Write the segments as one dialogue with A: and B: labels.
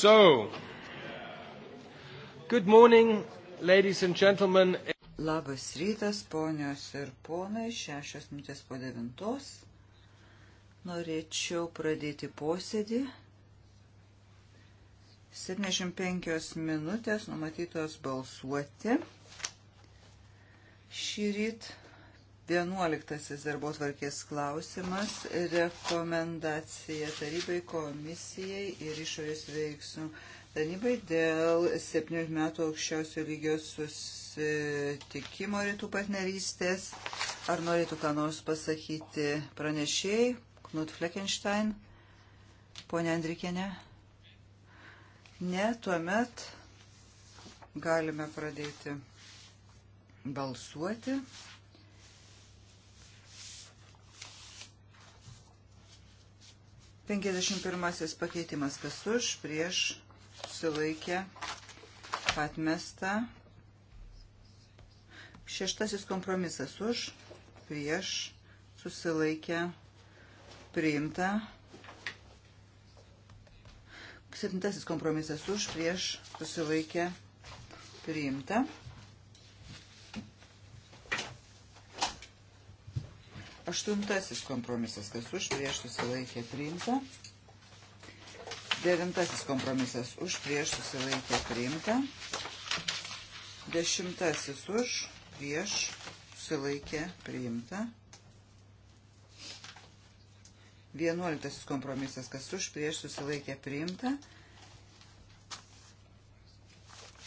A: So, good morning, ladies and gentlemen. Labas rytas, ponios ir ponai, šešios minutės po devintos. Norėčiau pradėti posėdį. 75 minutės numatytos balsuoti. Šį rytą Vienuoliktasis darbo tvarkės klausimas - rekomendacija tarybai, komisijai ir išorės veiksmų tarnybai dėl 17 metų aukščiausio lygio susitikimo rytų partnerystės. Ar norėtų ką nors pasakyti pranešėjai? Knut Fleckenstein, ponia Andrikienė? Ne, tuomet galime pradėti balsuoti. 51 pakeitimas kas už, prieš, susilaikė, atmesta. Šeštasis kompromisas už, prieš, susilaikė, priimta. Septintasis kompromisas už, prieš, susilaikė, priimta. Aštuntasis kompromisas, kas už prieš susilaikė priimta. Devintasis kompromisas už prieš susilaikė priimta. Dešimtasis už prieš susilaikė priimta. Vienuoliktasis kompromisas, kas už prieš susilaikė priimta.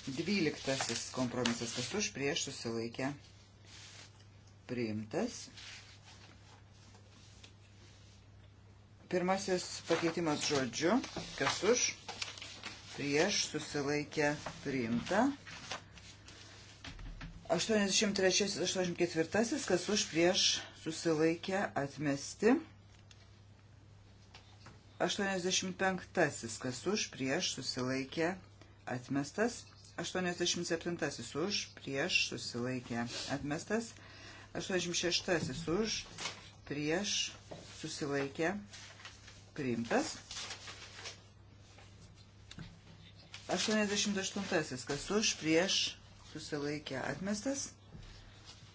A: Dvyliktasis kompromisas, kas už prieš susilaikė priimtas. Priimtas. Pirmasis pakeitimas žodžiu, kas už, prieš, susilaikė, priimta. 83-84, kas už, prieš, susilaikė, atmesti. 85, kas už, prieš, susilaikė, atmestas. 87 už, prieš, susilaikė, atmestas. 86 už, prieš, susilaikė, atmestas priimtas. 88. Kas už, prieš, susilaikė atmestas.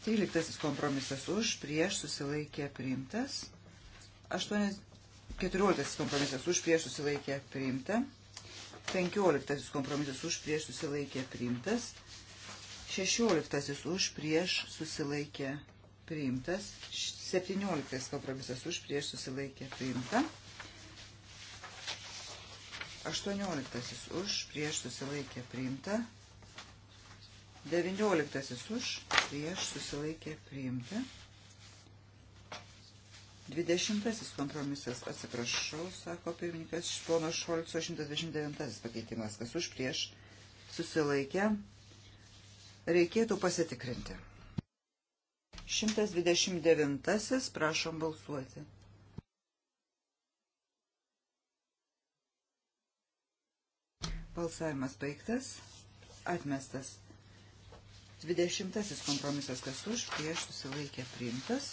A: 13. Kompromisas už, prieš, susilaikė priimtas. 14. Kompromisas už, prieš, susilaikė priimta. 15. Kompromisas už, prieš, susilaikė priimtas. 16. Už, prieš, susilaikė priimtas. 17. Kompromisas už, prieš, susilaikė priimta. 18 už, prieš susilaikė priimta. 19 už, prieš susilaikė priimta. 20 kompromisas, atsiprašau, sako pirmininkas, pono Šolco 129 pakeitimas, kas už prieš susilaikė, reikėtų pasitikrinti. 129, prašom balsuoti. Balsavimas baigtas. Atmestas. 20 kompromisas kas už, prieš susilaikė priimtas.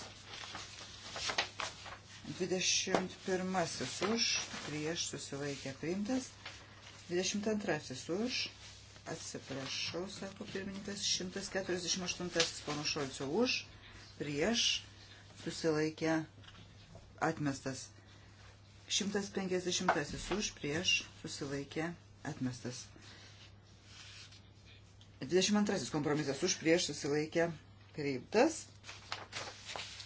A: 21 už, prieš susilaikė priimtas. 22 už, atsiprašau, sako pirmininkas, 148 pono Šolcio už, prieš susilaikė atmestas. 150 už, prieš susilaikė atmestas. 22 kompromisas už prieš susilaikė priimtas.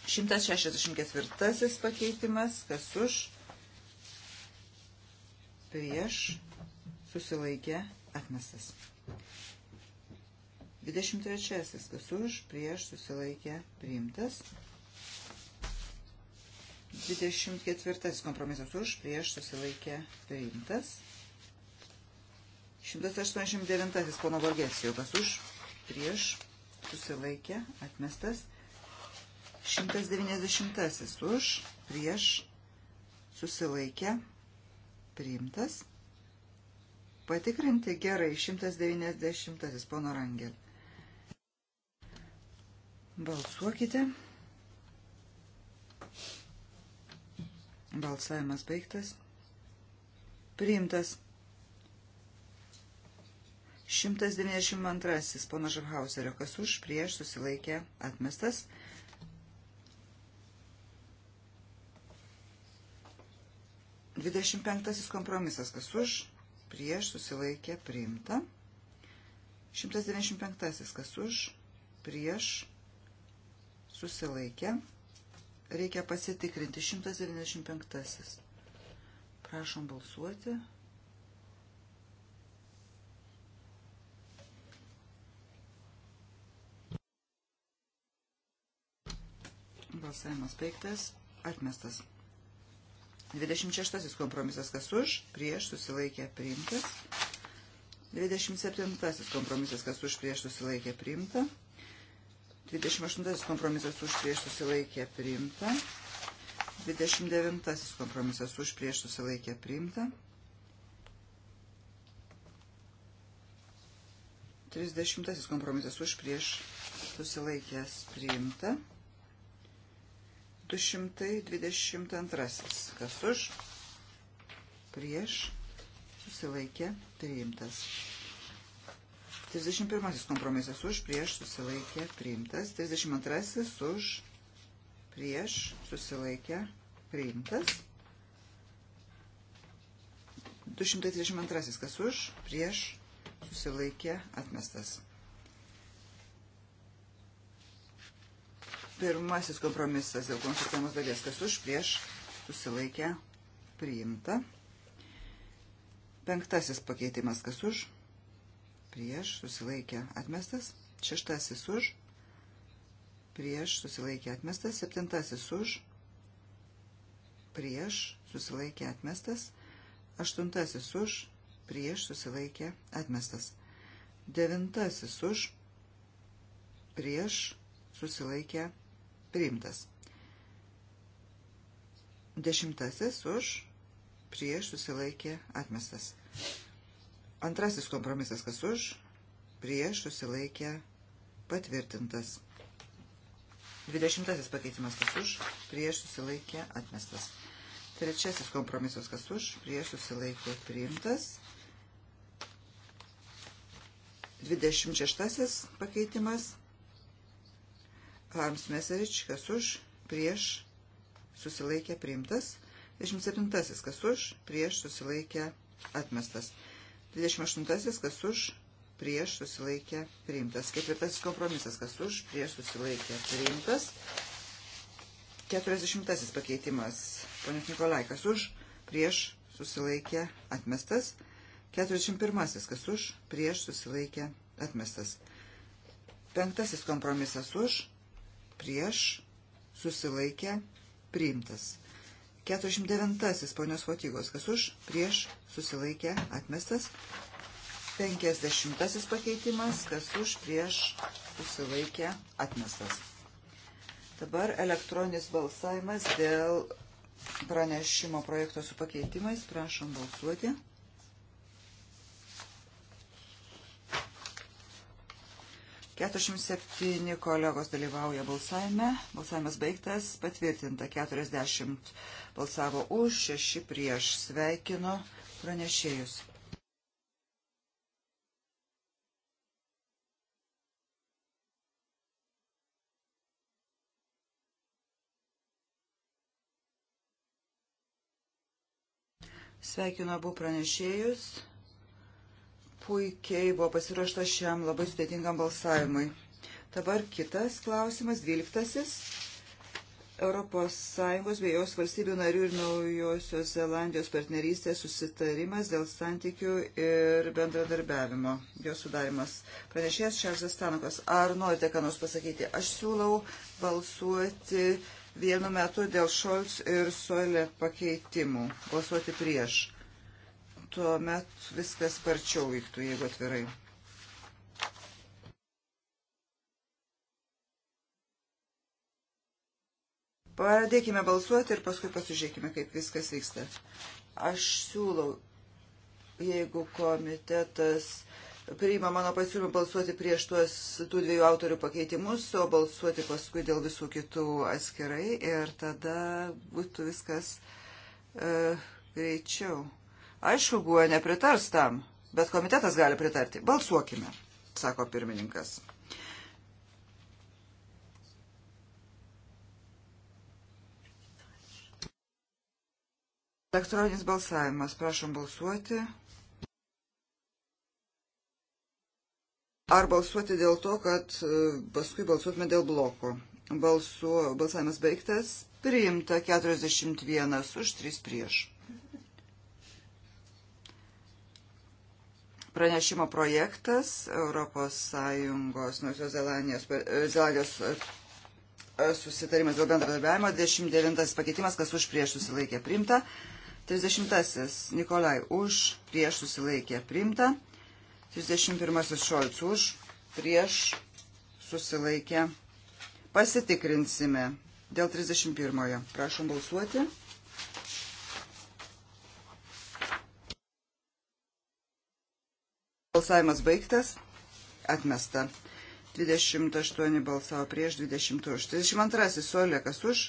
A: 164 pakeitimas, kas už prieš susilaikė atmestas. 23 kas už prieš susilaikė priimtas. 24 kompromisas už prieš susilaikė priimtas. 189 pono Vargesijo, kas už, prieš, susilaikė, atmestas. 190 už, prieš, susilaikė, priimtas. Patikrinti gerai, 190 pono Rangel. Balsuokite. Balsavimas baigtas. Priimtas. 192. Pono Žavhauserio, kas už, prieš, susilaikė, atmestas. Dvidešimt penktasis kompromisas, kas už, prieš, susilaikė, priimta. 195. Kas už, prieš, susilaikė. Reikia pasitikrinti. 195. Prašom balsuoti. 195. Balsavimas baigtas. Atmestas. 26 kompromisas kas už, prieš susilaikė priimtas. 27 kompromisas kas už, prieš susilaikė priimta. 28 kompromisas už, prieš susilaikė priimta. 29 kompromisas už, prieš susilaikė priimta. 30 kompromisas už, prieš susilaikęs priimta. 222. Kas už? Prieš. Susilaikė. Priimtas. 31. Kompromisas už. Prieš. Susilaikė. Priimtas. 32. Už. Prieš. Susilaikė. Priimtas. 232. Kas už? Prieš. Susilaikė. Atmestas. Pirmasis kompromisas dėl konsultuojamos dalies, kas už prieš susilaikę priimta. Penktasis pakeitimas, kas už prieš susilaikę atmestas. Šeštasis už prieš susilaikę atmestas. Septintasis už prieš susilaikę atmestas. Aštuntasis už prieš susilaikę atmestas. Devintasis už prieš susilaikę atmestas priimtas. Dešimtasis už prieš susilaikė atmestas. Antrasis kompromisas kas už prieš susilaikė patvirtintas. Dvidešimtasis pakeitimas kas už prieš susilaikė atmestas. Trečiasis kompromisas kas už prieš susilaikė priimtas. 26 pakeitimas Harms Meserič, kas už, prieš, susilaikė priimtas. 27. kas už, prieš, susilaikė atmestas. 28. kas už, prieš susilaikę priimtas. Ketvirtasis kompromisas, kas už, prieš susilaikę priimtas. Keturiasdešimtasis pakeitimas, ponios Nikolai, kas už, prieš susilaikę atmestas. Keturiasdešimt pirmasis, kas už, prieš susilaikę atmestas. Penktasis kompromisas už, prieš, susilaikė, priimtas. 49. Ponios Fotygos, kas už, prieš, susilaikė, atmestas. 50. pakeitimas, kas už, prieš, susilaikė, atmestas. Dabar elektroninis balsavimas dėl pranešimo projekto su pakeitimais. Prašom balsuoti. 47 kolegos dalyvauja balsavime. Balsavimas baigtas, patvirtinta 40 balsavo už, 6 prieš. Sveikino pranešėjus. Sveikinu abu pranešėjus puikiai buvo pasiruošta šiam labai sudėtingam balsavimui. Dabar kitas klausimas, dvyliktasis. ES bei jos valstybių narių ir Naujosios Zelandijos partnerystės susitarimas dėl santykių ir bendradarbiavimo, jo sudarimas. Pranešėjas Šarzas Stanukas, ar norite ką nors pasakyti? Aš siūlau balsuoti vienu metu dėl Šolts ir Solė pakeitimų, balsuoti prieš tuomet viskas sparčiau vyktų, jeigu atvirai. Pradėkime balsuoti ir paskui pasižiūrėkime, kaip viskas vyksta. Aš siūlau, jeigu komitetas priima mano pasiūlymą balsuoti prieš tuos tų dviejų autorių pakeitimus, o balsuoti paskui dėl visų kitų atskirai ir tada būtų viskas uh, greičiau. Aišku, guoja nepritars tam, bet komitetas gali pritarti. Balsuokime, sako pirmininkas. Elektroninis balsavimas. Prašom balsuoti. Ar balsuoti dėl to, kad e, paskui balsuotume dėl bloko. Balsu, balsavimas baigtas. Priimta 41 už 3 prieš. Pranešimo projektas ES Nusios Zelandijos, e, Zelandijos e, susitarimas dėl bendradarbiavimo, 29 pakeitimas, kas už prieš susilaikė primta, 30 Nikolai už prieš susilaikė primta, 31 Šolc už prieš susilaikė. Pasitikrinsime dėl 31. Prašom balsuoti. Balsavimas baigtas. Atmesta. 28 balsavo prieš, 20 už. 32 Solekas už,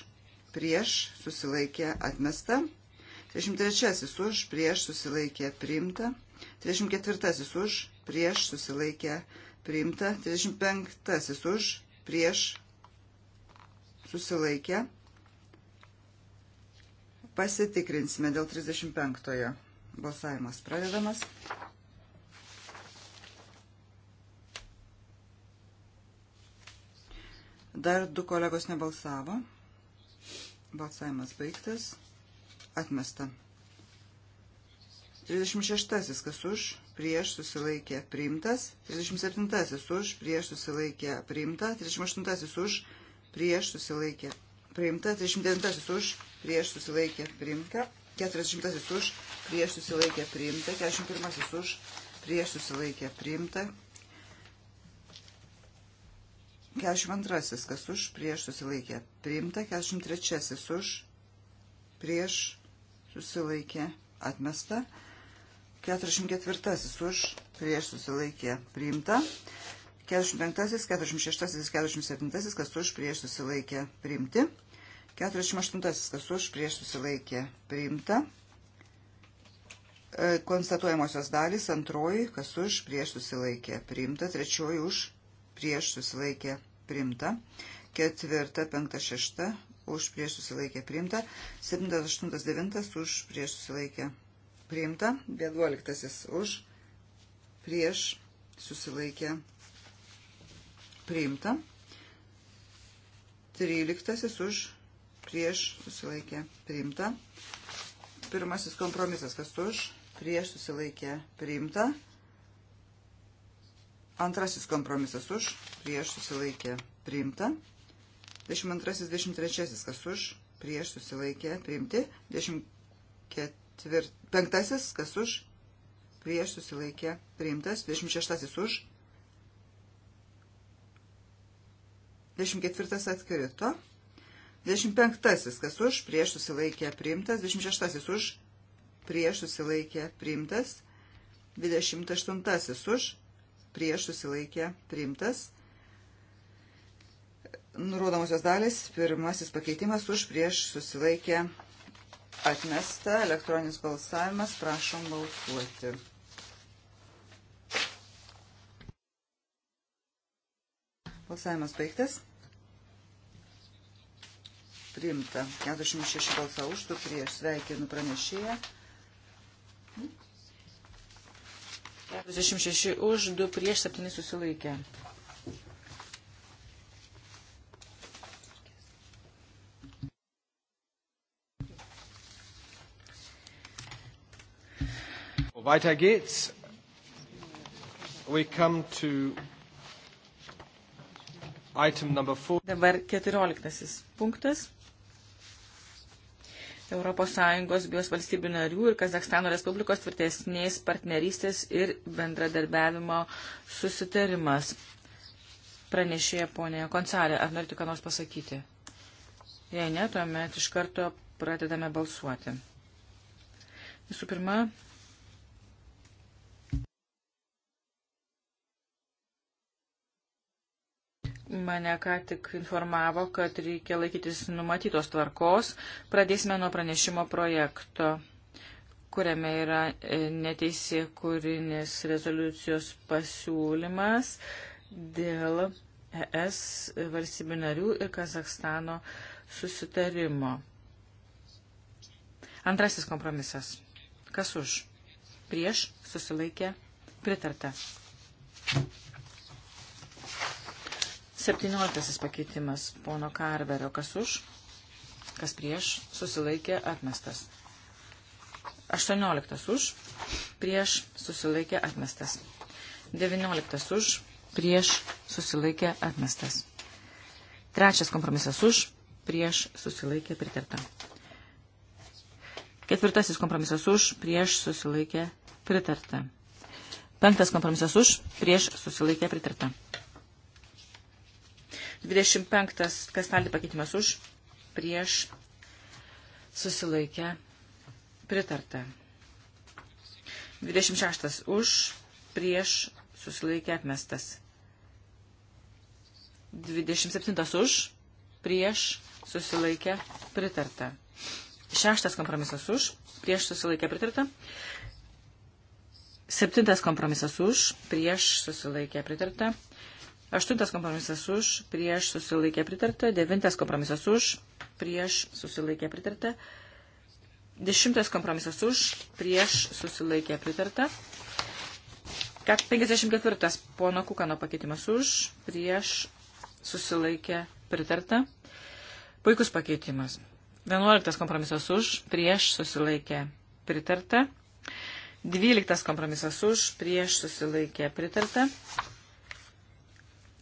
A: prieš, susilaikė, atmesta. 33 už, prieš, susilaikė, priimta. 34 už, prieš, susilaikė, priimta. 35 už, prieš, susilaikė. Pasitikrinsime dėl 35 balsavimas pradedamas. Dar du kolegos nebalsavo. Balsavimas baigtas. Atmesta. 36. Kas už, prieš susilaikė priimtas. 37. Už, prieš susilaikė priimta. 38. Už, prieš susilaikė priimta. 39. Už, prieš susilaikė priimta. 40. Už, prieš susilaikė priimta. 41. Už, prieš susilaikė priimta. 42. Kas už prieš susilaikė. Priimta. 43. Už prieš susilaikė. Atmesta. 44. Už prieš susilaikė. Priimta. 45. 46. 47. Kas už prieš susilaikė. Priimti. 48. Kas už prieš susilaikė. Priimta e, konstatuojamosios dalys, antroji, kas už, prieš susilaikė, priimta, trečioji už, prieš susilaikė primta. Ketvirta, penkta, šešta už prieš susilaikė primta. Septintas, aštuntas, devintas už prieš susilaikė primta. Vienuoliktasis už prieš susilaikė priimta. Tryliktasis už prieš susilaikė priimta. Pirmasis kompromisas, kas už prieš susilaikė priimta. Antrasis kompromisas už, prieš susilaikė priimta. 22-23 kas už, prieš susilaikė priimti. 25 kas už, prieš susilaikė priimtas. 26 už. 24 atkrito. 25 kas už, prieš susilaikė priimtas. 26 už, prieš susilaikė priimtas. 28 už, prieš susilaikė priimtas. Nurodomosios dalis, pirmasis pakeitimas už prieš susilaikė atmesta, elektroninis balsavimas, prašom balsuoti. Balsavimas baigtas. Priimta 46 balsą už, tu prieš sveikinu pranešėją.
B: 46
C: už, 2 prieš, 7 susilaikė.
B: Weiter
D: geht's. We come to
C: item number 4. Dabar 14 punktas. ES bei jos valstybių narių ir Kazakstano Respublikos tvirtesnės partnerystės ir bendradarbiavimo susitarimas. Pranešė ponė Koncarė, ar norite ką nors pasakyti? Jei ne, tuomet iš karto pradedame balsuoti. Visų pirma, mane ką tik informavo, kad reikia laikytis numatytos tvarkos. Pradėsime nuo pranešimo projekto, kuriame yra e, neteisė kūrinis rezoliucijos pasiūlymas dėl ES valstybių narių ir Kazakstano susitarimo. Antrasis kompromisas. Kas už? Prieš susilaikė pritarta. Thank you. 17 pakeitimas pono Karverio. Kas už? Kas prieš? Susilaikė atmestas. 18 už. Prieš susilaikė atmestas. 19 už. Prieš susilaikė atmestas. Trečias kompromisas už. Prieš susilaikė pritarta. Ketvirtasis kompromisas už. Prieš susilaikė pritarta. Penktas kompromisas už. Prieš susilaikė pritarta. 25. Kas taldi pakeitimas už? Prieš susilaikę pritarta. 26. Už prieš susilaikę atmestas. 27. Už prieš susilaikę pritarta. Šeštas kompromisas už, prieš susilaikę pritarta. Septintas kompromisas už, prieš susilaikę pritarta. Aštuntas kompromisas už, prieš susilaikė pritarta. Devintas kompromisas už, prieš susilaikė pritarta. Dešimtas kompromisas už, prieš susilaikė pritarta. 54. Pono Kukano pakeitimas už, prieš susilaikė pritarta. Puikus pakeitimas. 11. Kompromisas už, prieš susilaikė pritarta. 12. Kompromisas už, prieš susilaikė pritarta.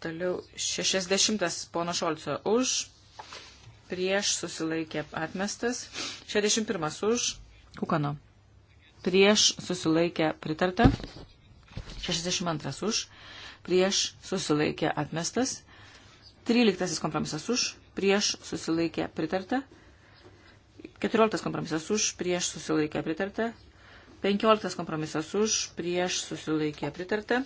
C: Toliau 60 pono Šolco už, prieš susilaikė atmestas, 61 už, Kukano, prieš susilaikė pritarta, 62 už, prieš susilaikė atmestas, 13 kompromisas už, prieš susilaikė pritarta, 14 kompromisas už, prieš susilaikė pritarta, 15 kompromisas už, prieš susilaikė pritarta,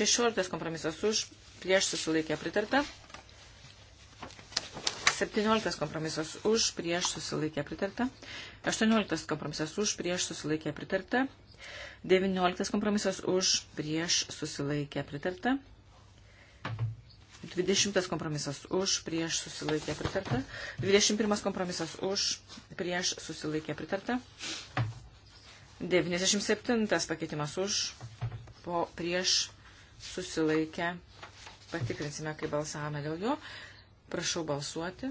C: 16 kompromisas už, prieš susilaikė pritarta. 17 kompromisas už, prieš susilaikė pritarta. 18 kompromisas už, prieš susilaikė pritarta. 19 kompromisas už, prieš susilaikė pritarta. 20 kompromisas už, prieš susilaikė pritarta. 21 kompromisas už, prieš susilaikė pritarta. 97 pakeitimas už, po, prieš susilaikė pritarta Patikrinsime, kai balsavome dėl jo. Prašau balsuoti.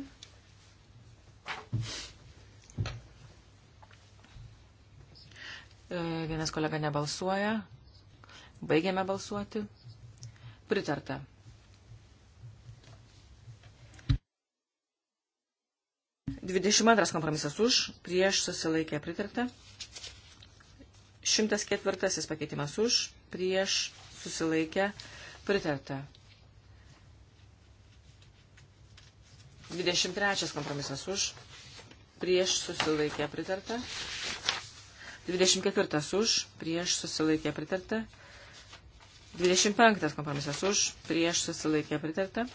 C: E, vienas kolega nebalsuoja. Baigiame balsuoti. Pritarta. Dvidešimt antras kompromisas už, prieš susilaikė pritarta. Šimtas ketvirtasis pakeitimas už, prieš susilaikė pritarta. 23 kompromisas už, prieš susilaikė pritarta. 24 už, prieš susilaikė pritarta. 25 kompromisas už, prieš susilaikė pritarta.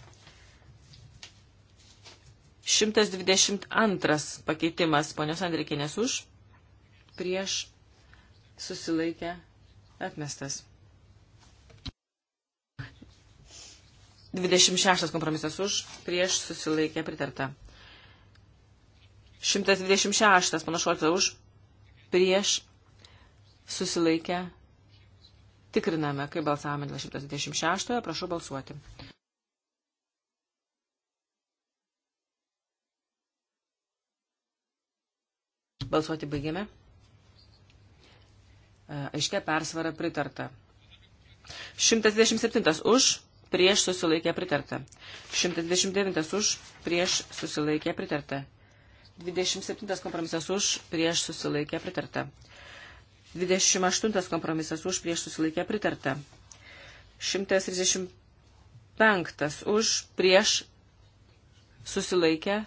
C: 122 pakeitimas ponios Andrikinės už, prieš susilaikė atmestas. 26 kompromisas už, prieš susilaikė pritarta. 126 panašuota už, prieš susilaikė. Tikriname, kaip balsavome dėl 126, prašau balsuoti. Balsuoti baigėme. Aiškia persvara pritarta. 127 už, prieš susilaikė pritarta. 129 už, prieš susilaikė pritarta. 27 kompromisas už, prieš susilaikė pritarta. 28 kompromisas už, prieš susilaikė pritarta. 135 už, prieš susilaikė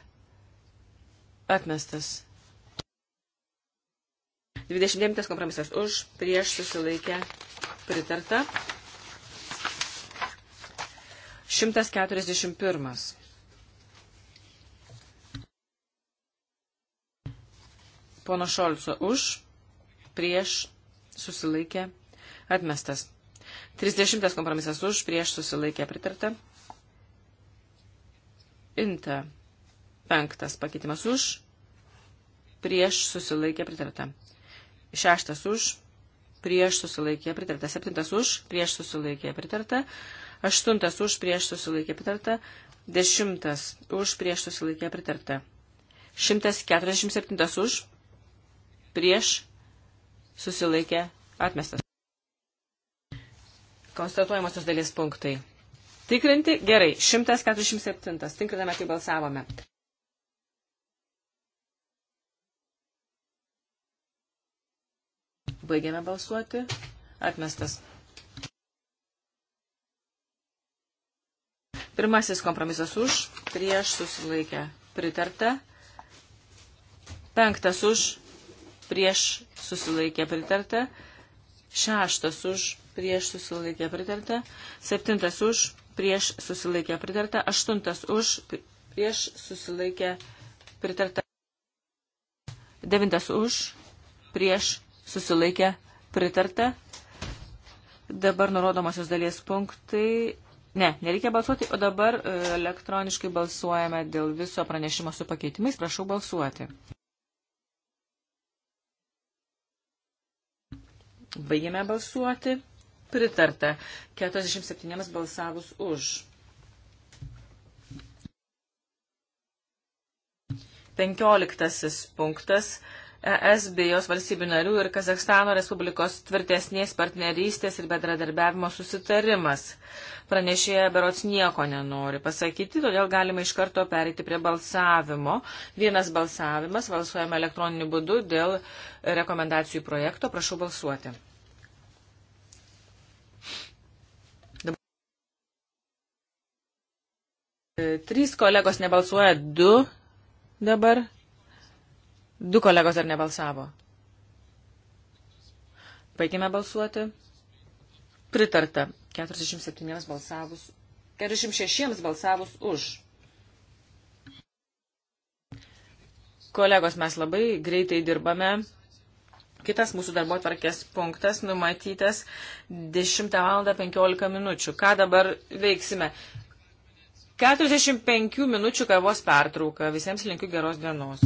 C: atmestas. 29 kompromisas už, prieš susilaikę pritarta. 141. Pono Šolco už, prieš, susilaikė, atmestas. 30 kompromisas už, prieš, susilaikė, pritarta. Inta. Penktas pakeitimas už, prieš, susilaikė, pritarta. Šeštas už, prieš, susilaikė, pritarta. Septintas už, prieš, susilaikė, pritarta. Aštuntas už prieš susilaikė pritarta. Dešimtas už prieš susilaikė pritarta. 147 už prieš susilaikė atmestas. Konstatuojamosios dalies punktai. Tikrinti gerai. 147. Tikriname, kaip balsavome. Baigėme balsuoti. Atmestas. Pirmasis kompromisas už, prieš susilaikę pritarta. Penktas už, prieš susilaikę pritarta. Šeštas už, prieš susilaikę pritarta. Septintas už, prieš susilaikę pritarta. Aštuntas už, prieš susilaikę pritarta. Devintas už, prieš susilaikę pritarta. Dabar nurodomosios dalies punktai Ne, nereikia balsuoti, o dabar e, elektroniškai balsuojame dėl viso pranešimo su pakeitimais. Prašau balsuoti. Baigėme balsuoti. Pritarta. 47 balsavus už. 15 punktas ES bei jos valstybių narių ir Kazakstano Respublikos tvirtesnės partnerystės ir bedradarbiavimo susitarimas. Pranešėja berots nieko nenori pasakyti, todėl galima iš karto perėti prie balsavimo. Vienas balsavimas, balsuojame elektroniniu būdu dėl rekomendacijų projekto. Prašau balsuoti. Trys kolegos nebalsuoja, du dabar Du kolegos dar nebalsavo. Baigėme balsuoti. Pritarta 47 balsavus, 46 balsavus už. Kolegos, mes labai greitai dirbame. Kitas mūsų darbo tvarkės punktas numatytas 10 val. 15 minučių. Ką dabar veiksime? 45 minučių kavos pertrauka. Visiems linkiu geros dienos.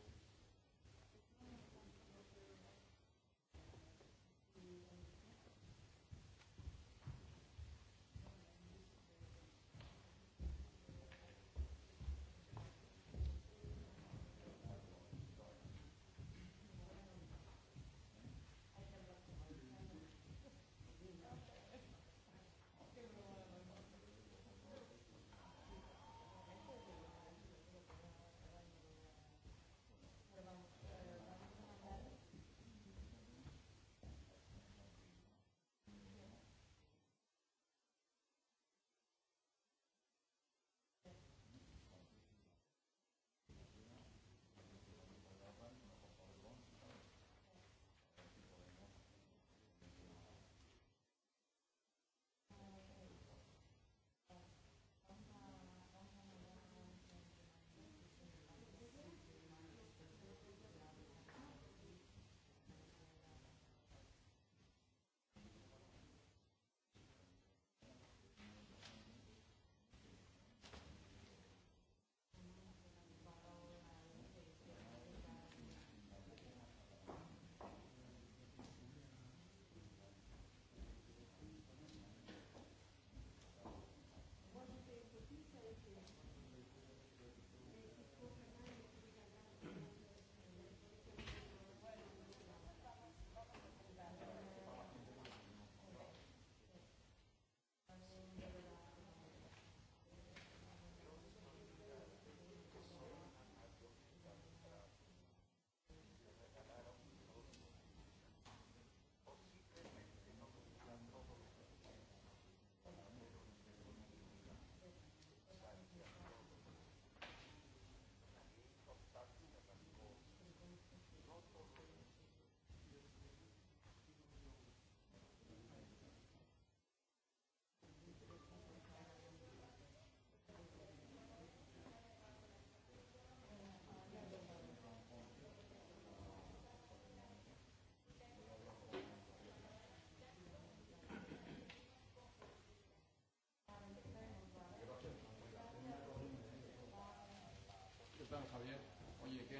D: Javier, oye, que,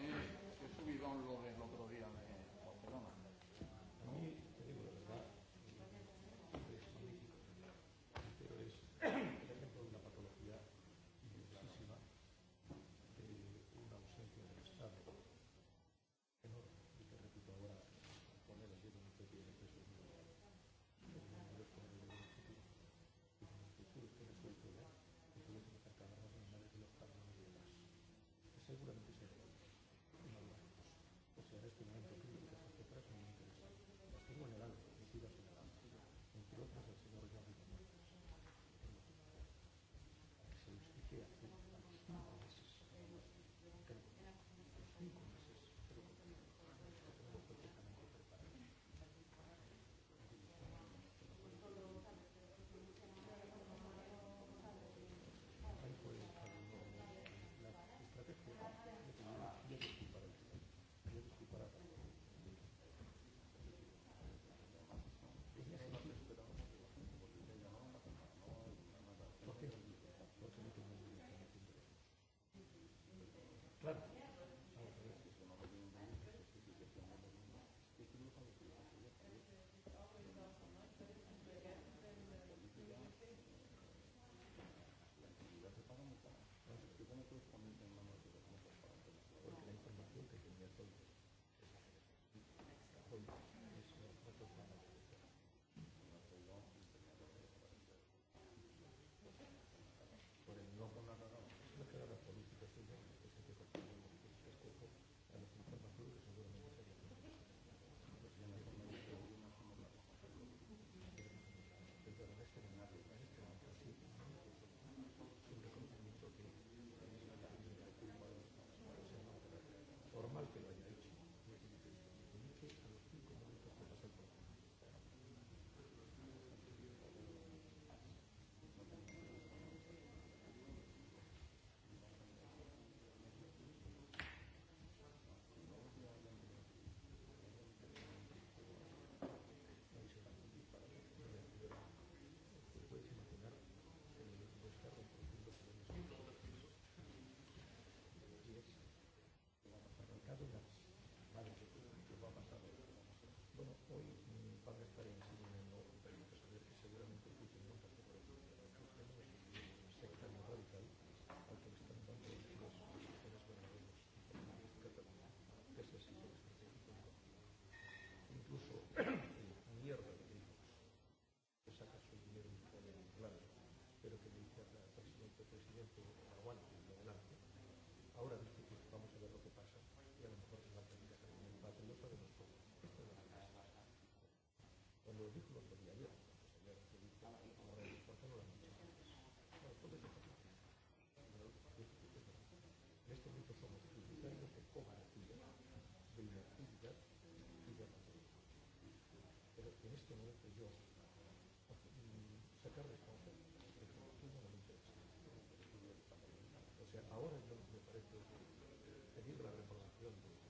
D: que subidón lo de Eh, ahora yo me parece pedir la reprobación de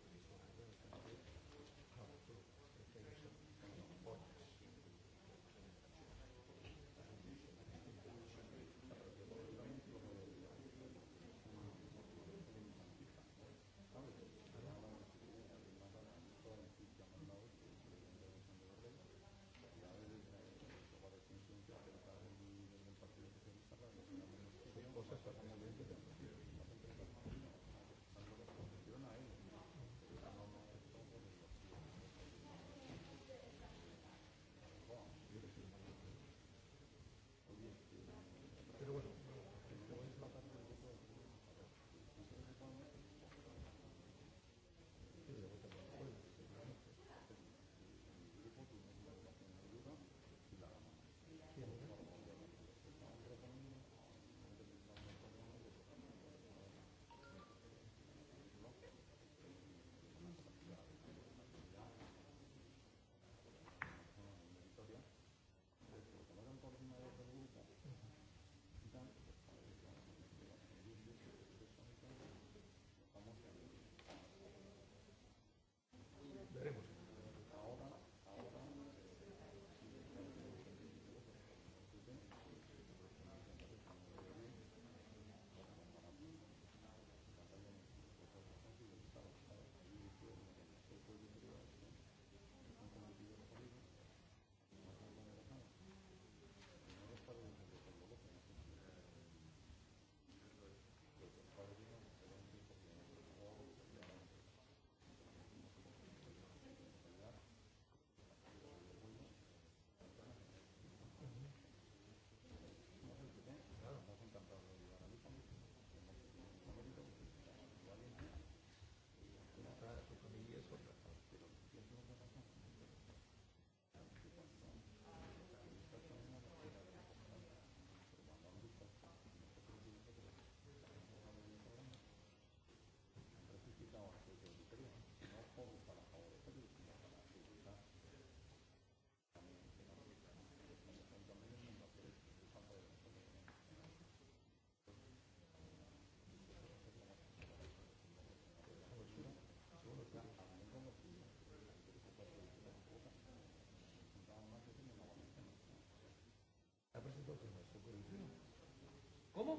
D: ¿Cómo?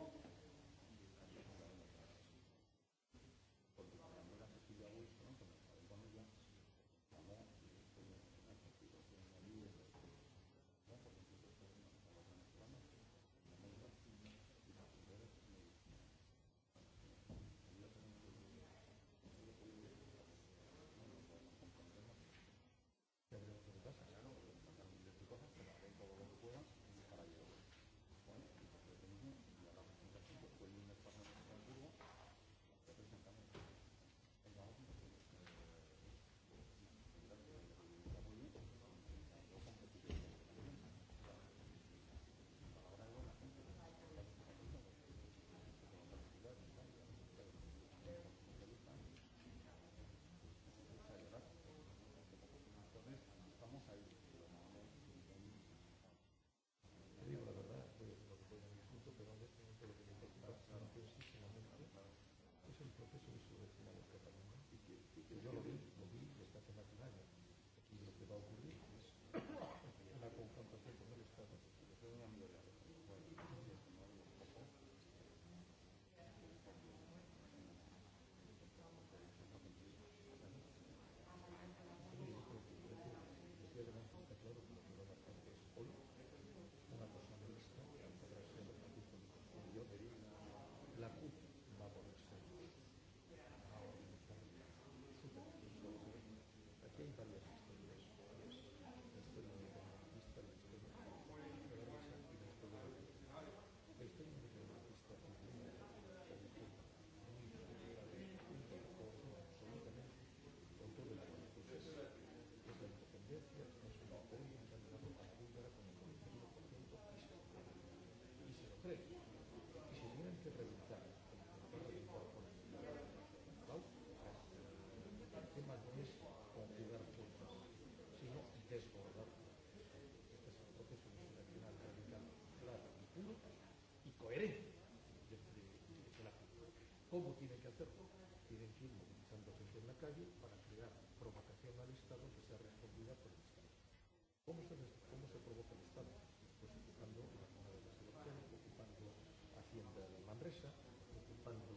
D: ¿Cómo se, cómo se provoca el Estado? Pues ocupando la zona de la selección, ocupando Hacienda de Manresa, ocupando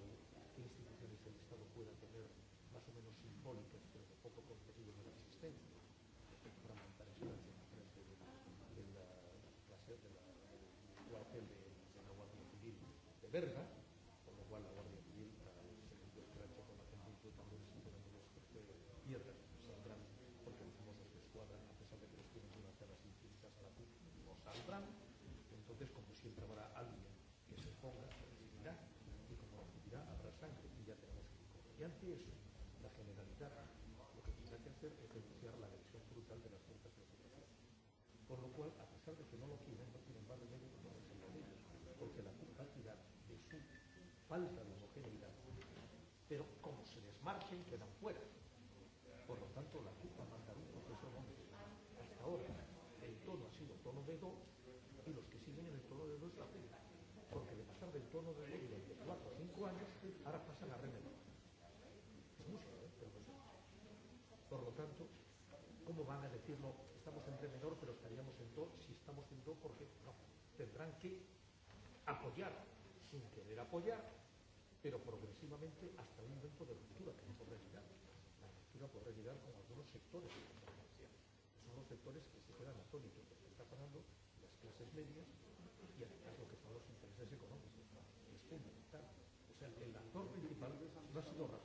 D: qué instituciones el Estado pueda tener más o menos simbólicas, pero de poco contenido de la existencia, para montar estancias al frente de la, de la, la, de la, del cuartel de, de la Guardia Civil de Berga, con lo cual la Guardia está el tramo, entonces como siempre habrá alguien que se ponga, dirá, y como dirá, habrá sangre y ya tenemos que ir con Y ante eso, la generalidad lo que tendrá que hacer es denunciar la agresión brutal de las fuerzas de ocupación. Por lo cual, a pesar de que no lo quieran, no tienen más remedio que ponerse en ellos, porque la culpa de su falta entorno de los 4 o 5 años, ahora pasan a Remedy. Es mucho, ¿eh? Pero pues, por lo tanto, ¿cómo van a decirlo? Estamos en re menor, pero estaríamos en do, si estamos en do, porque no, tendrán que apoyar, sin querer apoyar, pero progresivamente hasta un momento de ruptura que no podrá llegar. La ruptura podrá llegar con algunos sectores de la Son los sectores que se quedan atónitos de lo que está pasando, las clases medias y además lo que son los intereses económicos o sea, el actor principal no ha sido Rafael.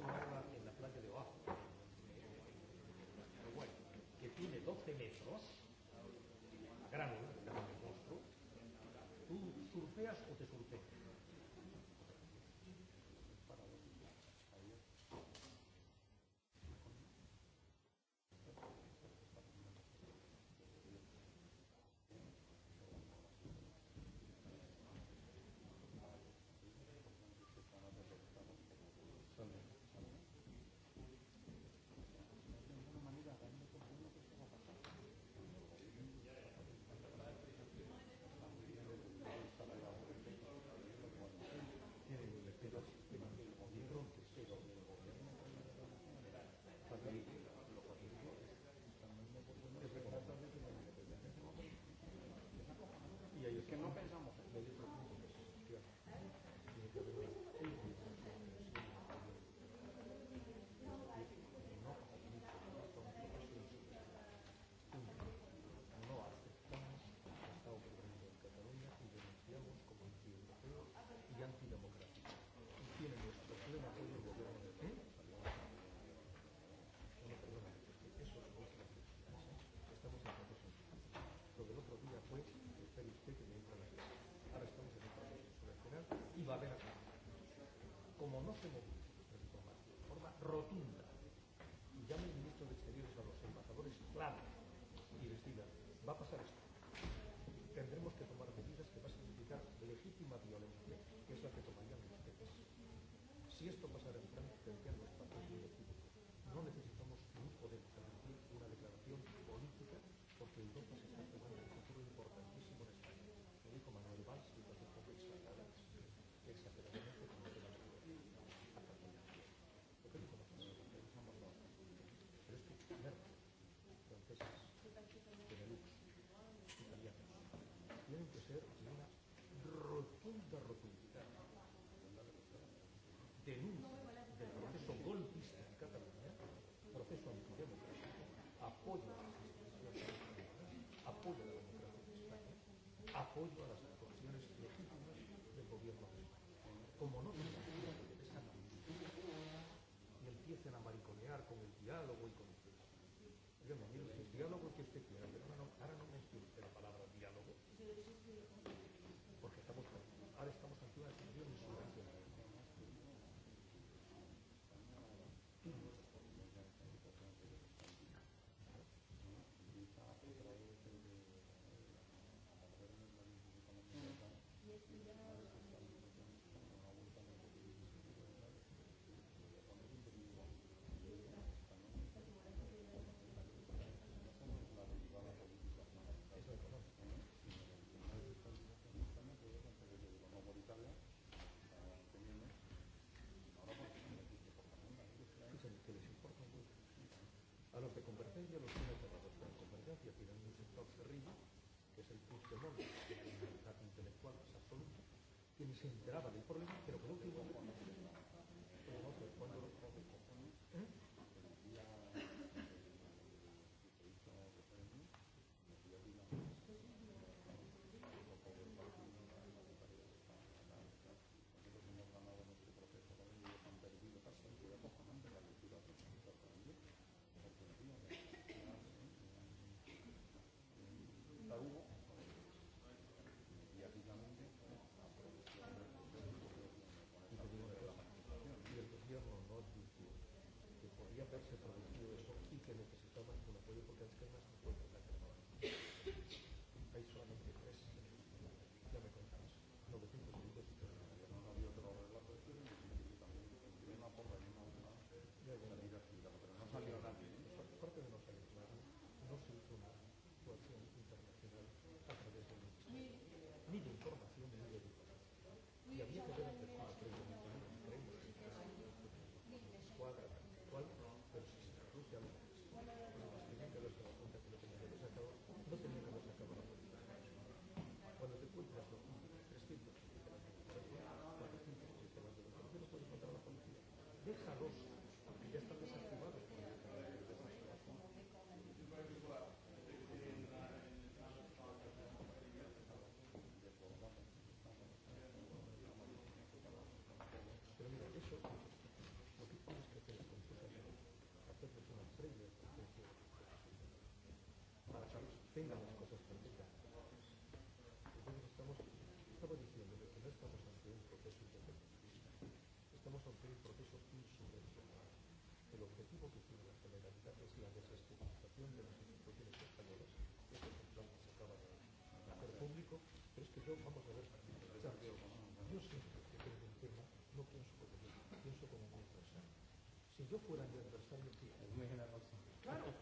D: Lietuvą no se movió reformas
B: de forma rotunda.
D: Y llamo al ministro de Exteriores a los embajadores, claro, y les diga, va a pasar esto. Tendremos que tomar medidas que va a significar legítima violencia, que es la que tomarían ustedes. Si esto pasara en Francia, tendrían los pasos muy equívocos. No necesitamos ni podemos permitir una declaración política porque Europa se está ser una rotunda, rotunda denuncia del proceso golpista en Cataluña, proceso antidemocrático, apoyo a las instituciones apoyo a la democracia
B: en España,
D: apoyo a la principio que era un sector cerrillo, que es el Puigdemont de la libertad intelectual más absoluta, quien se enteraba del problema, pero por último, cuando, cuando, cuando, cuando, ¿eh? tengan las cosas perfectas. Entonces estamos, estamos diciendo que no estamos ante un proceso independentista, estamos ante un proceso insurreccional. El objetivo que tiene la Generalitat es la desestabilización de las instituciones españolas. Este es el plan que se acaba de hacer público, pero es que yo, vamos a ver, yo siempre que tengo un tema, no pienso como yo, pienso como mi adversario. Si yo fuera mi adversario, ¿qué haría? Claro,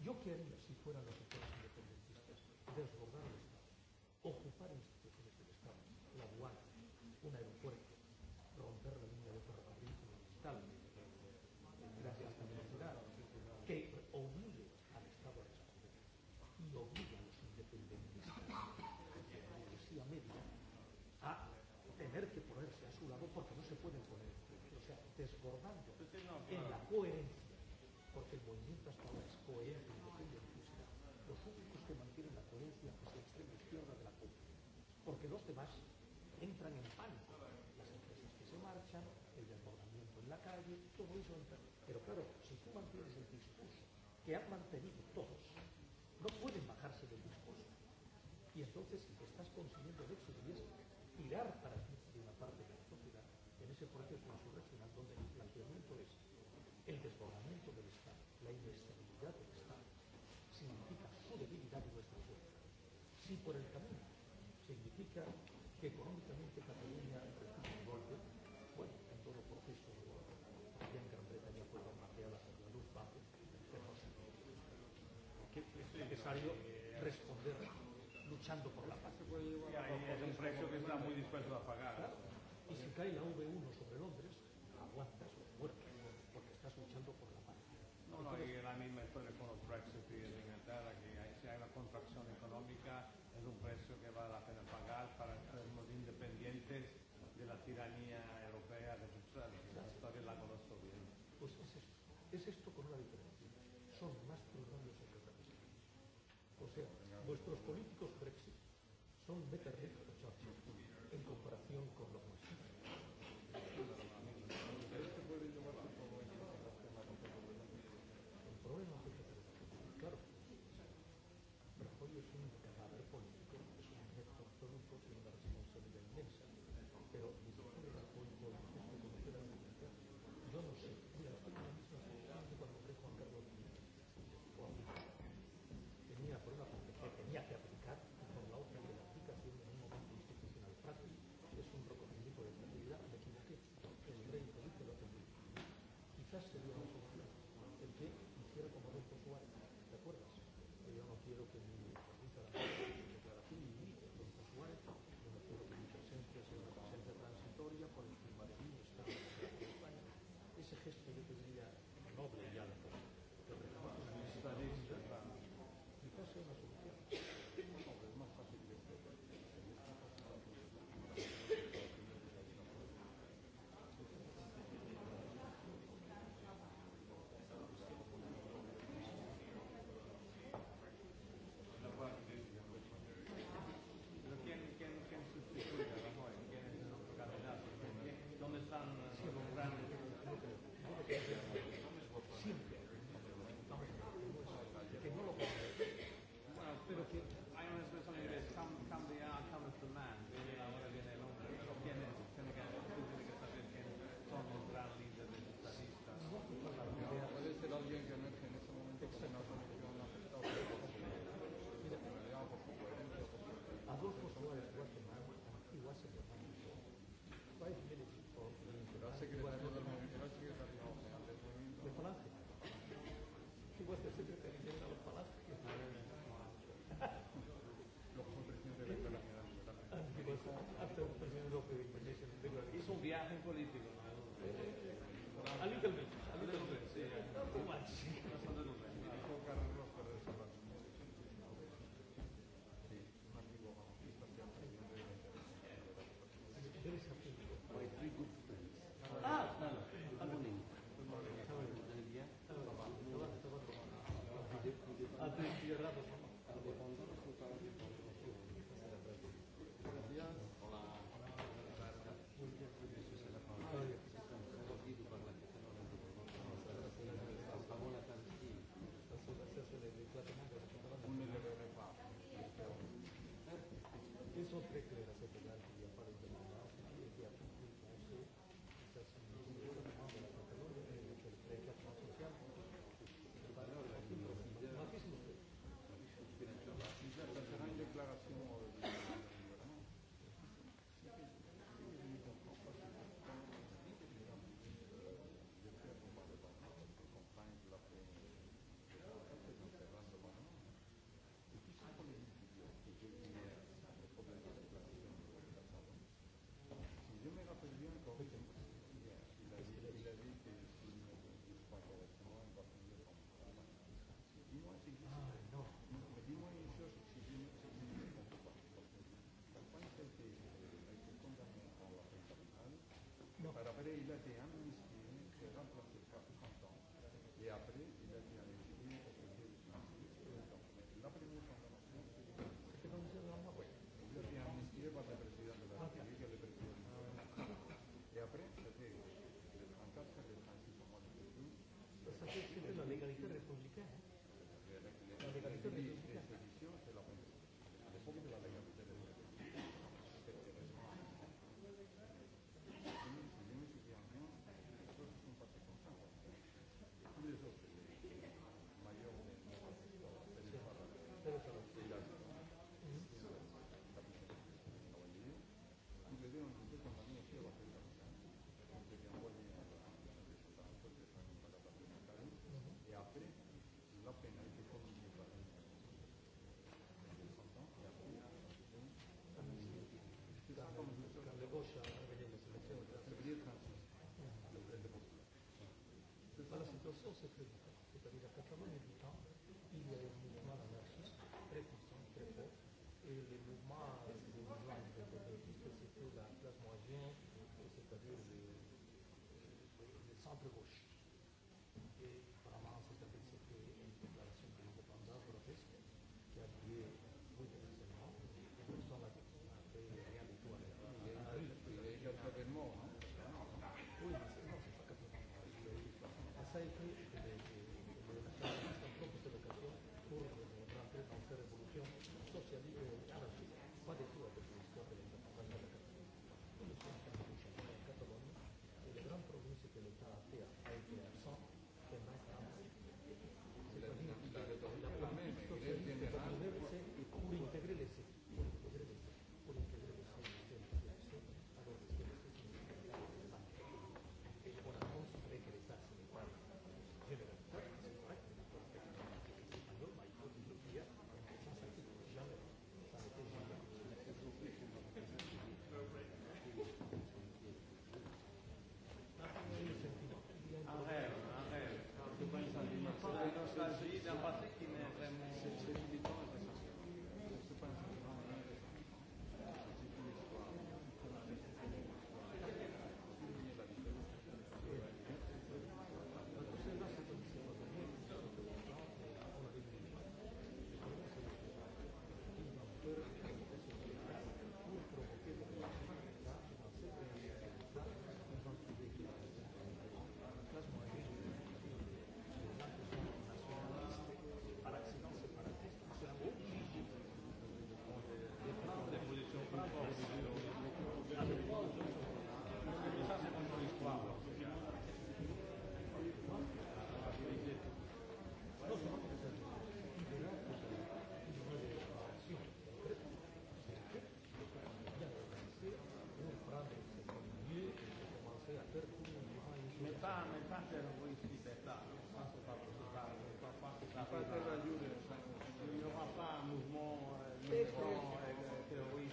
D: yo qué haría si fueran los sectores desbordar el Estado, ocupar instituciones del Estado, la aduana, un aeropuerto, romper la línea de ferrocarril fundamental, gracias a esta velocidad, que obligue al Estado a responder y obligue a los independentistas y a la burguesía media a tener que ponerse a su lado porque no se pueden poner enfrente, o sea, desbordando en la coherencia, porque el movimiento hasta ahora es coherente que han mantenido todos no pueden bajarse del discurso. Y entonces lo que estás consiguiendo el éxito y es tirar para ti de una parte de la sociedad en ese proceso insurreccional donde el planteamiento es el desbordamiento cae la V1 sobre Londres, aguantas o muertas, porque estás luchando por la paz. No, no, y la misma historia con los Brexit y en Inglaterra, que hay, si hay una contracción económica, es un precio que vale la pena pagar para sermos independientes de la tiranía europea de Bruselas. La historia la conozco bien. Pues es esto, es esto con una diferencia. Son más prudentes que otra cosa. O sea, vuestros políticos Brexit son better viaje político. gali Gracias. sécuritaire, c'est-à-dire qu'à partir du temps, il y a un mouvement anarchiste très puissant, très fort, et les mouvements de anarchistes, c'était la place moyenne, c'est-à-dire le, le centre-gauche. Et vraiment, c'est-à-dire c'était une déclaration d'indépendance grotesque qui a lieu oui, récemment, et personne n'a fait rien du tout à l'époque. Il y a eu un événement, hein Saifri, de, de, de la campus de educación kurdo, de la revolución socialista eh, árabe, va a decir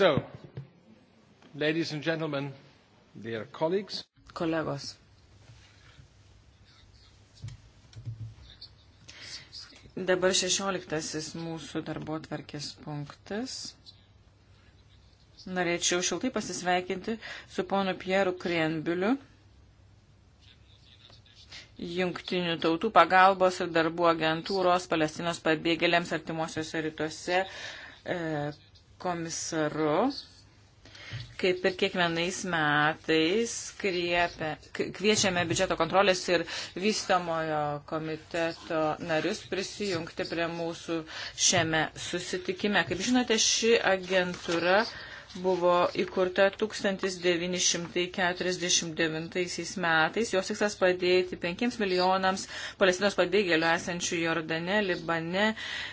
D: So, ladies and gentlemen, dear colleagues. Kolegos.
C: Dabar šešioliktasis mūsų darbo tvarkės punktas. Norėčiau šiltai pasisveikinti su ponu Pieru Krenbiliu, Jungtinių tautų pagalbos ir darbų agentūros Palestinos pabėgėliams artimuosiuose rytuose e, komisaru, kaip ir kiekvienais metais kriepia, kviečiame biudžeto kontrolės ir vystomojo komiteto narius prisijungti prie mūsų šiame susitikime. Kaip žinote, ši agentūra buvo įkurta 1949 metais. Jos tikslas padėti 5 milijonams Palestinos pabėgėlių esančių Jordane, Libane,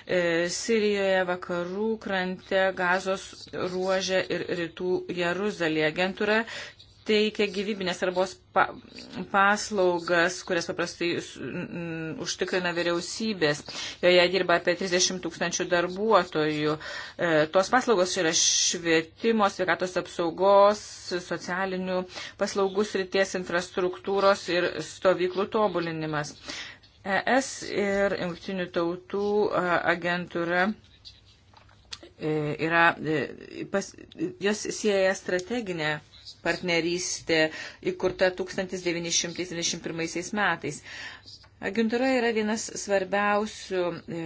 C: e, Sirijoje, vakarų krante, Gazos ruožė ir rytų Jeruzalėje. Agentūra teikia gyvybinės svarbos pa paslaugas, kurias paprastai užtikrina vyriausybės. Joje dirba apie 30 tūkstančių darbuotojų. E, tos paslaugos yra švietimo, sveikatos apsaugos, socialinių paslaugų srities infrastruktūros ir stovyklų tobulinimas. ES ir Junktinių tautų e, agentūra e, yra, e, pas, jos sieja strateginę partnerystė įkurta 1971 metais. Agentūra yra vienas svarbiausių e,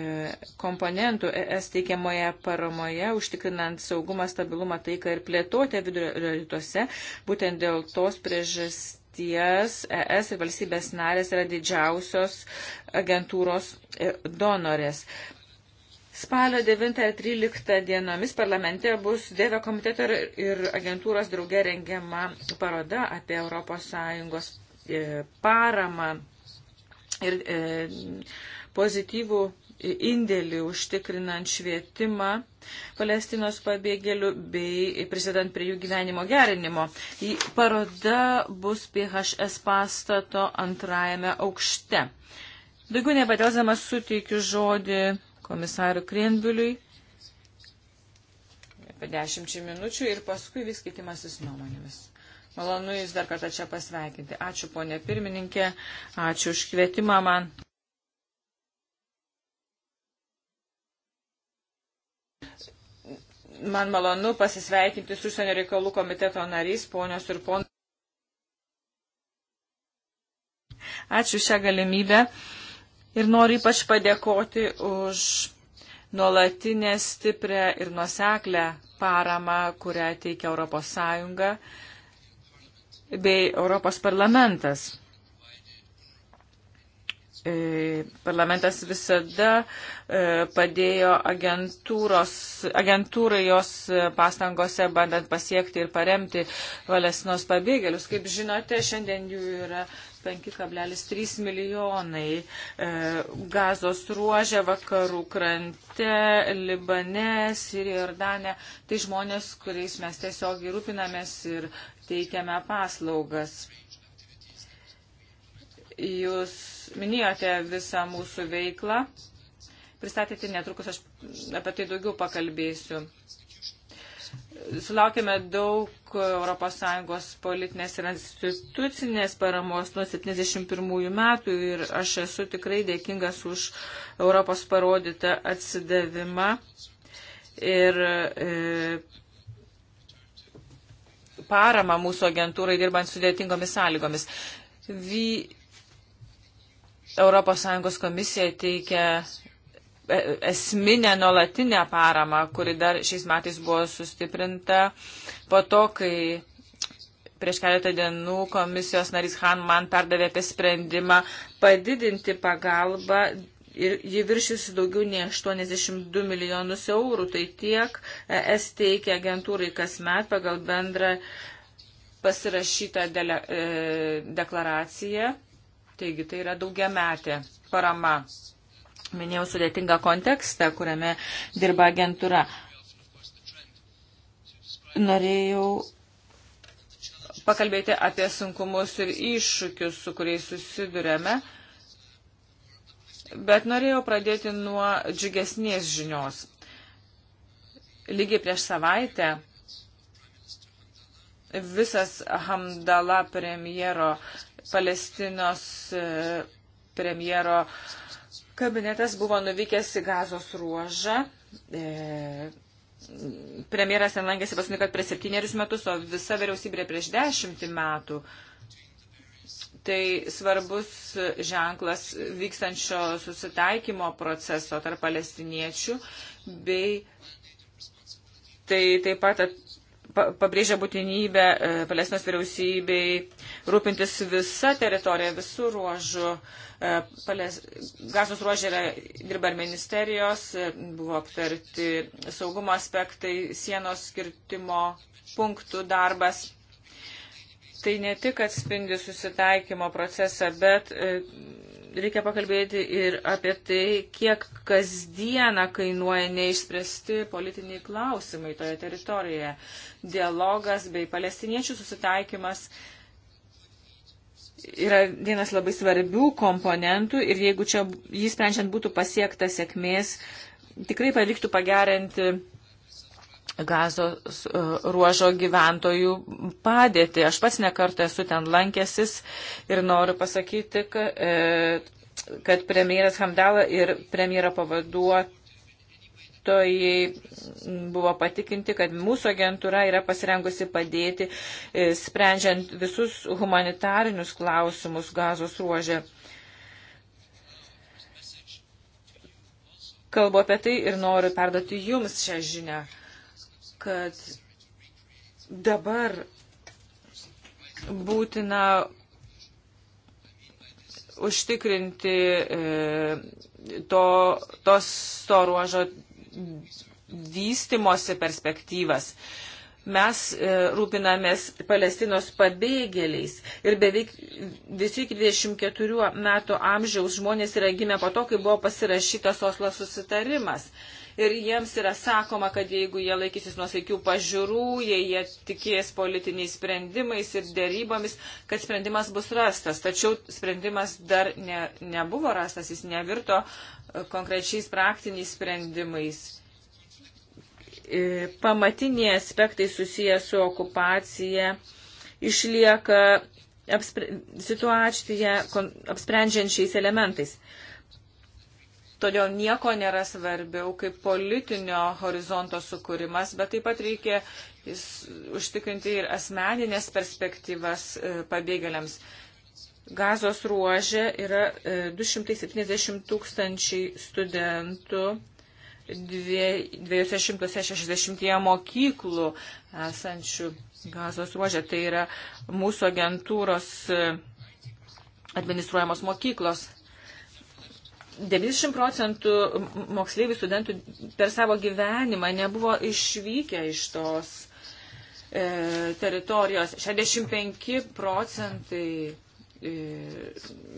C: komponentų ES teikiamoje paramoje, užtikrinant saugumą, stabilumą, taiką ir plėtotę vidurio rytuose. Būtent dėl tos priežasties ES ir valstybės narės yra didžiausios agentūros e, donorės. Spalio 9 ir 13 dienomis parlamente bus Dėvio komiteto ir agentūros drauge rengiama paroda apie ES e, paramą ir e, pozityvų indėlį užtikrinant švietimą Palestinos pabėgėlių bei prisidant prie jų gyvenimo gerinimo. Į paroda bus PHS pastato antrajame aukšte. Daugiau nepatelsdamas suteikiu žodį komisarui Krenbiliui apie dešimčiai minučių ir paskui vis kitimasis nuomonėmis. Malonu Jūs dar kartą čia pasveikinti. Ačiū ponė pirmininkė, ačiū už kvietimą man. Man malonu pasisveikinti su užsienio reikalų komiteto narys, ponios ir ponai. Ačiū šią galimybę Ir noriu ypač padėkoti už nuolatinę stiprią ir nuseklę paramą, kurią teikia Europos Sąjunga bei Europos parlamentas. E, parlamentas visada e, padėjo agentūrai jos pastangose, bandant pasiekti ir paremti Valesinos pabėgėlius. Kaip žinote, šiandien jų yra 5,3 milijonai e, gazos ruožė, vakarų krante, Libane, Sirijoje, Jordane. Tai žmonės, kuriais mes tiesiog rūpinamės ir teikiame paslaugas. Jūs minėjote visą mūsų veiklą. Pristatėte netrukus, aš apie tai daugiau pakalbėsiu. Sulaukėme daug ES politinės ir institucinės paramos nuo 71 metų ir aš esu tikrai dėkingas už Europos parodytą atsidavimą ir e, paramą mūsų agentūrai dirbant sudėtingomis sąlygomis. Vy, ES komisija teikia E, esminę nuolatinę paramą, kuri dar šiais metais buvo sustiprinta po to, kai prieš keletą dienų komisijos narys Han man perdavė apie sprendimą padidinti pagalbą. Ir jį viršysi daugiau nei 82 milijonus eurų. Tai tiek ES teikia agentūrai kasmet pagal bendrą pasirašytą dele, e, deklaraciją. Taigi tai yra daugia metė parama. Minėjau sudėtingą kontekstą, kuriame dirba agentūra. Norėjau pakalbėti apie sunkumus ir iššūkius, su kuriais susidurėme, bet norėjau pradėti nuo džiugesnės žinios. Lygiai prieš savaitę visas Hamdala premjero, Palestinos e, premjero uh, Kabinetas buvo nuvykęs į gazos ruožą. E, premjeras ten lankėsi paskutinį kartą prieš septynerius metus, o visa vyriausybė prieš dešimtį metų. Tai svarbus ženklas vykstančio susitaikymo proceso tarp palestiniečių bei Tai taip pat pabrėžia būtinybę e, Palestinos vyriausybei rūpintis visa teritorija, visų ruožų. E, Gazos ruožė yra dirba ir ministerijos, e, buvo aptarti saugumo aspektai, sienos skirtimo punktų darbas. Tai ne tik atspindi susitaikymo procesą, bet reikia pakalbėti ir apie tai, kiek kasdieną kainuoja neišspręsti politiniai klausimai toje teritorijoje. Dialogas bei palestiniečių susitaikymas yra vienas labai svarbių komponentų ir jeigu čia jį sprendžiant būtų pasiekta sėkmės, tikrai pavyktų pagerinti gazos e, ruožo gyventojų padėtį. Aš pats nekartą esu ten lankęsis ir noriu pasakyti, e, kad premjeras Hamdala ir premjera pavaduotojai buvo patikinti, kad mūsų agentūra yra pasirengusi padėti, e, sprendžiant visus humanitarinius klausimus gazos ruožė. Kalbu apie tai ir noriu perduoti jums šią žinią kad dabar būtina užtikrinti e, to, tos to ruožo vystimosi perspektyvas mes e, rūpinamės Palestinos pabėgėliais ir beveik visi iki 24 metų amžiaus žmonės yra gimę po to, kai buvo pasirašytas Oslo susitarimas ir jiems yra sakoma, kad jeigu jie laikysis nuosaikių pažiūrų, jei jie tikės politiniais sprendimais ir dėrybomis, kad sprendimas bus rastas. Tačiau sprendimas dar ne, nebuvo rastas, jis nevirto e, konkrečiais praktiniais sprendimais. E, pamatiniai aspektai susiję su okupacija išlieka apspre, situaciją kon, apsprendžiančiais elementais. Todėl nieko nėra svarbiau kaip politinio horizonto sukūrimas, bet taip pat reikia užtikrinti ir asmeninės perspektyvas e, pabėgėliams. Gazos ruože yra 270 e, tūkstančiai studentų dviejose šimtuose šešdešimtyje mokyklų esančių gazos ruožė. Tai yra mūsų agentūros e, administruojamos mokyklos. 90 procentų moksleivių studentų per savo gyvenimą nebuvo išvykę iš tos e, teritorijos. 65 procentai e,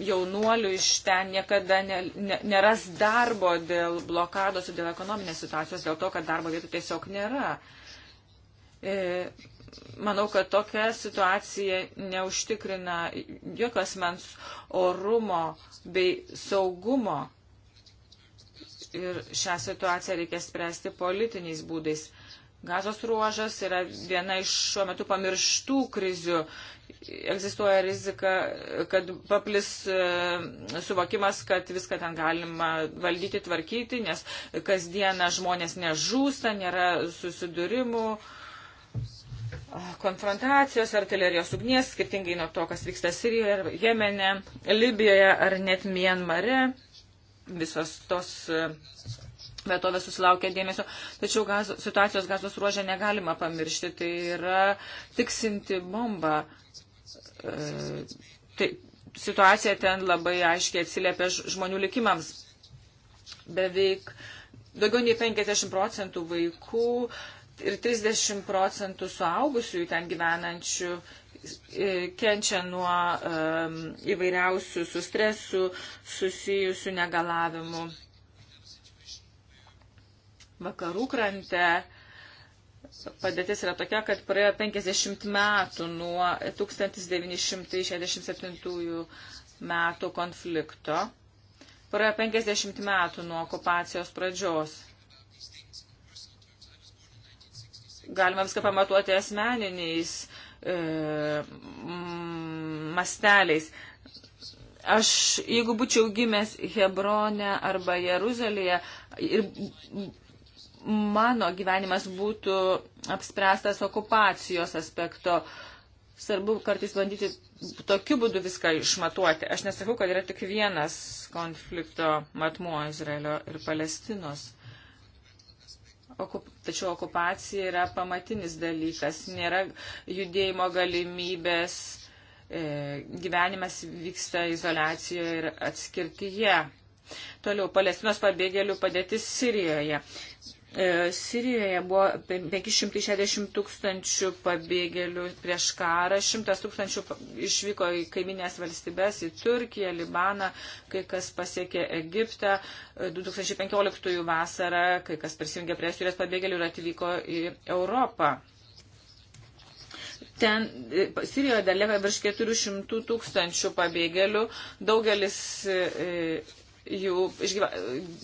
C: jaunuolių iš ten niekada ne, ne, neras darbo dėl blokados ir dėl ekonominės situacijos, dėl to, kad darbo vietų tiesiog nėra. E, manau, kad tokia situacija neužtikrina jokios mens orumo bei saugumo. Ir šią situaciją reikia spręsti politiniais būdais. Gazos ruožas yra viena iš šiuo metu pamirštų krizių. Egzistuoja rizika, kad paplis e, suvokimas, kad viską ten galima valdyti, tvarkyti, nes kasdieną žmonės nežūsta, nėra susidūrimų. Uh, konfrontacijos, artilerijos ugnies, skirtingai nuo to, kas vyksta Sirijoje ar Jemene, Libijoje ar net Mienmare, visos tos e, vietovės susilaukia dėmesio. Tačiau gazo, situacijos gazos ruožė negalima pamiršti. Tai yra tiksinti bomba. E, tai situacija ten labai aiškiai atsiliepia žmonių likimams. Beveik daugiau nei 50 procentų vaikų e, ir 30 procentų suaugusiųjų ten gyvenančių e, kenčia nuo um, įvairiausių su stresu susijusių negalavimų. Vakarų krante padėtis yra tokia, kad praėjo 50 metų nuo 1967 metų konflikto. Praėjo 50 metų nuo okupacijos pradžios galima viską pamatuoti asmeniniais e, masteliais. Aš, jeigu būčiau gimęs Hebrone arba Jeruzalėje ir mano gyvenimas būtų apspręstas okupacijos aspekto, svarbu kartais bandyti tokiu būdu viską išmatuoti. Aš nesakau, kad yra tik vienas konflikto matmuo Izraelio ir Palestinos okup, tačiau okupacija yra pamatinis dalykas, nėra judėjimo galimybės, e, gyvenimas vyksta izolacijoje ir atskirtyje. Toliau, Palestinos pabėgėlių padėtis Sirijoje. E, Sirijoje buvo 560 tūkstančių pabėgėlių prieš karą, 100 tūkstančių išvyko į kaiminės valstybės, į Turkiją, Libaną, kai kas pasiekė Egiptą, 2015 e, vasarą, kai kas prisijungė prie Sirijos pabėgėlių ir atvyko į Europą. Ten e, Sirijoje dalyvauja virš 400 tūkstančių pabėgėlių, daugelis jų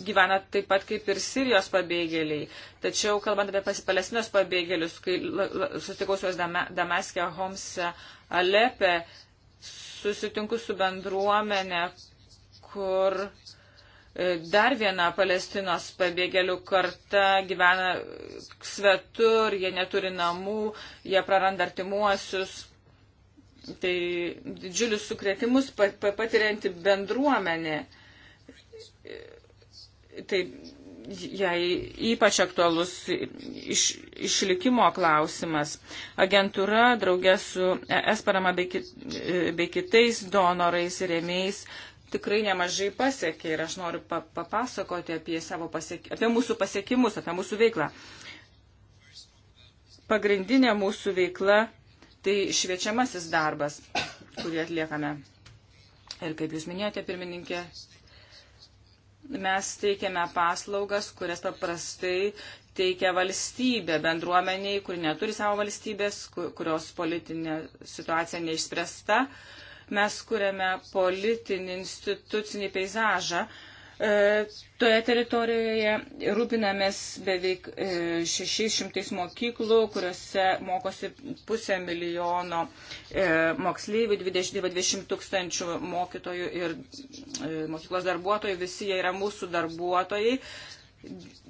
C: gyvena taip pat kaip ir Sirijos pabėgėliai. Tačiau, kalbant apie Palestinos pabėgėlius, kai susitikau su juos Damaskė, Homse, Alepe, susitinku su bendruomenė, kur e, dar viena Palestinos pabėgėlių karta gyvena svetur, jie neturi namų, jie praranda artimuosius. Tai didžiulius sukretimus patirianti bendruomenė tai jai ypač aktualus iš, išlikimo klausimas. Agentūra draugė su ES parama bei, kit, bei kitais donorais ir rėmėjais tikrai nemažai pasiekė ir aš noriu pa, papasakoti apie, pasiek, apie mūsų pasiekimus, apie mūsų veiklą. Pagrindinė mūsų veikla tai šviečiamasis darbas, kurį atliekame. Ir kaip jūs minėjote, pirmininkė, Mes teikiame paslaugas, kurias paprastai teikia valstybė bendruomeniai, kur neturi savo valstybės, kurios politinė situacija neišspręsta. Mes kuriame politinį institucinį peizažą, E, toje teritorijoje rūpinamės beveik 600 e, mokyklų, kuriuose mokosi pusę milijono e, moksleivių, 20 tūkstančių mokytojų ir mokyklos darbuotojų. Visi jie yra mūsų darbuotojai.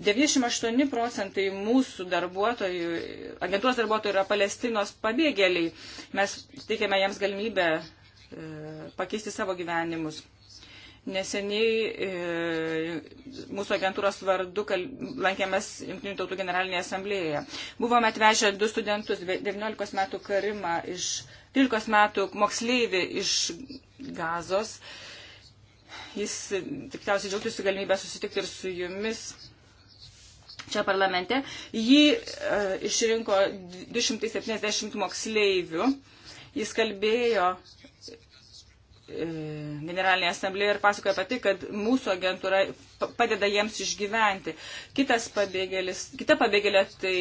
C: 98 procentai mūsų darbuotojų, agentūros darbuotojų yra Palestinos pabėgėliai. Mes teikiame jiems galimybę pakeisti savo gyvenimus. Neseniai e, mūsų agentūros vardu lankėmės Junktinių tautų generalinėje asamblėje. Buvome atvežę du studentus, 19 metų karimą iš, 13 metų moksleivį iš gazos. Jis e, tikriausiai džiaugtųsi galimybę susitikti ir su jumis čia parlamente. Jį e, išrinko 270 moksleivių. Jis kalbėjo E, generalinė asamblėje ir pasakoja apie tai, kad mūsų agentūra padeda jiems išgyventi. Kitas pabėgėlis, kita pabėgėlė, tai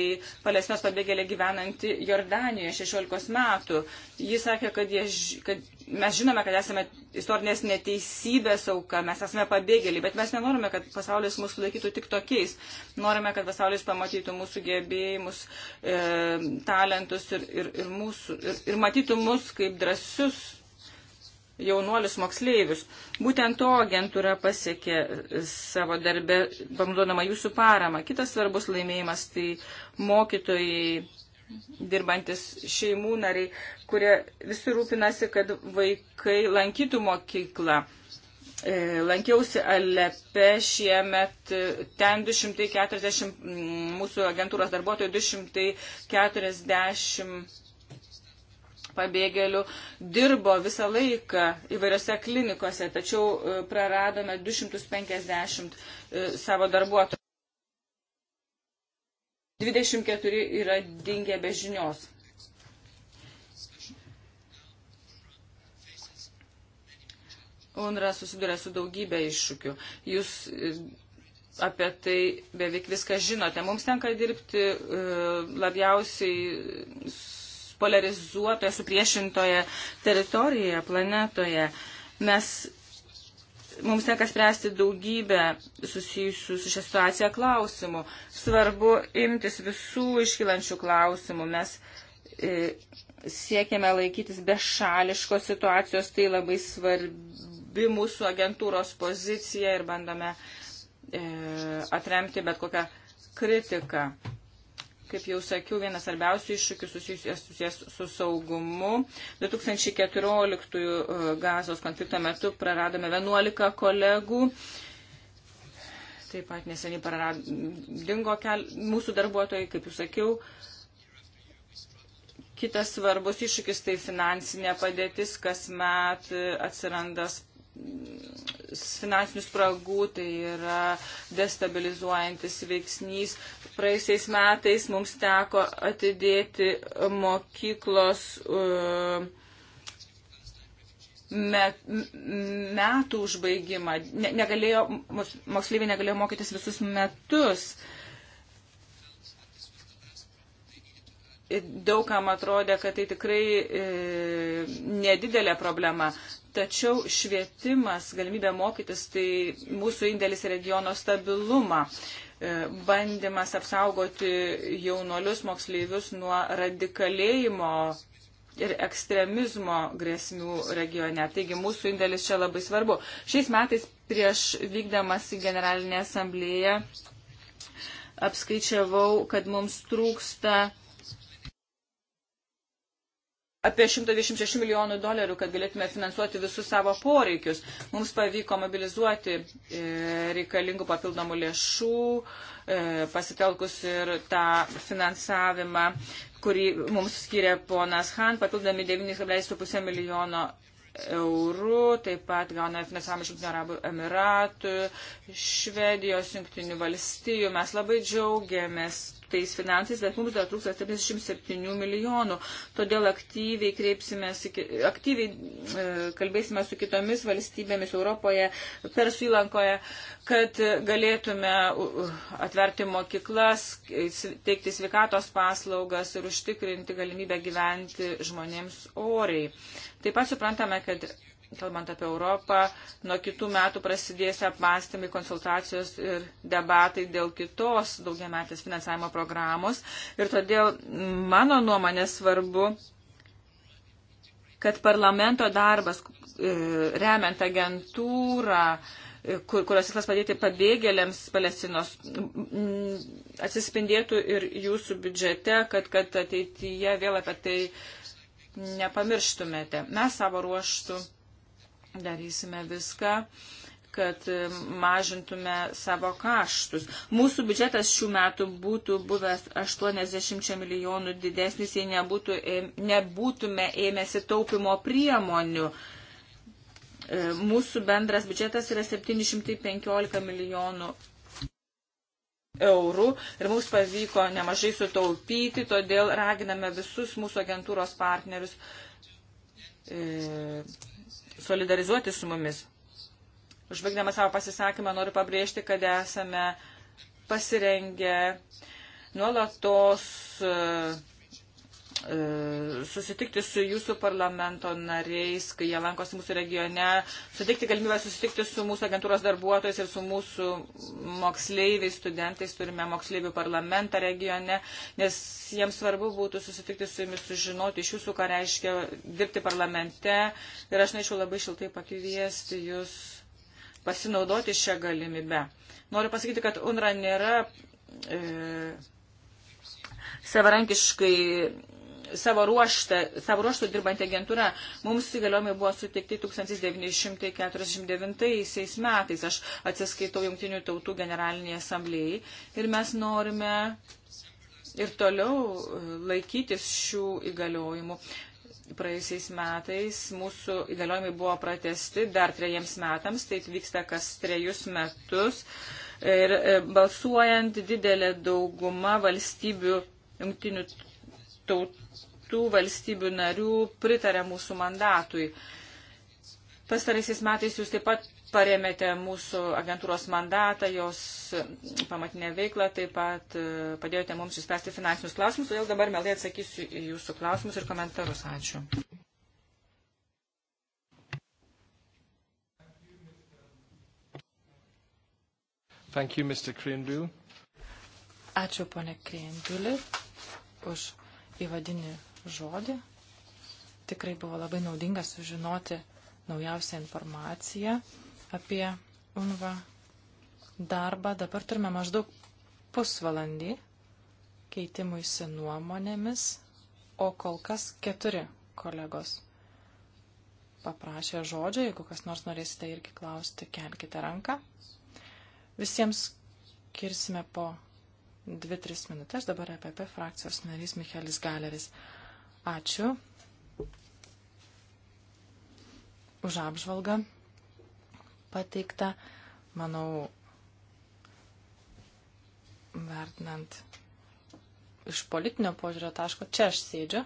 C: Palestinos pabėgėlė gyvenanti Jordanijoje 16 metų. Jis sakė, kad, jie, kad mes žinome, kad esame istorinės neteisybės auka, mes esame pabėgėliai, bet mes nenorime, kad pasaulis mūsų laikytų tik tokiais. Norime, kad pasaulis pamatytų mūsų gebėjimus, e, talentus ir, ir, ir, mūsų, ir, ir matytų mus kaip drąsius jaunuolius moksleivius. Būtent to agentūra pasiekė savo darbę, pamduodama jūsų paramą. Kitas svarbus laimėjimas tai mokytojai, dirbantis šeimų nariai, kurie visi rūpinasi, kad vaikai lankytų mokyklą. E, lankiausi Alepe šiemet, ten 240 mūsų agentūros darbuotojų, 240 pabėgėlių dirbo visą laiką įvairiose klinikose, tačiau e, praradome 250 e, savo darbuotojų. 24 yra dingę be žinios. UNRA susiduria su daugybė iššūkių. Jūs e, apie tai beveik viską žinote. Mums tenka dirbti labiausiai polarizuotoje, supriešintoje teritorijoje, planetoje. Mes, mums teka spręsti daugybę susijusių su šią situaciją klausimų. Svarbu imtis visų iškilančių klausimų. Mes e, siekiame laikytis bešališkos situacijos, tai labai svarbi mūsų agentūros pozicija ir bandome e, atremti bet kokią kritiką kaip jau sakiau, vienas svarbiausių iššūkių susijęs, susijęs su saugumu. 2014 uh, gazos konflikto metu praradome 11 kolegų. Taip pat neseniai prarad... dingo kel... mūsų darbuotojai, kaip jau sakiau. Kitas svarbus iššūkis tai finansinė padėtis, kasmet uh, atsiranda finansinių spragų, tai yra destabilizuojantis veiksnys, Praėjusiais metais mums teko atidėti mokyklos uh, e, met, metų užbaigimą. Ne, negalėjo, moksleiviai negalėjo mokytis visus metus. Daugam atrodė, kad tai tikrai e, nedidelė problema. Tačiau švietimas, galimybė mokytis, tai mūsų indėlis regiono stabilumą. E, E, bandymas apsaugoti jaunolius moksleivius nuo radikalėjimo ir ekstremizmo grėsmių regione. Taigi mūsų indėlis čia labai svarbu. Šiais metais prieš vykdamas į Generalinę asamblėją apskaičiavau, kad mums trūksta apie 126 milijonų dolerių, kad galėtume finansuoti visus savo poreikius. Mums pavyko mobilizuoti e, reikalingų papildomų lėšų, e, pasitelkus ir tą finansavimą, kurį mums skiria ponas Han, papildomi 9,5 milijono eurų, taip pat gauna finansavimą iš Junktinių Arabų Emiratų, Švedijos, Junktinių valstijų. Mes labai džiaugiamės tais finansais, bet mums dar trūksta 77 milijonų. Todėl aktyviai, aktyviai e, kalbėsime su kitomis valstybėmis Europoje, Persų įlankoje, kad galėtume atverti mokyklas, teikti sveikatos paslaugas ir užtikrinti galimybę gyventi žmonėms oriai. Taip pat suprantame, kad kalbant apie Europą, nuo kitų metų prasidės apmąstymai, konsultacijos ir debatai dėl kitos daugiametės finansavimo programos. Ir todėl mano nuomonė svarbu, kad parlamento darbas e, remiant agentūrą, e, kur, kurios tikslas padėti pabėgėliams Palestinos, atsispindėtų ir jūsų biudžete, kad, kad ateityje vėl apie tai nepamirštumėte. Mes savo ruoštų darysime viską, kad mažintume savo kaštus. Mūsų biudžetas šių metų būtų buvęs 80 milijonų didesnis, jei nebūtų, nebūtume ėmėsi taupimo priemonių. E, mūsų bendras biudžetas yra 715 milijonų eurų ir mums pavyko nemažai sutaupyti, todėl raginame visus mūsų agentūros partnerius e, solidarizuoti su mumis. Užbaigdama savo pasisakymą noriu pabrėžti, kad esame pasirengę nuolatos uh, E, susitikti su jūsų parlamento nariais, kai jie lankosi mūsų regione, suteikti galimybę susitikti su mūsų agentūros darbuotojais ir su mūsų moksleiviais, studentais, turime moksleivių parlamentą regione, nes jiems svarbu būtų susitikti su jumis, sužinoti iš jūsų, ką reiškia dirbti parlamente ir aš norėčiau labai šiltai pakviesti jūs pasinaudoti šią galimybę. Noriu pasakyti, kad UNRA nėra. E, savarankiškai savo, ruoštą, savo ruoštų dirbanti agentūra. Mums įgaliojimai buvo suteikti 1949 metais. Aš atsiskaitau Junktinių tautų generalinėje asamblėjai ir mes norime ir toliau e, laikytis šių įgaliojimų. Praėjusiais metais mūsų įgaliojimai buvo pratesti dar trejiems metams, tai vyksta kas trejus metus. Ir e, balsuojant didelė dauguma valstybių jungtinių tautų valstybių narių pritarė mūsų mandatui. Pastaraisiais metais jūs taip pat paremėte mūsų agentūros mandatą, jos pamatinę veiklą, taip pat e, padėjote mums išspręsti finansinius klausimus, todėl dabar melai atsakysiu į jūsų klausimus ir komentarus. Ačiū.
B: Thank you, Mr. Krienbill.
E: Ačiū, ponė Krienbili, už įvadinį žodį. Tikrai buvo labai naudinga sužinoti naujausią informaciją apie UNVA darbą. Dabar turime maždaug pusvalandį keitimuisi nuomonėmis, o kol kas keturi kolegos paprašė žodžio. Jeigu kas nors norėsite irgi klausti, kelkite ranką. Visiems skirsime po 2-3 minutės. Dabar EPP frakcijos narys Michelis Galeris. Ačiū už apžvalgą pateiktą. Manau, vertinant iš politinio požiūrio taško, čia aš sėdžiu.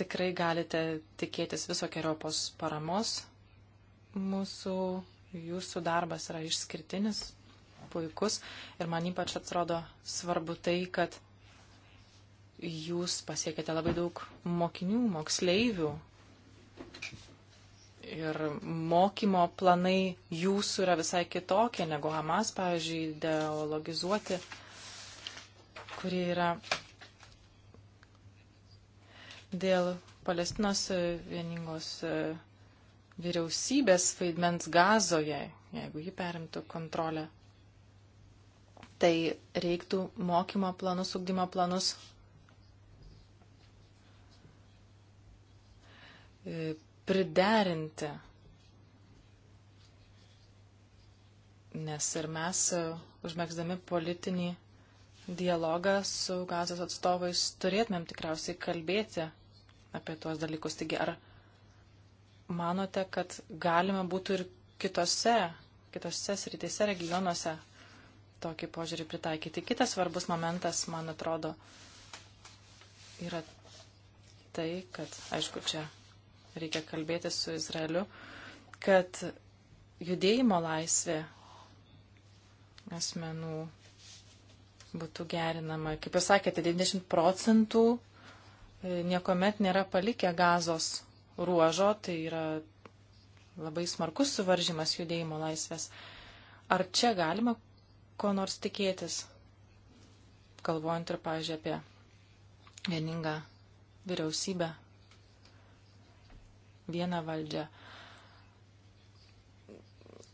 E: Tikrai galite tikėtis visokiojopos paramos mūsų Jūsų darbas yra išskirtinis, puikus ir man ypač atrodo svarbu tai, kad jūs pasiekėte labai daug mokinių, moksleivių ir mokymo planai jūsų yra visai kitokie negu Hamas, pavyzdžiui, ideologizuoti, kurie yra dėl Palestinos vieningos vyriausybės vaidmens gazoje, jeigu ji perimtų kontrolę, tai reiktų mokymo planus, ugdymo planus e, priderinti. Nes ir mes, e, užmėgsdami politinį dialogą su gazos atstovais, turėtumėm tikriausiai kalbėti apie tuos dalykus. Taigi, ar manote, kad galima būtų ir kitose, kitose sritise regionuose tokį požiūrį pritaikyti? Kitas svarbus momentas, man atrodo, yra tai, kad, aišku, čia reikia kalbėti su Izraeliu, kad judėjimo laisvė asmenų būtų gerinama. Kaip jūs sakėte, 90 procentų e, niekuomet nėra palikę gazos ruožo, tai yra labai smarkus suvaržymas judėjimo laisvės. Ar čia galima ko nors tikėtis, galvojant ir, pažiūrėjau, apie vieningą vyriausybę, vieną valdžią?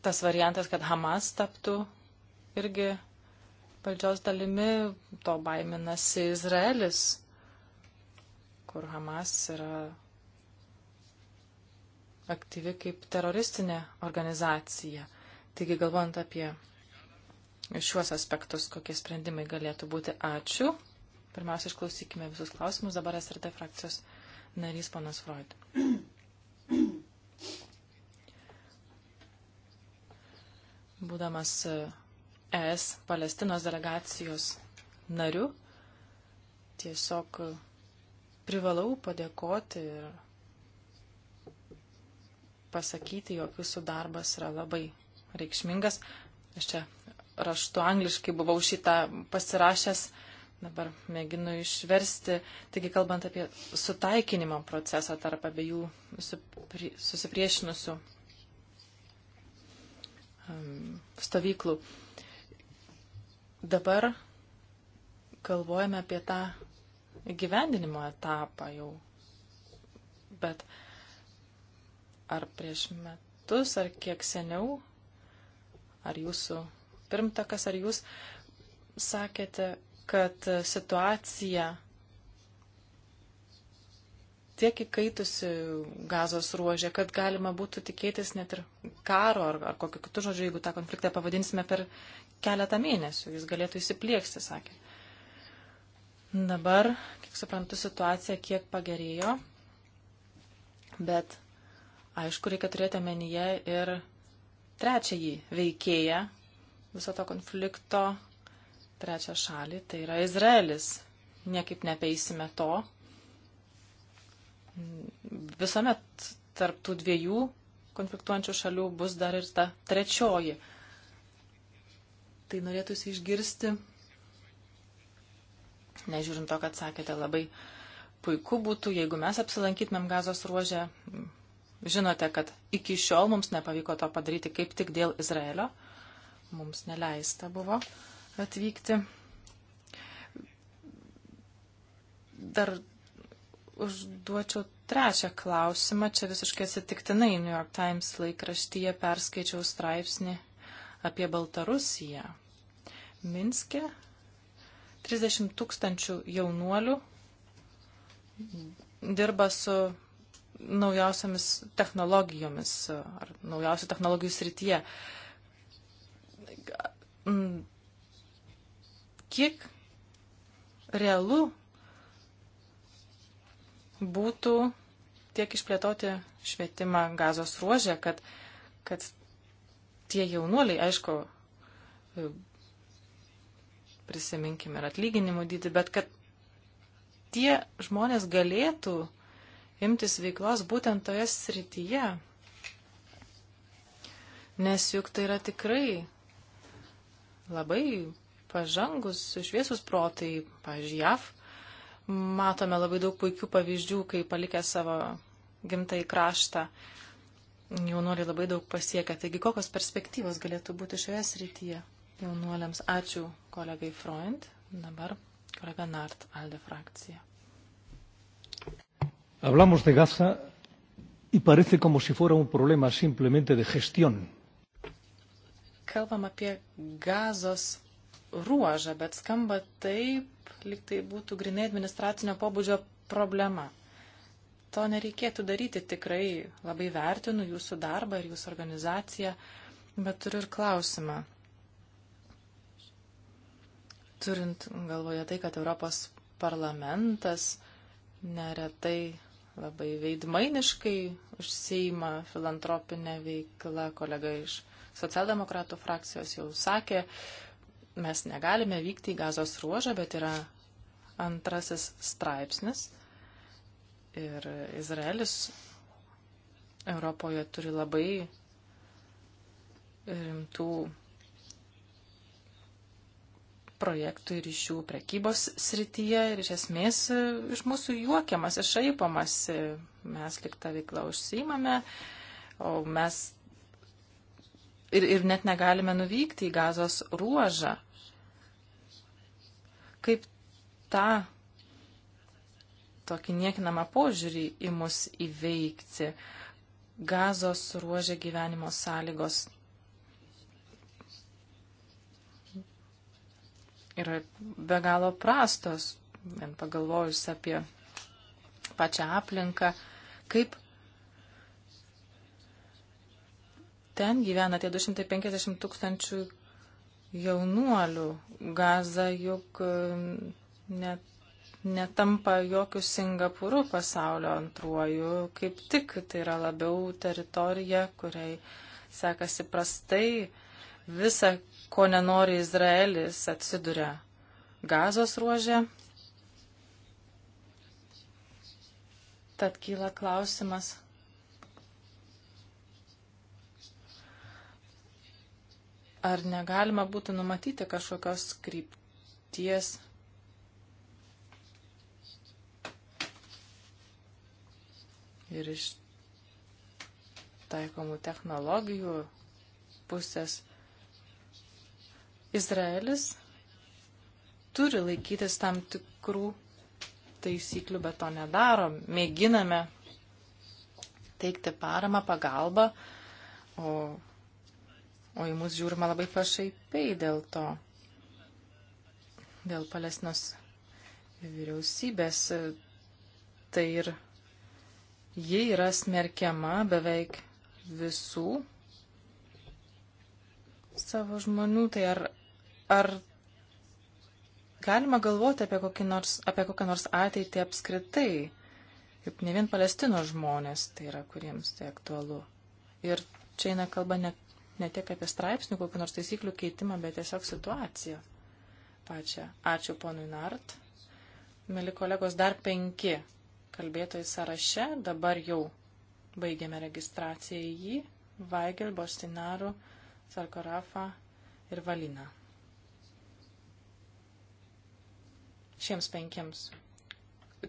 E: Tas variantas, kad Hamas taptų irgi valdžios dalimi, to baiminasi Izraelis, kur Hamas yra aktyvi kaip teroristinė organizacija. Taigi, galvojant apie šiuos aspektus, kokie sprendimai galėtų būti, ačiū. Pirmiausia, išklausykime visus klausimus. Dabar SRT frakcijos narys panas Freud. Būdamas e, ES Palestinos delegacijos nariu, tiesiog privalau padėkoti ir pasakyti, jog jūsų darbas yra labai reikšmingas. Aš čia raštu angliškai buvau šitą pasirašęs, dabar mėginu išversti. Taigi, kalbant apie sutaikinimo procesą tarp abiejų susipriešinusių um, stovyklų. Dabar galvojame apie tą gyvendinimo etapą jau. Bet uh, ar prieš metus, ar kiek seniau, ar jūsų pirmtakas, ar jūs sakėte, kad situacija tiek įkaitusi gazos ruožė, kad galima būtų tikėtis net ir karo ar, ar kokio kitų žodžių, jeigu tą konfliktą pavadinsime per keletą mėnesių, jis galėtų įsiplieksti, sakė. Dabar, kiek suprantu, situacija kiek pagerėjo, bet Aišku, reikia turėti omenyje ir trečiąjį veikėją viso to konflikto, trečią šalį, tai yra Izraelis. Niekaip nepeisime to. Visuomet tarptų dviejų konfliktuojančių šalių bus dar ir ta trečioji. Tai norėtųsi išgirsti, nežiūrint to, kad sakėte, labai puiku būtų, jeigu mes apsilankytumėm gazos ruožę, Žinote, kad iki šiol mums nepavyko to padaryti kaip tik dėl Izraelio. Mums neleista buvo atvykti. Dar užduočiau trečią klausimą. Čia visiškai atsitiktinai New York Times laikraštyje perskaičiau straipsnį apie Baltarusiją. Minske 30 tūkstančių jaunuolių dirba su naujausiamis technologijomis ar naujausių technologijų srityje. Mm. Kiek realu būtų tiek išplėtoti švietimą gazos ruožė, kad, kad tie jaunuoliai, aišku, e, prisiminkim ir atlyginimų dydį, bet kad tie žmonės galėtų imtis veiklos būtent toje srityje. Nes juk tai yra tikrai labai pažangus, šviesus protai, pavyzdžiui, JAV. Matome labai daug puikių pavyzdžių, kai palikę savo gimtai kraštą, jaunuoliai labai daug pasiekia. Taigi, kokios perspektyvos galėtų būti šioje srityje jaunuoliams? Ačiū kolegai Freund, dabar kolega Nart, Alde frakcija.
D: Hablamos de Gaza y parece como si fuera un problema simplemente de gestión.
E: Kalbam apie gazos ruožą, bet skamba taip, lyg tai būtų grinai administracinio pobūdžio problema. To nereikėtų daryti tikrai. Labai vertinu jūsų darbą ir jūsų organizaciją, bet turiu ir klausimą. Turint galvoje tai, kad Europos parlamentas neretai labai veidmainiškai užseima filantropinė veikla. Kolega iš socialdemokratų frakcijos jau sakė, mes negalime vykti į gazos ruožą, bet yra antrasis straipsnis. Ir Izraelis Europoje turi labai rimtų projektų ir iš jų prekybos srityje ir iš esmės e, iš mūsų juokiamas, išaipomas, e, mes liktą veiklą užsiimame, o mes ir, ir net negalime nuvykti į gazos ruožą. Kaip tą tokį niekinamą požiūrį į mus įveikti? Gazos ruožė gyvenimo sąlygos yra be galo prastos, vien pagalvojus apie pačią aplinką, kaip ten gyvena tie 250 tūkstančių jaunuolių. Gaza juk um, net netampa jokių Singapūrų pasaulio antruoju, kaip tik tai yra labiau teritorija, kuriai sekasi prastai, visa ko nenori Izraelis, atsiduria gazos ruožė. Tad kyla klausimas. Ar negalima būtų numatyti kažkokios krypties ir iš taikomų technologijų pusės Izraelis turi laikytis tam tikrų taisyklių, bet to nedaro. Mėginame teikti paramą, pagalbą, o, o į mus žiūrima labai pašaipiai dėl to, dėl Palestinos vyriausybės. Tai ir ji yra smerkiama beveik visų savo žmonių. Tai ar Ar galima galvoti apie, kokį nors, apie kokią nors ateitį apskritai, kaip ne vien palestinos žmonės, tai yra, kuriems tai aktualu. Ir čia eina kalba ne, ne tiek apie straipsnių, kokią nors taisyklių keitimą, bet tiesiog situaciją pačią. Ačiū ponui Nart. Mili kolegos, dar penki kalbėtojai sąraše, dabar jau baigėme registraciją į jį, Vaigel, Bostinaru, Sarkorafa ir Valina. šiems penkiems,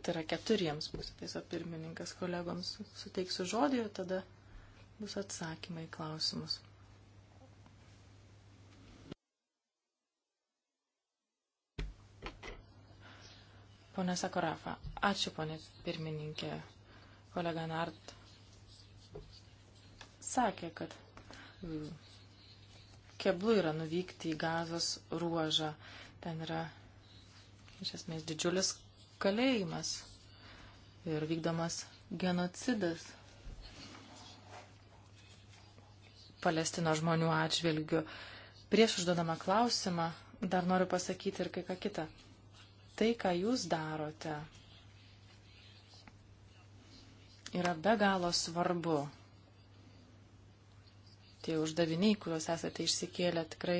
E: tai yra keturiems bus taiso pirmininkas kolegoms suteiksiu žodį ir tada bus atsakymai į klausimus. Pone Sakorafa, ačiū ponė pirmininkė. Kolega Nart sakė, kad mm, keblu yra nuvykti į gazos ruožą. Ten yra iš esmės didžiulis kalėjimas ir vykdomas genocidas Palestino žmonių atžvilgių. Prieš užduodama klausimą dar noriu pasakyti ir kai ką kitą. Tai, ką jūs darote, yra be galo svarbu. Tie uždaviniai, kuriuos esate išsikėlę, tikrai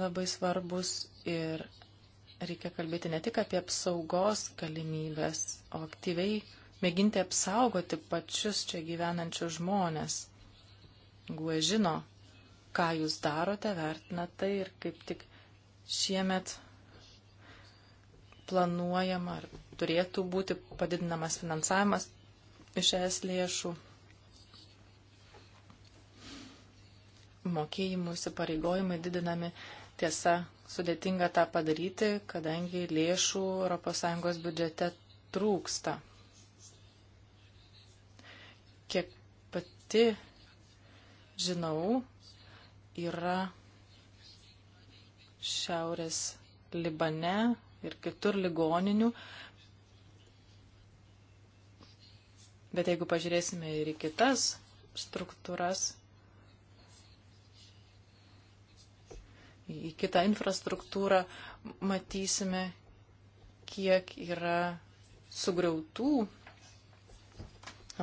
E: labai svarbus ir reikia kalbėti ne tik apie apsaugos galimybės, o aktyviai mėginti apsaugoti pačius čia gyvenančius žmonės. Gue žino, ką jūs darote, vertina tai ir kaip tik šiemet planuojama ar turėtų būti padidinamas finansavimas iš es lėšų mokėjimų įsipareigojimai didinami tiesa sudėtinga tą padaryti, kadangi lėšų ES biudžete trūksta. Kiek pati žinau, yra Šiaurės Libane ir kitur ligoninių. Bet jeigu pažiūrėsime ir į kitas struktūras, į kitą infrastruktūrą, matysime, kiek yra sugriautų,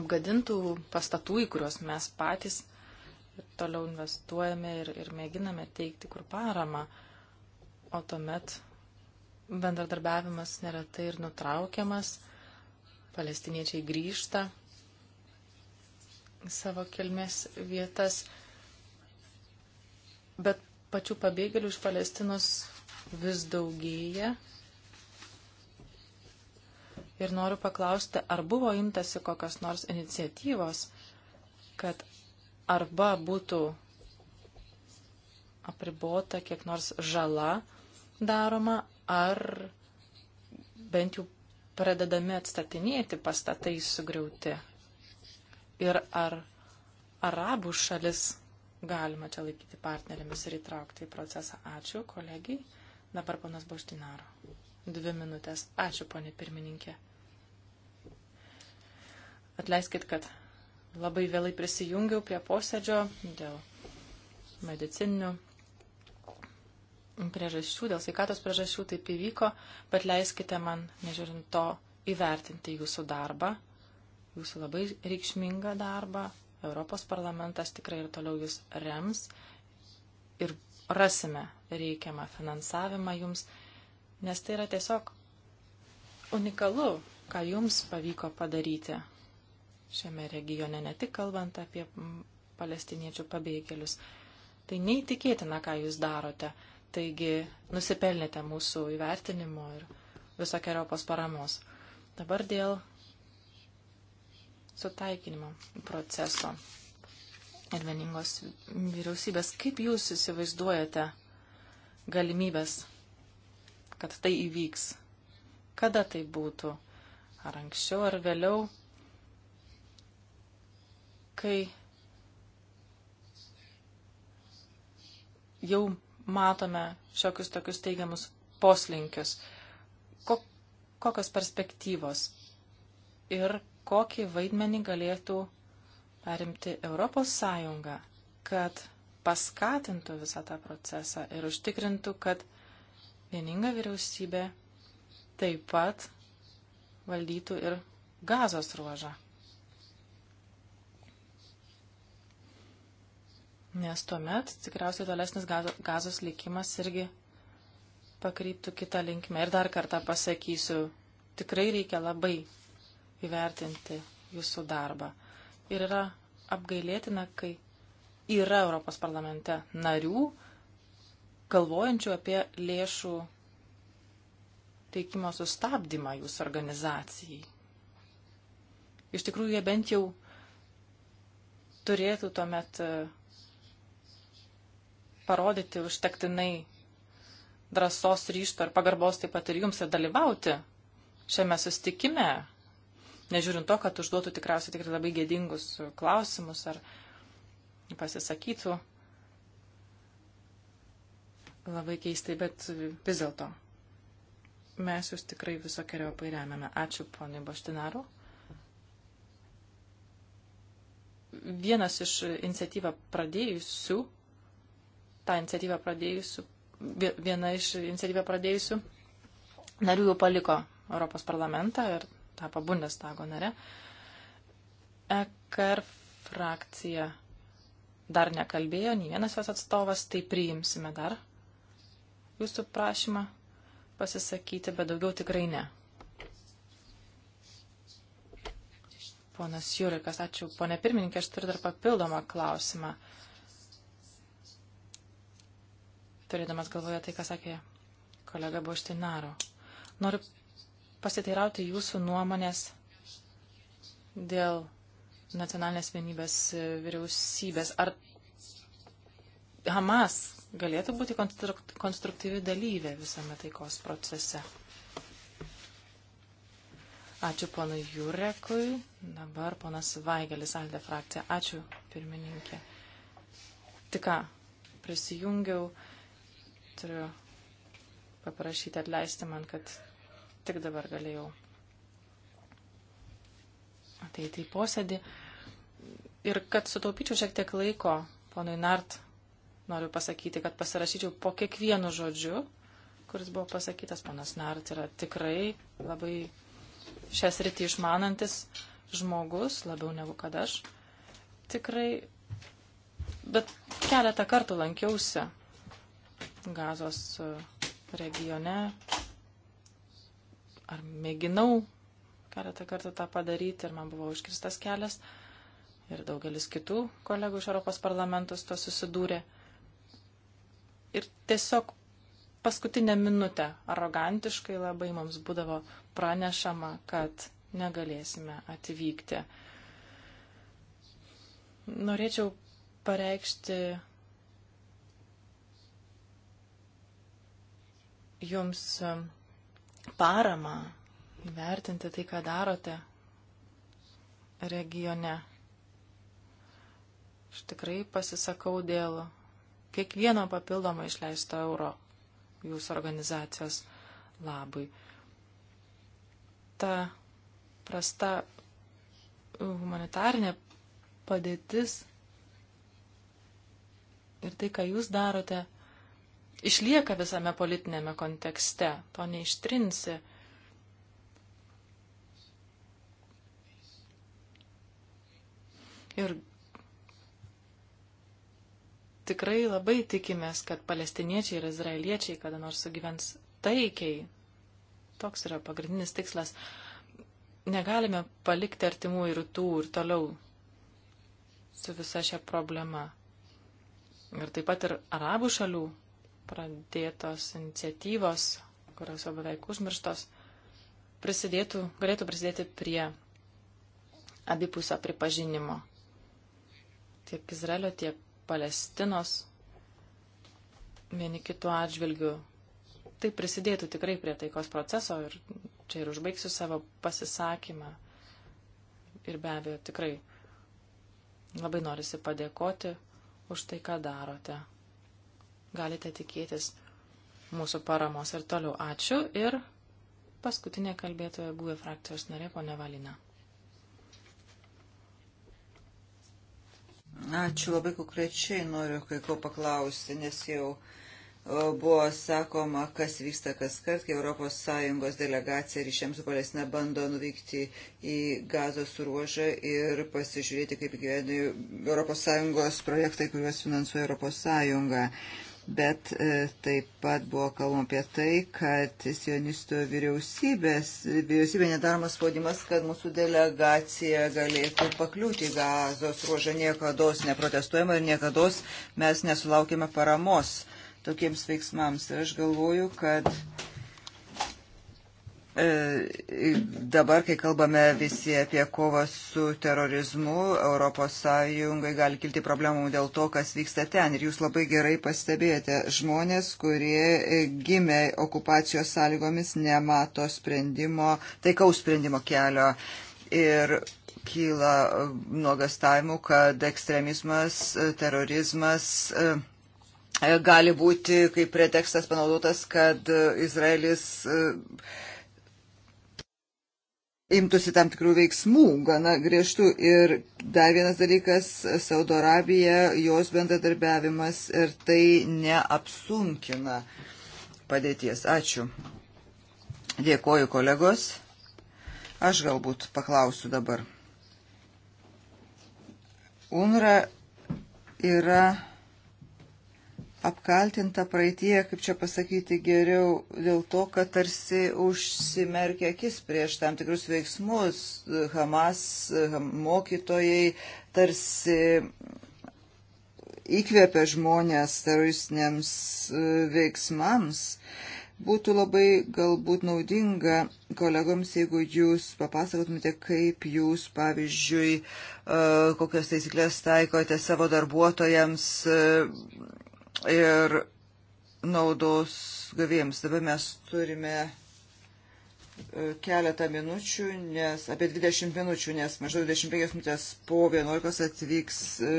E: apgadintų pastatų, į kuriuos mes patys toliau investuojame ir, ir mėginame teikti kur paramą. O tuomet bendradarbiavimas neretai ir nutraukiamas, palestiniečiai grįžta į savo kilmės vietas, bet pačių pabėgėlių iš Palestinos vis daugėja. Ir noriu paklausti, ar buvo imtasi kokios nors iniciatyvos, kad arba būtų apribota kiek nors žala daroma, ar bent jau pradedami atstatinėti pastatai sugriauti. Ir ar arabų šalis galima čia laikyti partnerėmis ir įtraukti į procesą. Ačiū kolegijai. Dabar ponas Boštinaro. Dvi minutės. Ačiū, ponė pirmininkė. Atleiskit, kad labai vėlai prisijungiau prie posėdžio dėl medicininių priežasčių, dėl sveikatos priežasčių taip įvyko, bet leiskite man, nežiūrint to, įvertinti jūsų darbą, jūsų labai reikšmingą darbą, Europos parlamentas tikrai ir toliau jūs rems ir rasime reikiamą finansavimą jums, nes tai yra tiesiog unikalu, ką jums pavyko padaryti šiame regione, ne tik kalbant apie palestiniečių pabėgėlius. Tai neįtikėtina, ką jūs darote. Taigi nusipelnėte mūsų įvertinimo ir visokiojo paramos. Dabar dėl sutaikinimo proceso ir vieningos vyriausybės. Kaip jūs įsivaizduojate galimybės, kad tai įvyks? Kada tai būtų? Ar anksčiau, ar vėliau? Kai jau matome šiokius tokius teigiamus poslinkius. Kokios perspektyvos ir kokį vaidmenį galėtų perimti Europos Sąjunga, kad paskatintų visą tą procesą ir užtikrintų, kad vieninga vyriausybė taip pat valdytų ir gazos ruožą. Nes tuomet tikriausiai tolesnis gazos likimas irgi pakryptų kitą linkmę. Ir dar kartą pasakysiu, tikrai reikia labai įvertinti jūsų darbą. Ir yra apgailėtina, kai yra Europos parlamente narių, galvojančių apie lėšų teikimo sustabdymą jūsų organizacijai. Iš tikrųjų, jie bent jau turėtų tuomet e, parodyti užtektinai drąsos ryšto ir pagarbos taip pat ir jums ir dalyvauti šiame sustikime, nežiūrint to, kad užduotų tikriausiai tikrai labai gėdingus klausimus ar pasisakytų labai keistai, bet vis dėlto mes jūs tikrai visokiojo pairemiame. Ačiū poniai Boštinaru. Vienas iš iniciatyvą pradėjusių, tą iniciatyvą pradėjusių, viena iš iniciatyvą pradėjusių narių jau paliko Europos parlamentą ir tapo Bundestago nare. EKR frakcija dar nekalbėjo, nei vienas jos atstovas, tai priimsime dar jūsų prašymą pasisakyti, bet daugiau tikrai ne. Ponas Jurikas, ačiū. Pone pirmininkė, aš turiu dar papildomą klausimą. Turėdamas galvoje tai, ką sakė kolega Boštinaro. Noriu pasiteirauti jūsų nuomonės dėl nacionalinės vienybės e, vyriausybės. Ar Hamas galėtų būti konstruktyvi dalyvė visame taikos procese? Ačiū ponui Jurekui. Dabar ponas Vaigelis, Alde frakcija. Ačiū, pirmininkė. Tik ką, prisijungiau. Turiu paprašyti atleisti man, kad Tik dabar galėjau ateiti į posėdį. Ir kad sutaupyčiau šiek tiek laiko, ponui Nart, noriu pasakyti, kad pasirašyčiau po kiekvienu žodžiu, kuris buvo pasakytas. Ponas Nart yra tikrai labai šias rytį išmanantis žmogus, labiau negu kad aš. Tikrai, bet keletą kartų lankiausi gazos regione, ar mėginau keletą kartų tą padaryti ir man buvo užkirstas kelias ir daugelis kitų kolegų iš Europos parlamentos to susidūrė. Ir tiesiog paskutinę minutę arogantiškai labai mums būdavo pranešama, kad negalėsime atvykti. Norėčiau pareikšti jums paramą, įvertinti tai, ką darote regione. Aš tikrai pasisakau dėl kiekvieno papildomai išleisto euro jūsų organizacijos labui. Ta prasta humanitarinė padėtis ir tai, ką jūs darote, išlieka visame politinėme kontekste, to neištrinsi. Ir tikrai labai tikimės, kad palestiniečiai ir izraeliečiai kada nors sugyvens taikiai. Toks yra pagrindinis tikslas. Negalime palikti artimų ir tų ir toliau su visa šia problema. Ir taip pat ir arabų šalių pradėtos iniciatyvos, kurios jau beveik užmirštos, prisidėtų, galėtų prisidėti prie abipusio pripažinimo tiek Izraelio, tiek Palestinos vieni kitų atžvilgių. Tai prisidėtų tikrai prie taikos proceso ir čia ir užbaigsiu savo pasisakymą. Ir be abejo, tikrai labai norisi padėkoti už tai, ką darote galite tikėtis mūsų paramos ir toliau. Ačiū ir paskutinė kalbėtoja buvę e frakcijos narė ponė Valina.
A: Ačiū labai konkrečiai, noriu kai ko paklausti, nes jau buvo sakoma, kas vyksta kas kart, kai ES delegacija ryšiams su Palestina bando nuvykti į gazos ruožą ir pasižiūrėti, kaip gyvena ES projektai, kuriuos finansuoja ES bet e, taip pat buvo kalbama apie tai, kad sionistų vyriausybės, vyriausybė nedaromas spaudimas, kad mūsų delegacija galėtų pakliūti į gazos ruožą. Niekada neprotestuojama ir niekada mes nesulaukėme paramos tokiems veiksmams. Ir aš galvoju, kad E, dabar, kai kalbame visi apie kovą su terorizmu, ES gali kilti problemų dėl to, kas vyksta ten. Ir jūs labai gerai pastebėjote, žmonės, kurie e, gimė okupacijos sąlygomis, nemato sprendimo, taikaus sprendimo kelio. Ir kyla e, nuogastavimų, kad ekstremizmas, terorizmas gali būti kaip pretekstas panaudotas, kad Izraelis imtųsi tam tikrų veiksmų, gana griežtų. Ir dar vienas dalykas - Saudo Arabija, jos bendradarbiavimas ir tai neapsunkina padėties. Ačiū. Dėkoju kolegos. Aš galbūt paklausiu dabar. UNRA yra apkaltinta praeitie, kaip čia pasakyti geriau, dėl to, kad tarsi užsimerkia akis prieš tam tikrus veiksmus. Hamas mokytojai tarsi įkvėpia žmonės teroristiniams e, veiksmams. Būtų labai galbūt naudinga kolegoms, jeigu jūs papasakotumėte, kaip jūs, pavyzdžiui, e, kokias taisyklės taikote savo darbuotojams e, ir naudos gavėjams. Dabar mes turime e, keletą minučių, nes apie 20 minučių, nes maždaug 25 minutės po 11 atvyks e,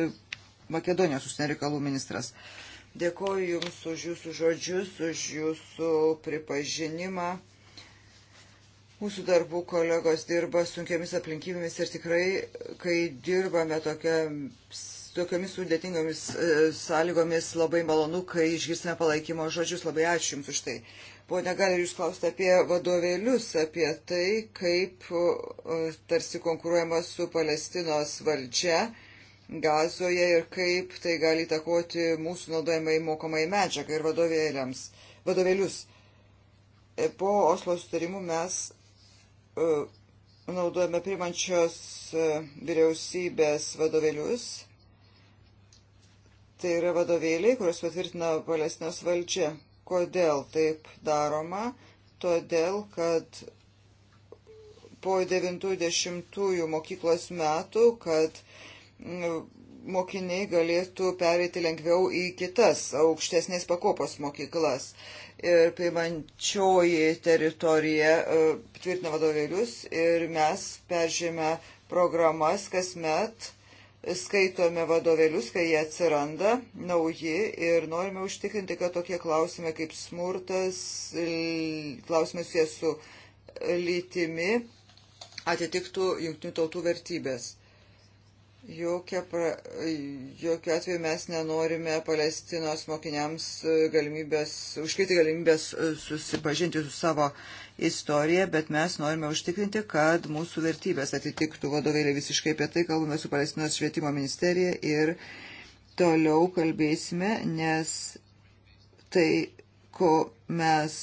A: Makedonijos užsienio reikalų ministras. Dėkoju Jums už Jūsų žodžius, už Jūsų pripažinimą. Mūsų darbų kolegos dirba sunkiamis aplinkybėmis ir tikrai, kai dirbame tokiams tokiamis sudėtingomis e, sąlygomis labai malonu, kai išgirsime palaikymo žodžius. Labai ačiū Jums už tai. Pone, gal Jūs klausite apie vadovėlius, apie tai, kaip e, tarsi konkuruojama su Palestinos valdžia gazoje ir kaip tai gali takoti mūsų naudojimai mokomai medžiagai ir vadovėliams. Vadovėlius. E, po Oslo sutarimų mes naudojame primančios vyriausybės vadovėlius tai yra vadovėliai, kuriuos patvirtina Palestinos valdžia. Kodėl taip daroma? Todėl, kad po 90-ųjų mokyklos metų, kad mm, mokiniai galėtų pereiti lengviau į kitas aukštesnės pakopos mokyklas. Ir primančioji teritorija e, tvirtina vadovėlius ir mes peržėme programas kasmet skaitome vadovėlius, kai jie atsiranda nauji ir norime užtikrinti, kad tokie klausimai kaip smurtas, klausimai susijęs su lytimi, atitiktų jungtinių tautų vertybės. Jokia pra, jokių atveju mes nenorime Palestinos mokiniams galimybės, užkirti galimybės e, susipažinti su savo istorija, bet mes norime užtikrinti, kad mūsų vertybės atitiktų vadovėlį visiškai apie tai, kalbame su Palestinos švietimo ministerija ir toliau kalbėsime, nes tai, ko mes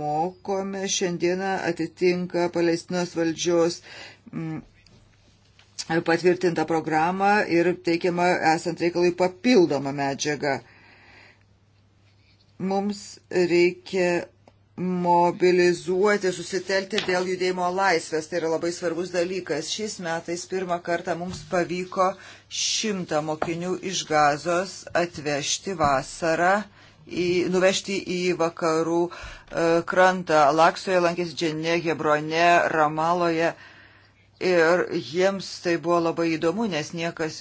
A: mokome šiandieną, atitinka Palestinos valdžios. Mm, patvirtintą programą ir teikiama esant reikalui papildomą medžiagą. Mums reikia mobilizuoti, susitelti dėl judėjimo laisvės. Tai yra labai svarbus dalykas. Šiais metais pirmą kartą mums pavyko šimtą mokinių iš gazos atvežti vasarą. Į, nuvežti į vakarų e, krantą. Laksoje lankėsi Dženė, Hebrone, Ramaloje. E, Ir jiems tai buvo labai įdomu, nes niekas,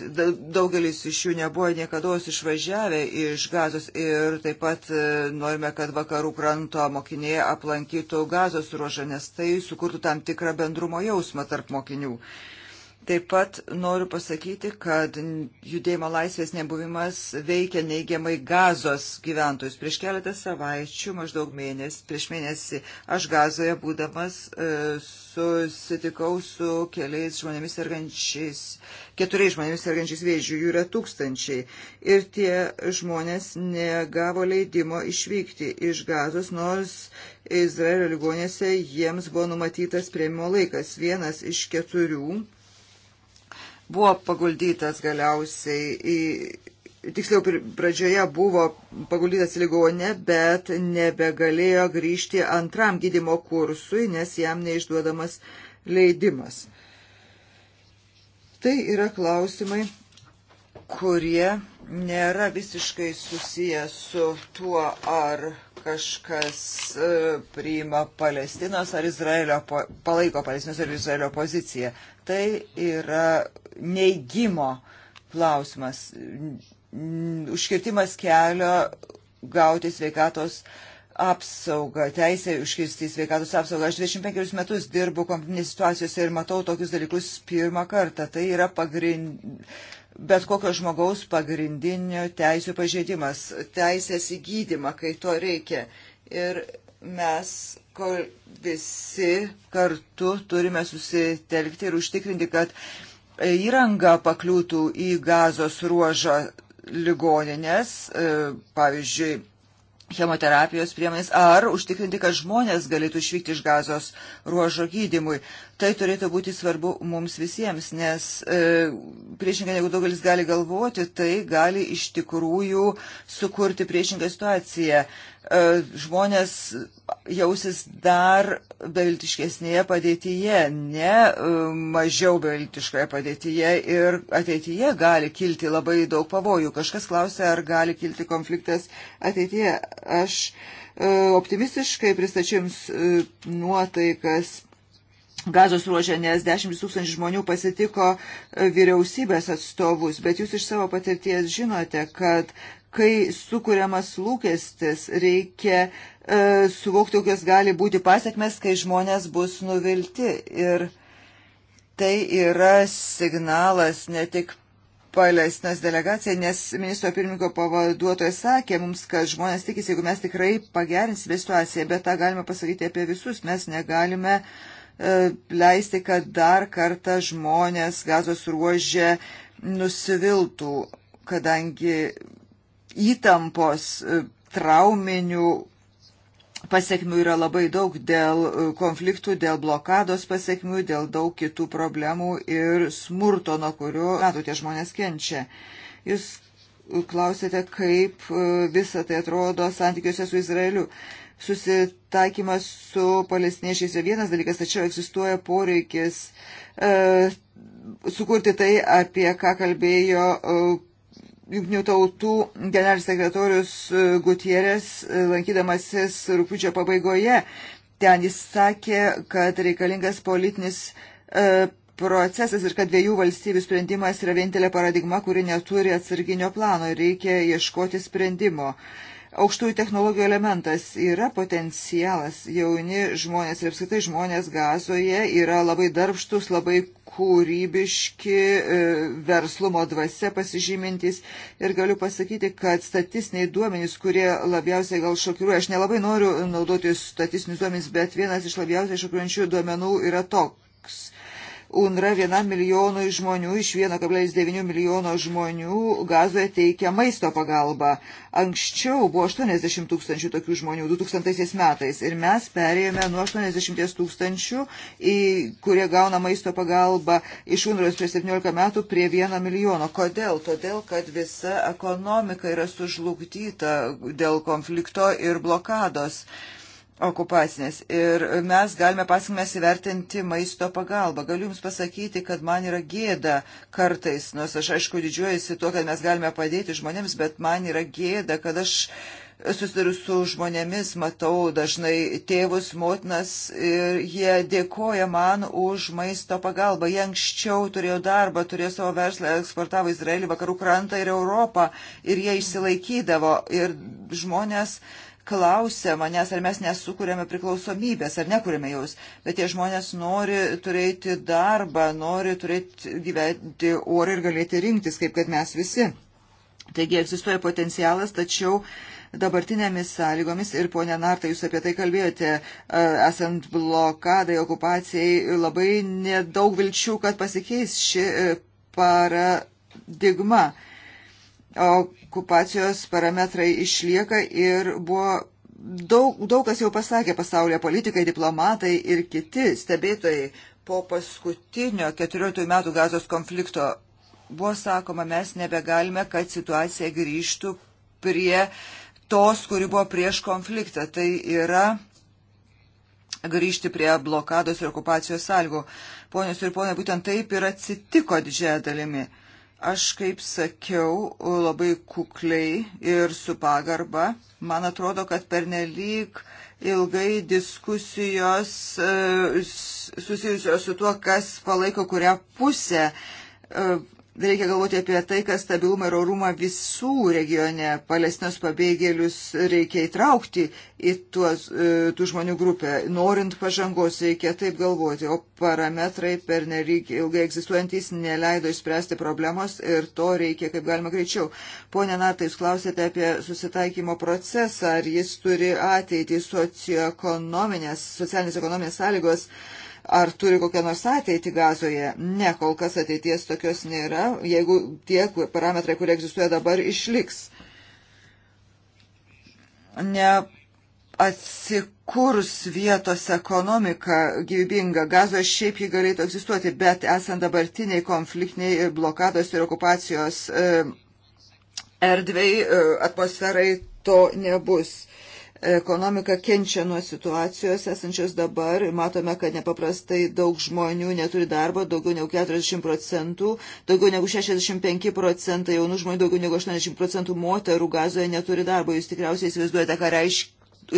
A: daugelis iš jų nebuvo niekada išvažiavę iš gazos ir taip pat e, norime, kad vakarų kranto mokiniai aplankytų gazos ruožą, nes tai sukurtų tam tikrą bendrumo jausmą tarp mokinių. Uh, Taip pat noriu pasakyti, kad judėjimo laisvės nebuvimas veikia neigiamai gazos gyventojus. Prieš keletą savaičių, maždaug mėnesį, prieš mėnesį aš gazoje būdamas e, susitikau su keliais žmonėmis sergančiais, keturiais žmonėmis sergančiais vėžių, jų yra tūkstančiai. Ir tie žmonės negavo leidimo išvykti iš gazos, nors Izraelio ligonėse jiems buvo numatytas prieimimo laikas. Vienas iš keturių buvo paguldytas galiausiai į. Tiksliau, pradžioje buvo paguldytas į ligonę, bet nebegalėjo grįžti antram gydimo kursui, nes jam neišduodamas leidimas. Tai yra klausimai, kurie nėra visiškai susiję su tuo, ar kažkas e, priima Palestinos ar Izraelio, palaiko Palestinos ar Izraelio poziciją tai yra neigimo klausimas, užkirtimas kelio gauti sveikatos apsaugą, teisę užkirsti sveikatos apsaugą. Aš 25 metus dirbu konfliktinėse situacijose ir matau tokius dalykus pirmą kartą. Tai yra pagrind... bet kokio žmogaus pagrindinio teisų pažeidimas, teisės įgydymą, kai to reikia. Ir mes kol visi kartu turime susitelkti ir užtikrinti, kad įranga pakliūtų į gazos ruožą ligoninės, e, pavyzdžiui, chemoterapijos priemonės, ar užtikrinti, kad žmonės galėtų išvykti iš gazos ruožo gydimui. Tai turėtų būti svarbu mums visiems, nes e, priešingai negu daugelis gali galvoti, tai gali iš tikrųjų sukurti priešingą situaciją. E, E, žmonės jausis dar beviltiškesnėje padėtyje, ne e, mažiau beviltiškoje padėtyje ir ateityje gali kilti labai daug pavojų. Kažkas klausia, ar gali kilti konfliktas ateityje. Aš e, optimistiškai pristačiau jums nuotaikas gazos ruožė, nes 10 tūkstančių žmonių pasitiko vyriausybės atstovus, bet jūs iš savo patirties žinote, kad kai sukūriamas lūkestis, reikia e, suvokti, kokios gali būti pasiekmes, kai žmonės bus nuvilti. Ir tai yra signalas ne tik Palestinos delegacija, nes ministro pirmininko pavaduotojas sakė mums, kad žmonės tikisi, jeigu mes tikrai pagerinsime situaciją, bet tą galime pasakyti apie visus, mes negalime e, leisti, kad dar kartą žmonės gazos ruožė nusiviltų kadangi įtampos e, trauminių pasiekmių yra labai daug dėl e, konfliktų, dėl blokados pasiekmių, dėl daug kitų problemų ir smurto, nuo kurio metų tie žmonės kenčia. Jūs klausėte, kaip e, visa tai atrodo santykiuose su Izraeliu. Susitaikymas su palestiniečiais yra vienas dalykas, tačiau egzistuoja poreikis e, sukurti tai, apie ką kalbėjo e, Junktinių tautų generalinis sekretorius e, Gutierės, e, lankydamasis rūpiučio pabaigoje, ten jis sakė, kad reikalingas politinis e, procesas ir kad dviejų valstybių sprendimas yra vienintelė paradigma, kuri neturi atsarginio plano ir reikia ieškoti sprendimo. Aukštųjų technologijų elementas yra potencialas. Jauni žmonės ir apskritai žmonės gazoje yra labai darbštus, labai kūrybiški, e, verslumo dvasia pasižymintys. Ir galiu pasakyti, kad statistiniai duomenys, kurie labiausiai gal šokiruoja, aš nelabai noriu naudoti statistinius duomenys, bet vienas iš labiausiai šokiruojančių duomenų yra toks UNRA 1 milijonui žmonių iš 1,9 milijono žmonių gazoje teikia maisto pagalbą. Anksčiau buvo 80 tūkstančių tokių žmonių 2000 metais ir mes perėjome nuo 80 tūkstančių, kurie gauna maisto pagalbą iš UNRAS prieš 17 metų prie 1 milijono. Kodėl? Todėl, kad visa ekonomika yra sužlugdyta dėl konflikto ir blokados. Uh, okupacinės. Ir mes galime pasikmės įvertinti maisto pagalbą. Galiu Jums pasakyti, kad man yra gėda kartais, nors aš aišku didžiuojasi tuo, kad mes galime padėti žmonėms, bet man yra gėda, kad aš susiduriu su žmonėmis, matau dažnai tėvus, motinas ir jie dėkoja man už maisto pagalbą. Jie anksčiau turėjo darbą, turėjo savo verslą, eksportavo Izraelį, vakarų krantą ir Europą ir jie išsilaikydavo. Ir žmonės uh, klausia manęs, ar mes nesukūrėme priklausomybės, ar nekūrėme jos, bet tie žmonės nori turėti darbą, nori turėti gyventi orą ir galėti rinktis, kaip kad mes visi. Taigi egzistuoja potencialas, tačiau dabartinėmis sąlygomis ir ponė Narta, jūs apie tai kalbėjote, e, esant blokadai, okupacijai, labai nedaug vilčių, kad pasikeis ši e, paradigma. digma okupacijos parametrai išlieka ir buvo daug, daug kas jau pasakė pasaulyje politikai, diplomatai ir kiti stebėtojai po paskutinio 14 metų gazos konflikto. Buvo sakoma, mes nebegalime, kad situacija grįžtų prie tos, kuri buvo prieš konfliktą. Tai yra grįžti prie blokados ir okupacijos sąlygų. Ponios ir ponai, būtent taip ir atsitiko didžiąją dalimi. Uh, Aš, kaip sakiau, labai kukliai ir su pagarba. Man atrodo, kad pernelyg ilgai diskusijos e, susijusios su tuo, kas palaiko kurią pusę e, Reikia galvoti apie tai, kad stabilumą ir orumą visų regione palestinos pabėgėlius reikia įtraukti į tuos, e, tų žmonių grupę. Norint pažangos reikia taip galvoti, o parametrai per nereik ilgai egzistuojantys neleido išspręsti problemos ir to reikia kaip galima greičiau. Pone Nartai, jūs klausėte apie susitaikymo procesą, ar jis turi ateitį socioekonominės, socialinės ekonominės sąlygos ar turi kokią nors ateitį gazoje. Ne, kol kas ateities tokios nėra, jeigu tie parametrai, kurie egzistuoja dabar, išliks. Ne atsikurs vietos ekonomika gyvybinga. Gazoje šiaip ji galėtų egzistuoti, bet esant dabartiniai konfliktiniai blokados ir okupacijos e, erdvėjai, e, atmosferai to nebus. Ekonomika kenčia nuo situacijos esančios dabar. Matome, kad nepaprastai daug žmonių neturi darbo, daugiau negu 40 procentų, daugiau negu 65 procentai jaunų žmonių, daugiau negu 80 procentų moterų gazoje neturi darbo. Jūs tikriausiai įsivaizduojate, ką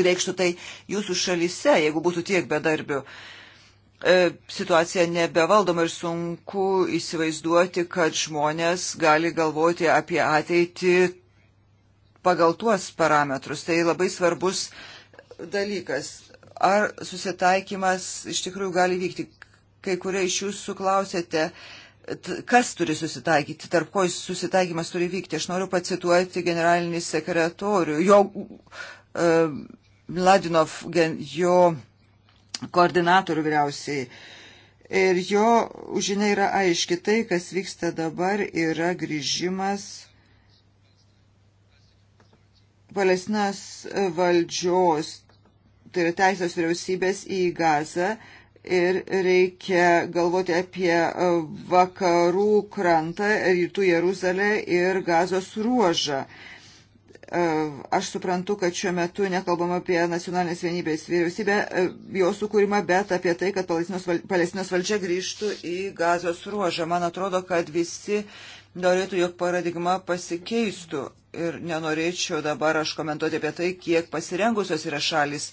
A: reikštų tai jūsų šalyse, jeigu būtų tiek bedarbių e, situacija nebevaldoma ir sunku įsivaizduoti, kad žmonės gali galvoti apie ateitį pagal tuos parametrus. Tai labai svarbus dalykas. Ar susitaikymas iš tikrųjų gali vykti? Kai kurie iš jūsų klausėte, kas turi susitaikyti, tarp ko susitaikymas turi vykti. Aš noriu pacituoti generalinį sekretorių, jo uh, Mladinov, gen, jo koordinatorių vyriausiai. Ir jo žinia yra aiški, tai, kas vyksta dabar, yra grįžimas Palestinos valdžios, tai yra teisės vyriausybės į Gazą ir reikia galvoti apie vakarų krantą, rytų Jeruzalę ir Gazos ruožą. E, aš suprantu, kad šiuo metu nekalbam apie nacionalinės vienybės vyriausybę, e, jos sukūrimą, bet apie tai, kad Palestinos valdžia grįžtų į Gazos ruožą. Man atrodo, kad visi norėtų, jog paradigma pasikeistų ir nenorėčiau dabar aš komentuoti apie tai, kiek pasirengusios yra šalis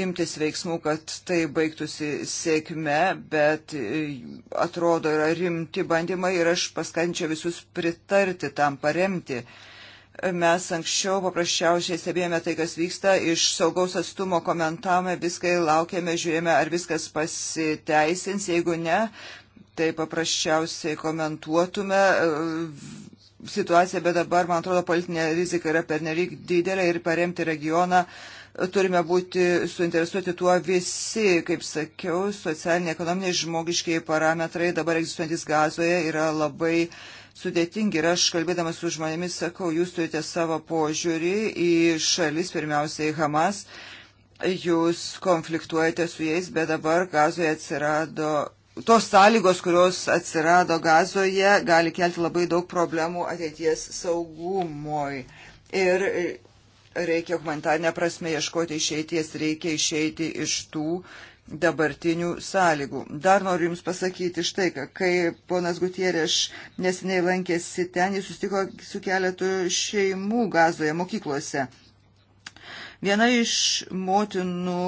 A: imtis veiksmų, kad tai baigtųsi sėkme, bet e, atrodo yra rimti bandymai ir aš paskančiau visus pritarti tam, paremti. Mes anksčiau paprasčiausiai stebėjome tai, kas vyksta, iš saugaus atstumo komentavome, viską laukėme, žiūrėjome, ar viskas pasiteisins, jeigu ne, tai paprasčiausiai komentuotume situacija, bet dabar, man atrodo, politinė rizika yra pernelyg didelė ir paremti regioną turime būti suinteresuoti tuo visi, kaip sakiau, socialiniai, ekonominiai, žmogiškiai parametrai dabar egzistuojantis gazoje yra labai sudėtingi ir aš kalbėdamas su žmonėmis sakau, jūs turite savo požiūrį į šalis, pirmiausiai Hamas, jūs konfliktuojate su jais, bet dabar gazoje atsirado tos sąlygos, kurios atsirado gazoje, gali kelti labai daug problemų ateities saugumui. Ir reikia humanitarnę prasme ieškoti išeities, reikia išeiti iš tų dabartinių sąlygų. Dar noriu Jums pasakyti štai, kad kai ponas Gutierėš nesiniai lankėsi ten, jis sustiko su keletu šeimų gazoje mokyklose. Viena iš motinų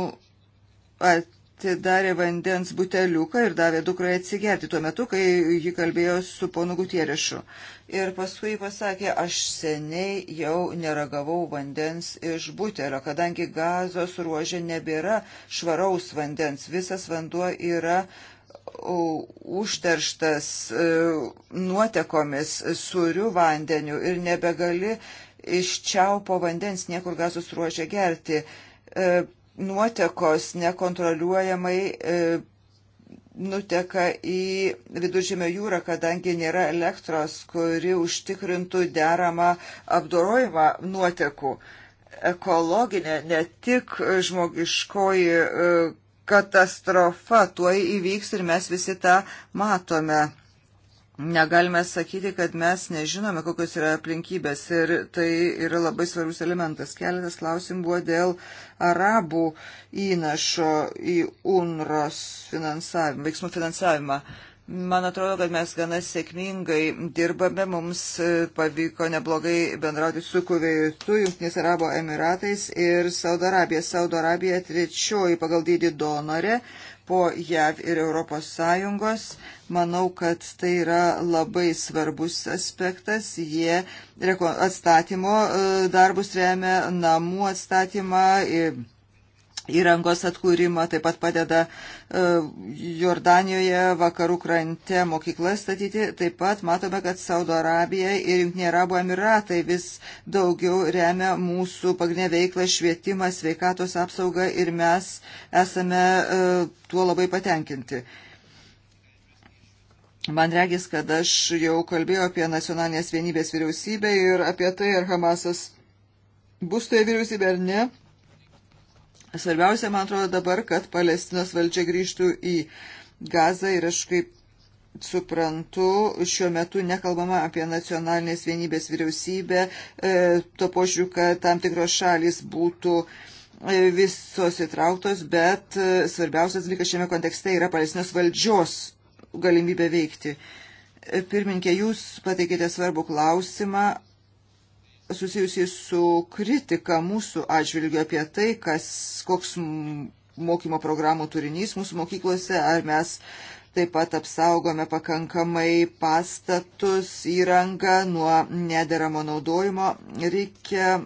A: at, atidarė vandens buteliuką ir davė dukrai atsigerti tuo metu, kai ji kalbėjo su ponu Gutierešu. Ir paskui pasakė, aš seniai jau neragavau vandens iš butelio, kadangi gazos ruožė nebėra švaraus vandens, visas vanduo yra užterštas e, nuotekomis, suriu vandeniu ir nebegali iš čiaupo vandens niekur gazos ruožė gerti e, nuotekos nekontroliuojamai e, nuteka į viduržėmio jūrą, kadangi nėra elektros, kuri užtikrintų deramą apdorojimą nuotekų. Ekologinė, ne tik žmogiškoji e, katastrofa tuo įvyks ir mes visi tą matome. Negalime sakyti, kad mes nežinome, kokios yra aplinkybės ir tai yra labai svarbus elementas. Keletas klausimų buvo dėl arabų įnašo į UNROS finansavimą, veiksmų finansavimą. Man atrodo, kad mes gana sėkmingai dirbame, mums e, pavyko neblogai bendrauti su Kuveitu, Junktinės Arabo Emiratais ir Saudo Arabija. Saudo Arabija trečioji pagal dydį donorė po JAV ir ES. Manau, kad tai yra labai svarbus aspektas. Jie atstatymo e, darbus remia namų atstatymą. Ir įrangos atkūrimą, taip pat padeda e, Jordanijoje, vakarų krante mokyklas statyti. Taip pat matome, kad Saudo Arabija ir Junktinė Arabų Emiratai vis daugiau remia mūsų pagrindinę veiklą švietimą, sveikatos apsaugą ir mes esame e, tuo labai patenkinti. Man regis, kad aš jau kalbėjau apie nacionalinės vienybės vyriausybę ir apie tai, ar Hamasas bus toje vyriausybė ar ne. Svarbiausia, man atrodo, dabar, kad Palestinos valdžia grįžtų į Gazą ir aš kaip suprantu, šiuo metu nekalbama apie nacionalinės vienybės vyriausybę, e, to požiūriu, kad tam tikros šalis būtų e, visos įtrauktos, bet e, svarbiausias dalykas šiame kontekste yra palestinos valdžios galimybė veikti. Pirminkė, jūs pateikėte svarbų klausimą susijusi su kritika mūsų atžvilgiu apie tai, kas, koks mokymo programų turinys mūsų mokyklose, ar mes taip pat apsaugome pakankamai pastatus, įrangą nuo nederamo naudojimo. Reikia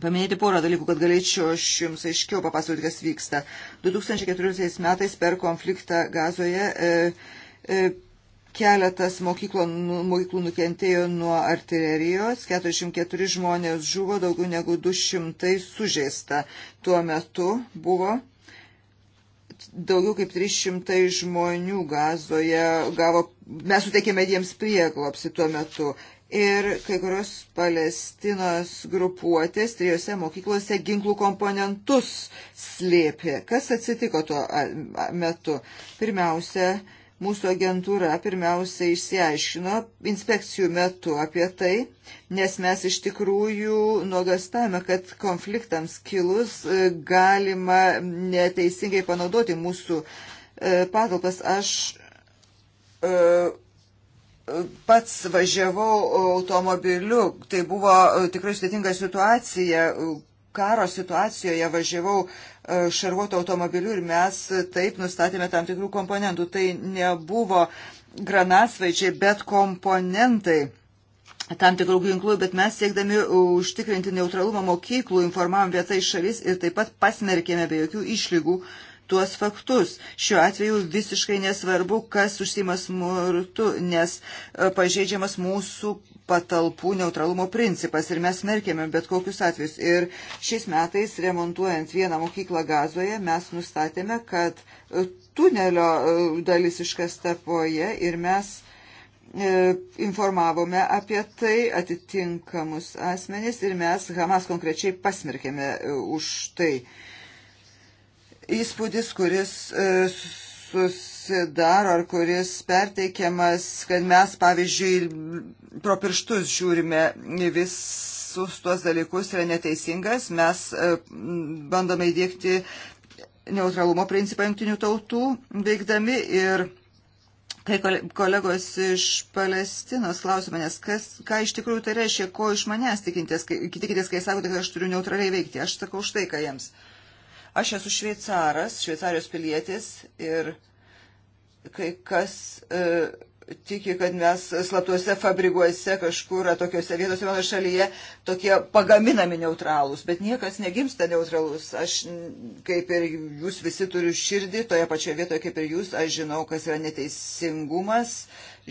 A: paminėti porą dalykų, kad galėčiau aš jums aiškiau papasakoti, kas vyksta. 2014 metais per konfliktą gazoje. E, e, Keletas mokyklų, nu, mokyklų nukentėjo nuo artilerijos, 44 žmonės žuvo, daugiau negu 200 sužeista. Tuo metu buvo daugiau kaip 300 žmonių gazoje gavo, mes suteikėme jiems prieglopsi tuo metu. Ir kai kurios Palestinos grupuotės trijose mokyklose ginklų komponentus slėpė. Kas atsitiko tuo metu? Pirmiausia, Mūsų agentūra pirmiausia išsiaiškino inspekcijų metu apie tai, nes mes iš tikrųjų nuogastavome, kad konfliktams kilus e, galima neteisingai panaudoti mūsų e, patalpas. Aš e, pats važiavau automobiliu, tai buvo tikrai sudėtinga situacija, karo situacijoje važiavau šarvuotų automobilių ir mes taip nustatėme tam tikrų komponentų. Tai nebuvo granasvaičiai, bet komponentai tam tikrų ginklų, bet mes siekdami užtikrinti neutralumą mokyklų informavom vietai šalis ir taip pat pasmerkėme be jokių išlygų uh, tuos faktus. Šiuo atveju visiškai nesvarbu, kas užsima smurtu, nes e, pažeidžiamas mūsų patalpų neutralumo principas ir mes smerkėme bet kokius atvejus. Ir šiais metais, remontuojant vieną mokyklą gazoje, mes nustatėme, kad e, tunelio e, dalis iškasta poje ir mes informavome apie tai atitinkamus asmenys ir mes Hamas konkrečiai pasmerkėme už tai. Uh, įspūdis, kuris e, susidaro ar kuris perteikiamas, kad mes, pavyzdžiui, pro pirštus žiūrime visus tuos dalykus yra neteisingas, mes e, bandome įdėkti neutralumo principą jungtinių tautų veikdami ir kai kolegos iš Palestinos klausė manęs, kas, ką iš tikrųjų tai reiškia, ko iš manęs tikintės, kai, tikitės, kai sakote, kad aš turiu neutraliai veikti. Aš sakau štai ką jiems. Uh, Aš esu šveicaras, šveicarijos pilietis ir kai kas e, tiki, kad mes slaptuose fabrikuose kažkur, tokiuose vietose mano šalyje, tokie pagaminami neutralūs, bet niekas negimsta neutralus. Aš, kaip ir jūs visi, turiu širdį toje pačioje vietoje kaip ir jūs, aš žinau, kas yra neteisingumas,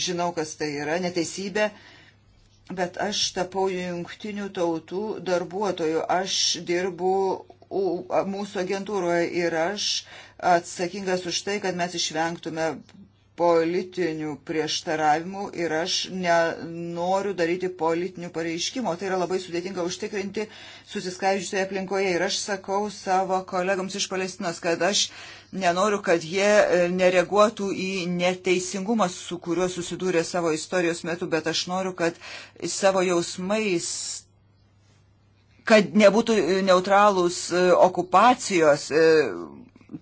A: žinau, kas tai yra neteisybė. Bet aš tapau jungtinių tautų darbuotoju, aš dirbu mūsų agentūroje ir aš atsakingas už tai, kad mes išvengtume politinių prieštaravimų ir aš nenoriu daryti politinių pareiškimų. Tai yra labai sudėtinga užtikrinti susiskaidžiusioje aplinkoje. Ir aš sakau savo kolegams iš Palestinos, kad aš nenoriu, kad jie e, nereaguotų į neteisingumą, su kuriuo susidūrė savo istorijos metu, bet aš noriu, kad savo jausmais kad nebūtų e, neutralūs e, okupacijos e,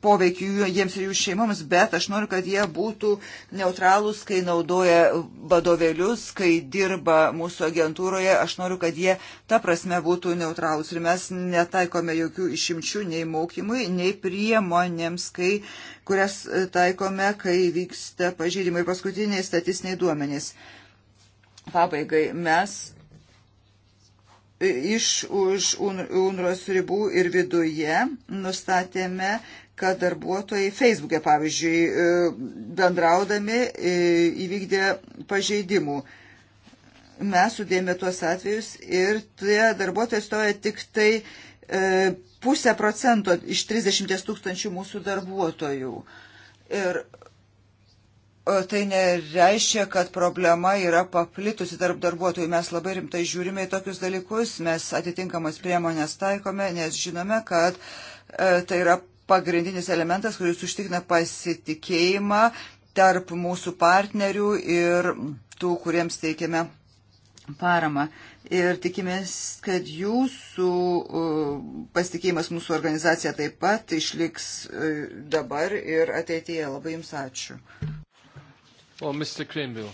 A: poveikiu jiems ir jų šeimoms, bet aš noriu, kad jie būtų neutralūs, kai naudoja vadovėlius, kai dirba mūsų agentūroje. Aš noriu, kad jie ta prasme būtų neutralūs. Ir mes netaikome jokių išimčių nei mokymui, nei priemonėms, kai, kurias taikome, kai vyksta pažydimai paskutiniai statistiniai duomenys. Pabaigai mes iš už UNROS ribų ir viduje nustatėme, kad darbuotojai Facebook'e, pavyzdžiui, e, bendraudami e, įvykdė pažeidimų mes sudėmė tuos atvejus ir tie darbuotojai stoja tik tai e, pusę procento iš 30 tūkstančių mūsų darbuotojų. Ir tai nereiškia, kad problema yra paplitusi tarp darbuotojų. Mes labai rimtai žiūrime į tokius dalykus, mes atitinkamas priemonės taikome, nes žinome, kad e, tai yra pagrindinis elementas, kuris užtikrina pasitikėjimą tarp mūsų partnerių ir tų, kuriems teikiame paramą. Ir tikimės, kad jūsų e, pasitikėjimas mūsų organizacija taip pat išliks e, dabar ir ateityje. Labai jums ačiū.
B: Well, Mr. Greenville.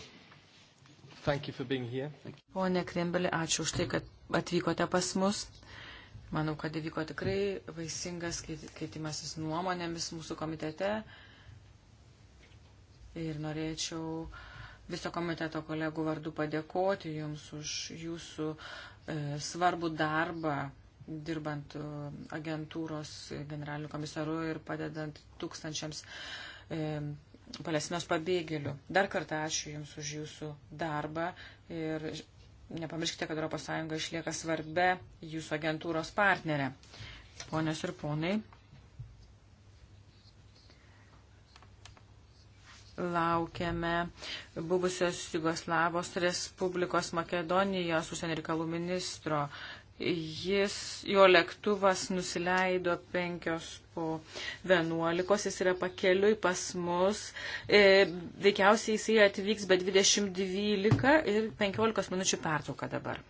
B: Thank you for being here.
A: Pone
C: Krembelė, ačiū už tai, kad atvykote pas mus. Manau, kad įvyko tikrai vaisingas keitimasis nuomonėmis mūsų komitete. Ir norėčiau viso komiteto kolegų vardu padėkoti Jums už Jūsų e, svarbų darbą, dirbant e, agentūros generaliniu komisaru ir padedant tūkstančiams e, Palestinos pabėgėlių. Dar kartą ačiū Jums už Jūsų darbą ir nepamirškite, kad ES išlieka svarbia Jūsų agentūros partnerė. Ponios ir ponai, laukiame buvusios Jugoslavos Respublikos Makedonijos užsienio reikalų ministro Jis, jo lėktuvas nusileido penkios po vienuolikos, jis yra pakeliui pas mus. E, veikiausiai jisai atvyks be 2012 ir 15 minučių pertrauka dabar.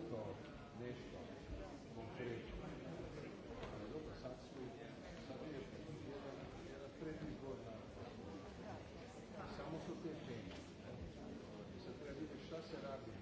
D: kuhao nešto konkretno. Dobro, sad su, sad je jedan, jedan predizborna, samo su te teme. Sad treba vidjeti šta se radi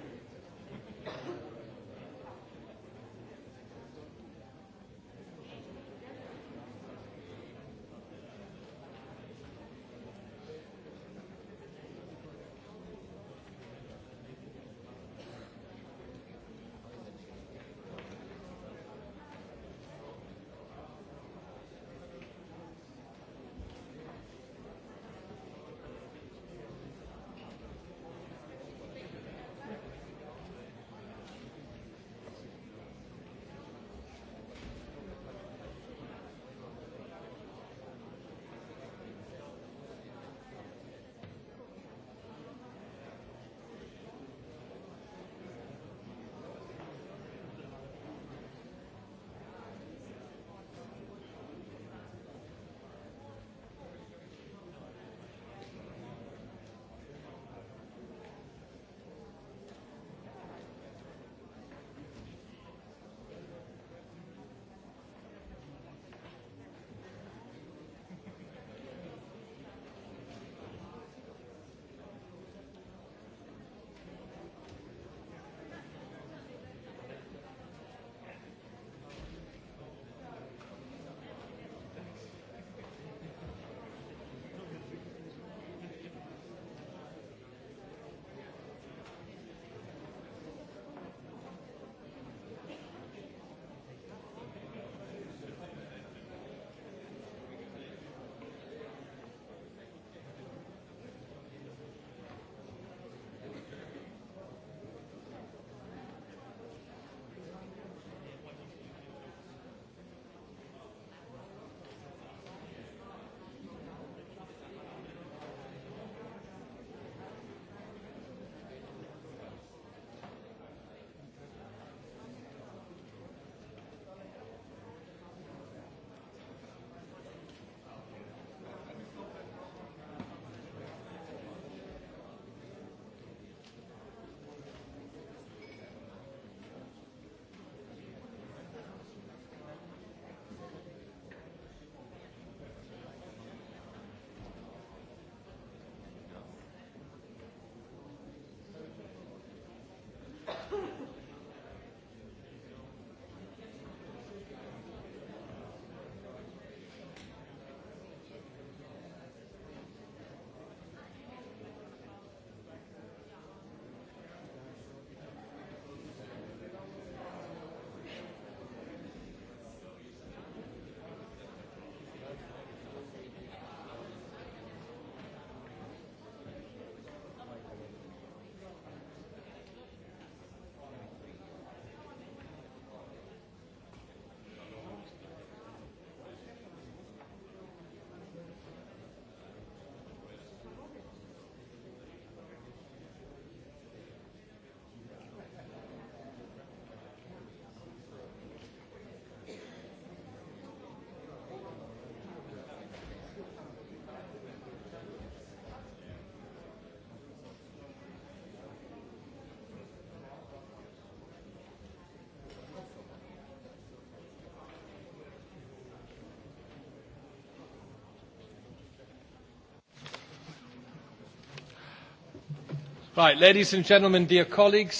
B: Right, ladies and gentlemen, dear colleagues.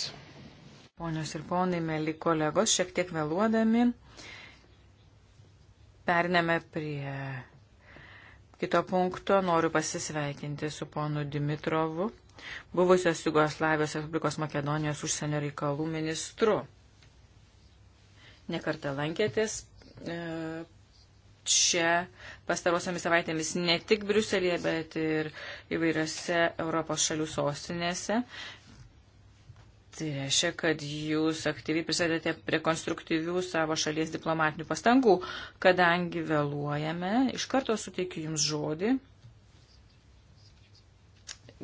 C: Ponios ir ponai, mėly kolegos, šiek tiek vėluodami, periname prie kito punkto. Noriu pasisveikinti su ponu Dimitrovu, buvusios Jugoslavijos Respublikos Makedonijos užsienio reikalų ministru. Nekartą lankėtės e, čia pastarosiamis savaitėmis ne tik Briuselėje, bet ir įvairiose Europos šalių sostinėse. Tai reiškia, kad jūs aktyviai prisidedate prie konstruktyvių savo šalies diplomatinių pastangų, kadangi vėluojame. Iš karto suteikiu Jums žodį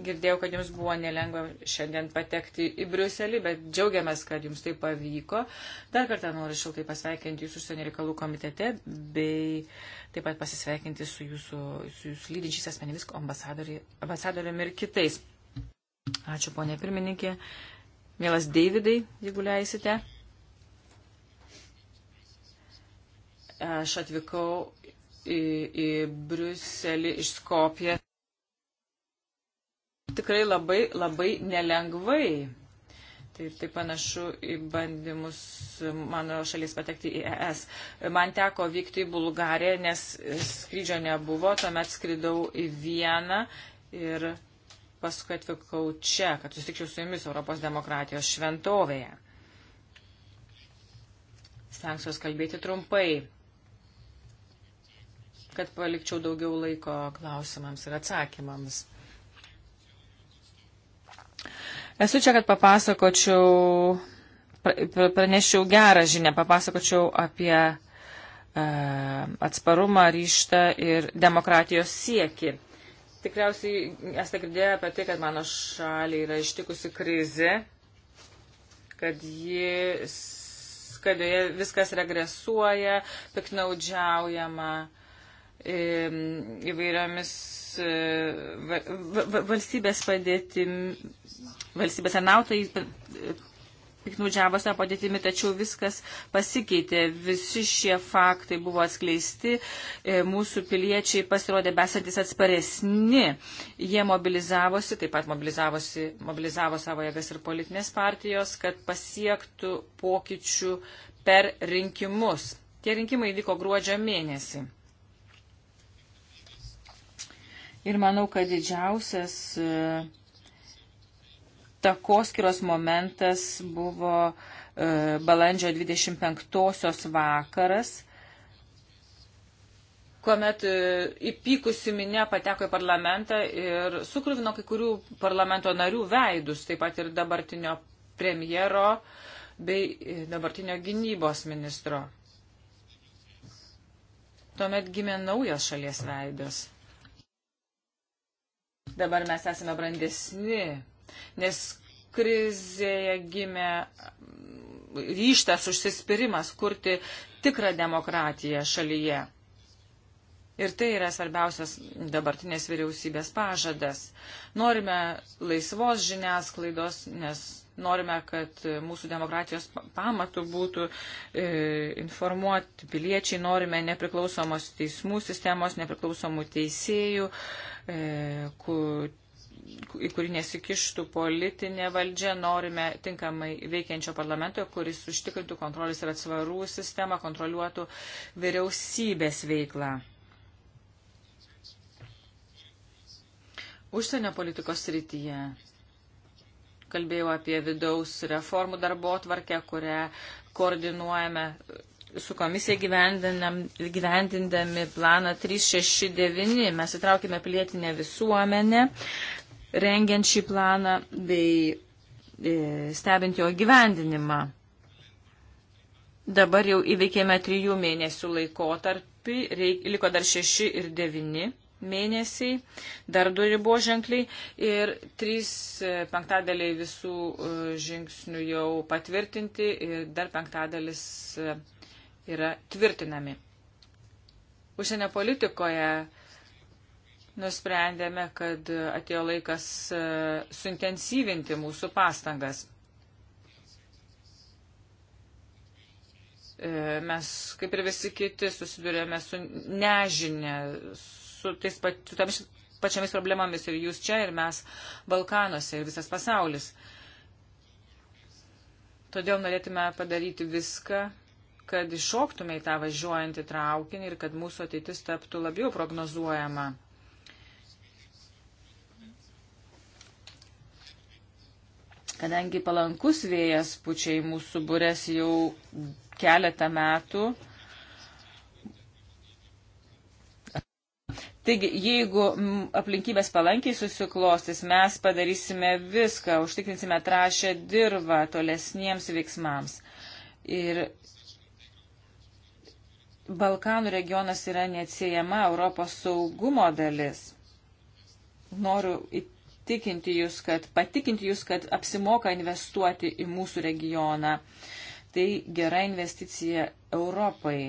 C: Girdėjau, kad jums buvo nelengva šiandien patekti į Briuselį, bet džiaugiamės, kad jums tai pavyko. Dar kartą noriu šiltai pasveikinti jūsų užsienio reikalų komitete, bei taip pat pasisveikinti su jūsų, su jūsų lydinčiais asmenimis, ambasadoriumi ir kitais. Ačiū, ponė pirmininkė. Mielas Davidai, jeigu leisite. Aš atvykau į, į Briuselį iš Skopje tikrai labai, labai nelengvai. Tai, tai panašu į bandymus mano šalis patekti į ES. Man teko vykti į Bulgariją, nes skrydžio nebuvo, tuomet skridau į Vieną ir paskui atvykau čia, kad susitikčiau su jumis Europos demokratijos šventovėje. Stengsiuos kalbėti trumpai, kad palikčiau daugiau laiko klausimams ir atsakymams. Esu čia, kad papasakočiau, praneščiau gerą žinę, papasakočiau apie e, atsparumą, ryštą ir demokratijos siekį. Tikriausiai esate girdėję apie tai, kad mano šaliai yra ištikusi krizė, kad, ji, kad joje viskas regresuoja, piknaudžiaujama įvairiomis e, valstybės padėtim, valstybės anautojais e, piknaudžiavo savo padėtimi, tačiau viskas pasikeitė. Visi šie faktai buvo atskleisti, e, mūsų piliečiai pasirodė besantis atsparesni. Jie mobilizavosi, taip pat mobilizavosi, mobilizavo savo jėgas ir politinės partijos, kad pasiektų pokyčių per rinkimus. Tie rinkimai vyko gruodžio mėnesį. Ir manau, kad didžiausias e, takoskiros momentas buvo e, balandžio 25-osios vakaras, kuomet e, įpykusi minė pateko į parlamentą ir sukruvino kai kurių parlamento narių veidus, taip pat ir dabartinio premjero bei dabartinio gynybos ministro. Tuomet gimė naujas šalies veidas. Dabar mes esame brandesni, nes krizėje gimė ryštas užsispyrimas kurti tikrą demokratiją šalyje. Ir tai yra svarbiausias dabartinės vyriausybės pažadas. Norime laisvos žiniasklaidos, nes norime, kad mūsų demokratijos pamatų būtų e, informuoti piliečiai, norime nepriklausomos teismų sistemos, nepriklausomų teisėjų, E, kur į kurį nesikištų politinė valdžia, norime tinkamai veikiančio parlamento, kuris užtikrintų kontrolės ir atsvarų sistemą, kontroliuotų vyriausybės veiklą. Užsienio politikos srityje. Kalbėjau apie vidaus reformų darbo tvarkę, kurią koordinuojame su komisija gyvendindami planą 369 mes įtraukime pilietinę visuomenę, rengiant šį planą bei e, stebint jo gyvendinimą. Dabar jau įveikėme trijų mėnesių laikotarpį, reik, liko dar šeši ir devyni mėnesiai, dar du riboženkliai ir trys e, penktadaliai visų e, žingsnių jau patvirtinti ir dar penktadalis yra tvirtinami. Užsienio politikoje nusprendėme, kad atėjo laikas e, suintensyvinti mūsų pastangas. E, mes, kaip ir visi kiti, susidurėme su nežinė, su tais pat, su tamis, pačiamis problemomis ir jūs čia, ir mes Balkanuose, ir visas pasaulis. Todėl norėtume padaryti viską, kad iššoktume į tą važiuojantį traukinį ir kad mūsų ateitis taptų labiau prognozuojama. Kadangi palankus vėjas pučia į mūsų būres jau keletą metų, Taigi, jeigu aplinkybės palankiai susiklostys, mes padarysime viską, užtikrinsime trašę dirbą tolesniems veiksmams. Ir Balkanų regionas yra neatsiejama Europos saugumo dalis. Noriu įtikinti jūs, kad, patikinti jūs, kad apsimoka investuoti į mūsų regioną. Tai gera investicija Europai.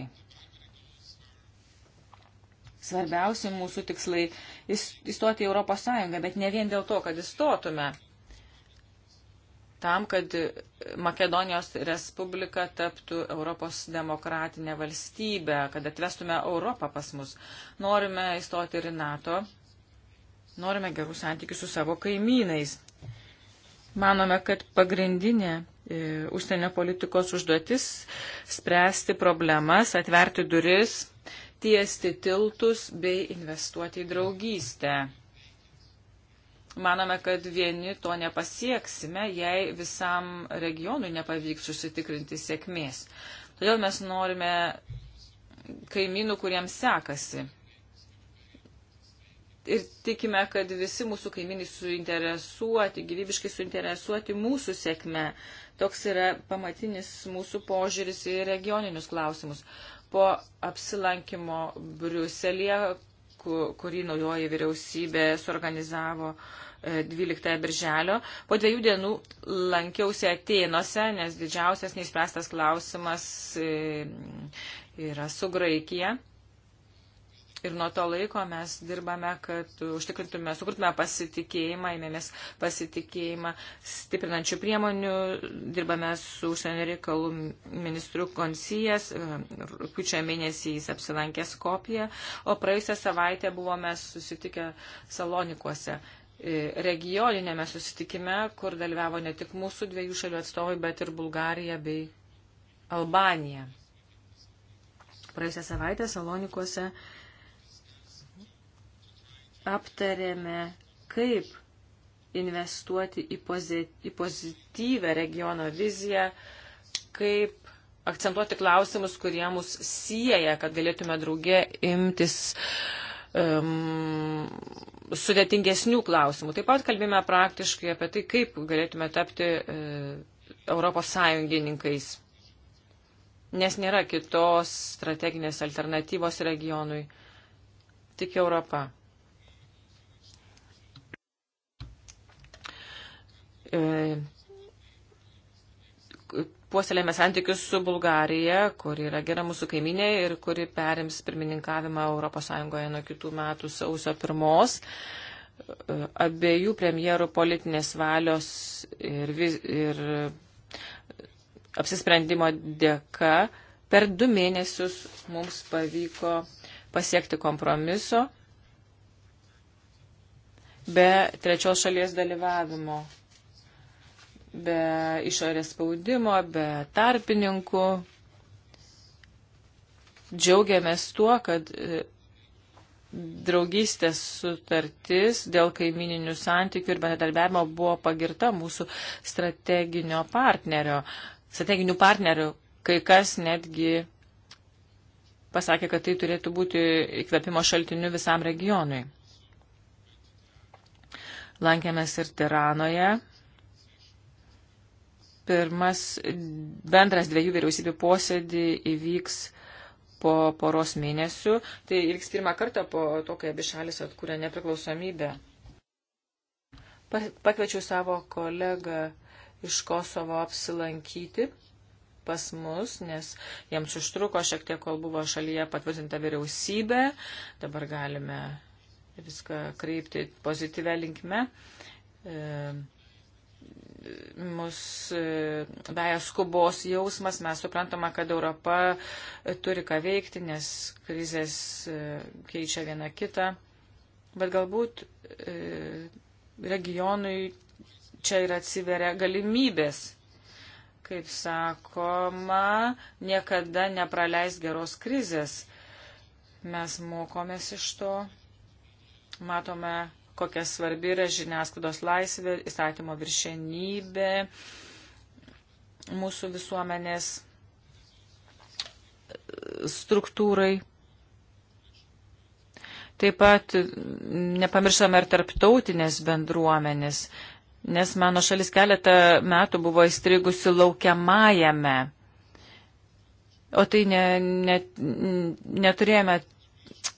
C: Svarbiausi mūsų tikslai įstoti į Europos Sąjungą, bet ne vien dėl to, kad įstotume tam, kad Makedonijos Respublika taptų Europos demokratinė valstybė, kad atvestume Europą pas mus. Norime įstoti ir į NATO, norime gerų santykių su savo kaimynais. Manome, kad pagrindinė e, užsienio politikos užduotis spręsti problemas, atverti duris, tiesti tiltus bei investuoti į draugystę. Manome, kad vieni to nepasieksime, jei visam regionui nepavyks užsitikrinti sėkmės. Todėl mes norime kaimynų, kuriems sekasi. Ir tikime, kad visi mūsų kaimynai suinteresuoti, gyvybiškai suinteresuoti mūsų sėkme. Toks yra pamatinis mūsų požiūris į regioninius klausimus. Po apsilankimo Briuselėje kurį naujoji vyriausybė suorganizavo 12 e, birželio. Po dviejų dienų lankiausi Atenose, nes didžiausias neįspręstas klausimas e, yra su Graikija. Ir nuo to laiko mes dirbame, kad užtikrintume, sukurtume pasitikėjimą, įmėmės pasitikėjimą stiprinančių priemonių, dirbame su užsienio reikalų ministru Koncijas, e, rūpiučio mėnesį jis apsilankė Skopiją, o praėjusią savaitę buvome susitikę Salonikuose e, regioninėme susitikime, kur dalyvavo ne tik mūsų dviejų šalių atstovai, bet ir Bulgarija bei Albanija. Praėjusią savaitę Salonikuose uh, aptarėme, kaip investuoti į, pozit, į pozityvę regiono viziją, kaip akcentuoti klausimus, kurie mus sieja, kad galėtume drauge imtis um, sudėtingesnių klausimų. Taip pat kalbime praktiškai apie tai, kaip galėtume tapti uh, Europos sąjungininkais, nes nėra kitos strateginės alternatyvos regionui, tik Europa. E, puoselėme santykius su Bulgarija, kuri yra gera mūsų kaiminė ir kuri perims pirmininkavimą ES nuo kitų metų sausio pirmos. E, abiejų premjerų politinės valios ir, ir apsisprendimo dėka per du mėnesius mums pavyko pasiekti kompromiso be trečios šalies dalyvavimo be išorės spaudimo, be tarpininkų. Džiaugiamės tuo, kad e, draugystės sutartis dėl kaimininių santykių ir bendradarbiavimo buvo pagirta mūsų strateginio partnerio, strateginių partnerių, kai kas netgi pasakė, kad tai turėtų būti įkvėpimo šaltiniu visam regionui. Lankėmės ir Tiranoje, Pirmas bendras dviejų vyriausybių posėdį įvyks po poros mėnesių. Tai įvyks pirmą kartą po to, kai abi šalis atkūrė nepriklausomybę. Pakviečiau savo kolegą iš Kosovo apsilankyti pas mus, nes jiems užtruko šiek tiek, kol buvo šalyje patvirtinta vyriausybė. Dabar galime viską kreipti pozityvę linkme. E, mus e, veja skubos jausmas, mes suprantame, kad Europa e, turi ką veikti, nes krizės e, keičia viena kitą, bet galbūt regionui čia ir atsiveria galimybės. Kaip sakoma, niekada nepraleis geros krizės. Mes mokomės iš to, matome kokia svarbi yra žiniasklaidos laisvė, įstatymo viršenybė mūsų visuomenės struktūrai. Taip pat nepamiršame ir tarptautinės bendruomenės, nes mano šalis keletą metų buvo įstrigusi laukiamajame. O tai ne, ne, neturėjome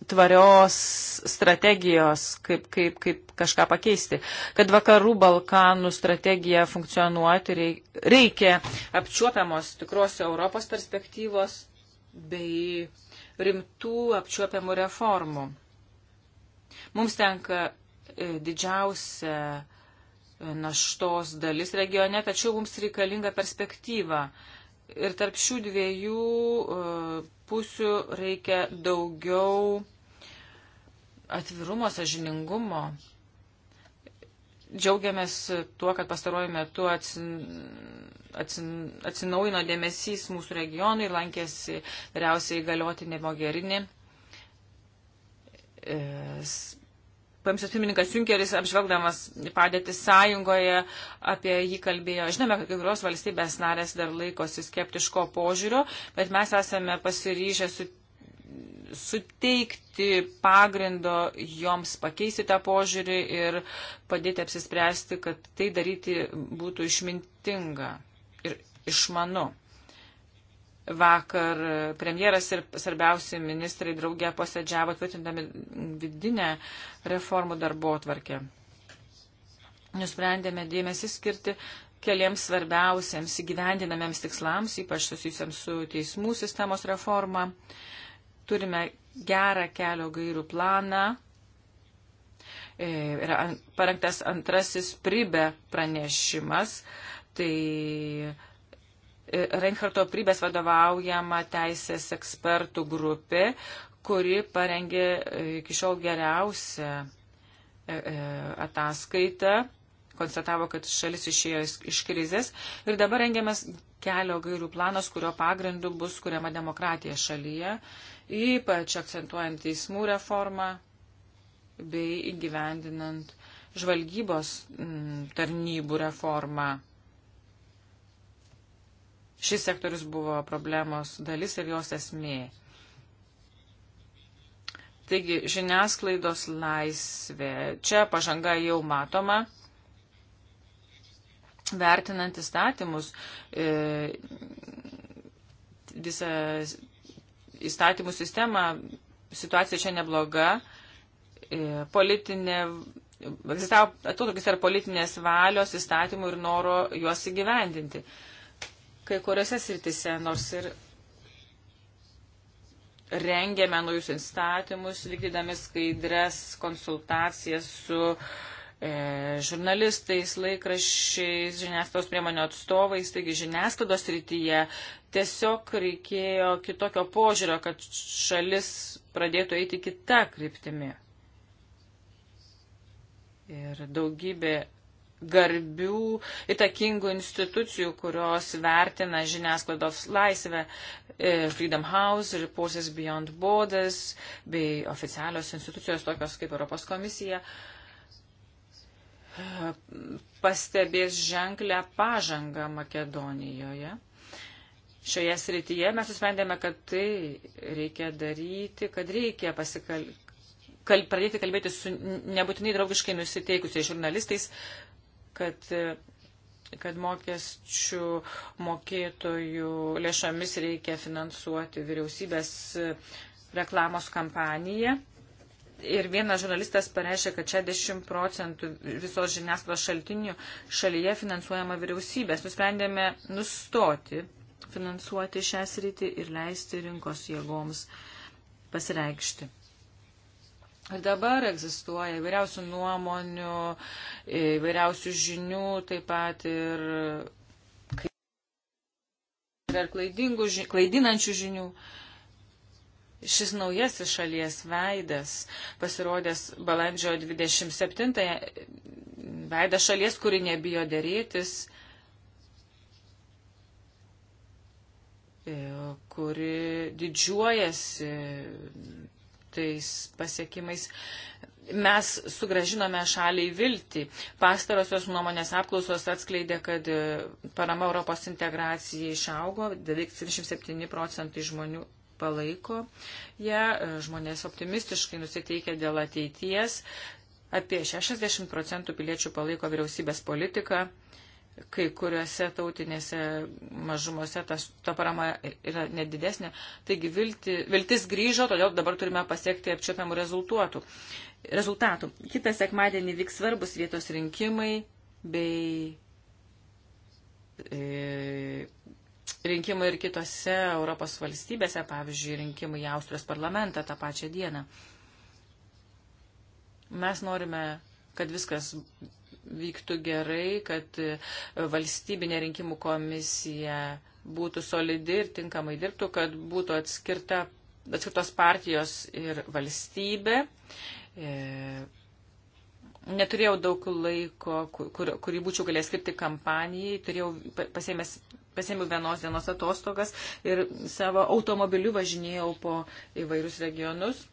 C: tvarios strategijos, kaip, kaip, kaip kažką pakeisti. Kad vakarų Balkanų strategija funkcionuoti reikia apčiuopiamos tikros Europos perspektyvos bei rimtų apčiuopiamų reformų. Mums tenka e, didžiausia e, naštos dalis regione, tačiau mums reikalinga perspektyva. Ir tarp šių dviejų e, pusių reikia daugiau atvirumo, sažiningumo. Džiaugiamės tuo, kad pastaruoju metu atsin, atsin, atsinaujino dėmesys mūsų regionui ir lankėsi vyriausiai galiotinė Mogherini e, komisijos pirmininkas Junkeris, apžvelgdamas padėtį sąjungoje, apie jį kalbėjo. Žinome, kad kai kurios valstybės narės dar laikosi skeptiško požiūrio, bet mes esame pasiryžę su, suteikti pagrindo joms pakeisti tą požiūrį ir padėti apsispręsti, kad tai daryti būtų išmintinga ir išmanu. Vakar premjeras ir svarbiausi ministrai draugė posėdžiavo tvirtindami vidinę reformų darbo atvarkę. Nusprendėme dėmesį skirti keliems svarbiausiams įgyvendinamiems tikslams, ypač susijusiams su teismų sistemos reforma. Turime gerą kelio gairių planą. E, yra parengtas antrasis pribe pranešimas. Tai Reinharto Prybės vadovaujama teisės ekspertų grupė, kuri parengė e, iki šiol geriausią e, e, ataskaitą, konstatavo, kad šalis išėjo iš krizės ir dabar rengiamas kelio gairių planas, kurio pagrindu bus kuriama demokratija šalyje, ypač akcentuojant teismų reformą bei įgyvendinant žvalgybos tarnybų reformą. Šis sektorius buvo problemos dalis ir jos esmė. Taigi žiniasklaidos laisvė. Čia pažanga jau matoma. Vertinant įstatymus, e, visą įstatymų sistemą, situacija čia nebloga. E, politinė, egzistavo atotrukis tarp politinės valios įstatymų ir noro juos įgyvendinti kai kuriuose sritise, nors ir rengėme naujus įstatymus, vykdydami skaidres konsultacijas su e, žurnalistais, laikraščiais, žiniasklaidos priemonių atstovais, taigi žiniasklaidos rytyje tiesiog reikėjo kitokio požiūrio, kad šalis pradėtų eiti kitą kryptimį. Ir daugybė garbių, įtakingų institucijų, kurios vertina žiniasklaidos laisvę e, Freedom House, Reporters Beyond Borders bei oficialios institucijos tokios kaip Europos komisija pastebės ženklę pažangą Makedonijoje. Šioje srityje mes nusprendėme, kad tai reikia daryti, kad reikia pasikal... Kal... pradėti kalbėti su nebūtinai draugiškai nusiteikusiais žurnalistais, kad kad mokesčių mokėtojų lėšomis reikia finansuoti vyriausybės reklamos kampaniją. Ir vienas žurnalistas pareiškė, kad 60 procentų visos žiniasklaidos šaltinių šalyje finansuojama vyriausybės. Nusprendėme nustoti finansuoti šią sritį ir leisti rinkos jėgoms pasireikšti. Ir dabar egzistuoja įvairiausių nuomonių, įvairiausių žinių, taip pat ir, ir klaidingų, klaidinančių žinių. Šis naujasis šalies veidas, pasirodęs balandžio 27-ąją, veidas šalies, kuri nebijo dėrėtis, e, kuri didžiuojasi tais pasiekimais. Mes sugražinome šaliai viltį. Pastarosios nuomonės apklausos atskleidė, kad e, parama Europos integracijai išaugo, beveik 77 procentai žmonių palaiko ją, ja, e, žmonės optimistiškai nusiteikia dėl ateities, apie 60 procentų piliečių palaiko vyriausybės politiką, kai kuriuose tautinėse mažumose tas, ta parama yra nedidesnė. Taigi vilti, viltis grįžo, todėl dabar turime pasiekti apčiopiamų rezultatų. rezultatų. Kitą sekmadienį vyks svarbus vietos rinkimai bei e, rinkimai ir kitose Europos valstybėse, pavyzdžiui, rinkimai į Austrijos parlamentą tą pačią dieną. Mes norime, kad viskas vyktų gerai, kad e, valstybinė rinkimų komisija būtų solidi ir tinkamai dirbtų, kad būtų atskirta, atskirtos partijos ir valstybė. E, neturėjau daug laiko, kur, kurį būčiau galėjęs skirti kampanijai, turėjau pasėmęs pasėmiau vienos dienos atostogas ir savo automobiliu važinėjau po įvairius regionus.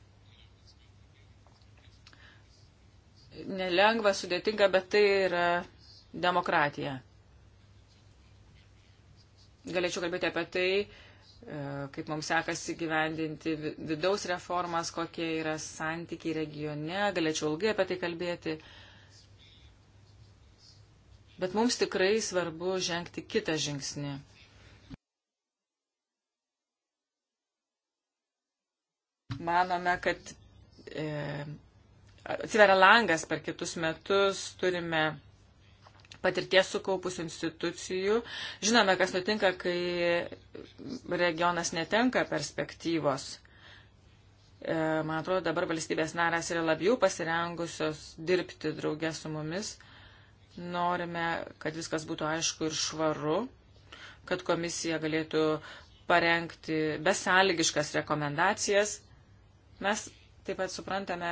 C: nelengva, sudėtinga, bet tai yra demokratija. Galėčiau kalbėti apie tai, e, kaip mums sekasi gyvendinti vidaus reformas, kokie yra santykiai regione, galėčiau ilgai apie tai kalbėti. Bet mums tikrai svarbu žengti kitą žingsnį. Manome, kad e, atsiveria langas per kitus metus, turime patirties sukaupusių institucijų. Žinome, kas nutinka, kai regionas netenka perspektyvos. E, man atrodo, dabar valstybės naras yra labiau pasirengusios dirbti draugę su mumis. Norime, kad viskas būtų aišku ir švaru, kad komisija galėtų parengti besąlygiškas rekomendacijas. Mes taip pat suprantame,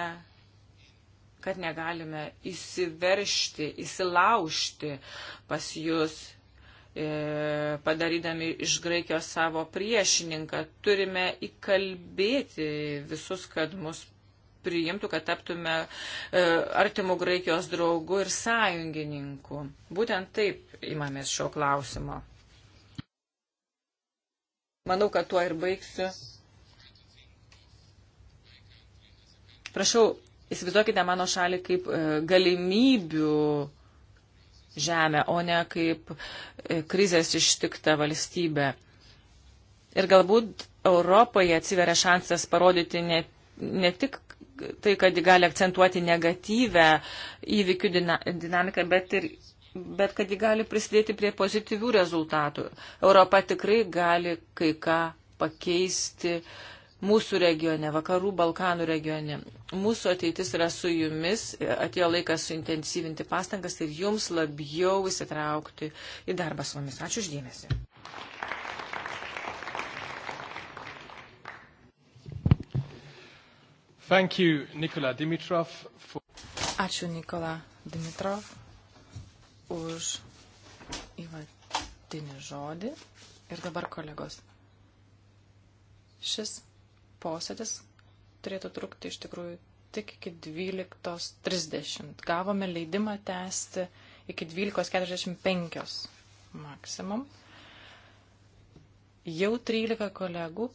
C: kad negalime įsiveršti, įsilaužti pas jūs, e, padarydami iš Graikijos savo priešininką. Turime įkalbėti visus, kad mus priimtų, kad taptume e, artimų Graikijos draugų ir sąjungininkų. Būtent taip imamės šio klausimo. Manau, kad tuo ir baigsiu. Prašau Įsivaizduokite mano šalį kaip e, galimybių žemę, o ne kaip e, krizės ištiktą valstybę. Ir galbūt Europoje atsiveria šansas parodyti ne, ne tik tai, kad ji gali akcentuoti negatyvę įvykių dina, dinamiką, bet ir bet kad ji gali prisidėti prie pozityvių rezultatų. Europa tikrai gali kai ką pakeisti uh, mūsų regione, vakarų Balkanų regione. Mūsų ateitis yra su jumis, atėjo laikas suintensyvinti pastangas ir jums labiau įsitraukti į darbą su mumis. Ačiū uždėmesi.
D: Thank you, Nikola Dimitrov. For...
E: Ačiū Nikola Dimitrov už įvadinį žodį. Ir dabar kolegos. Šis posėdis turėtų trukti iš tikrųjų tik iki 12.30. Gavome leidimą tęsti iki 12.45 maksimum. Jau 13 kolegų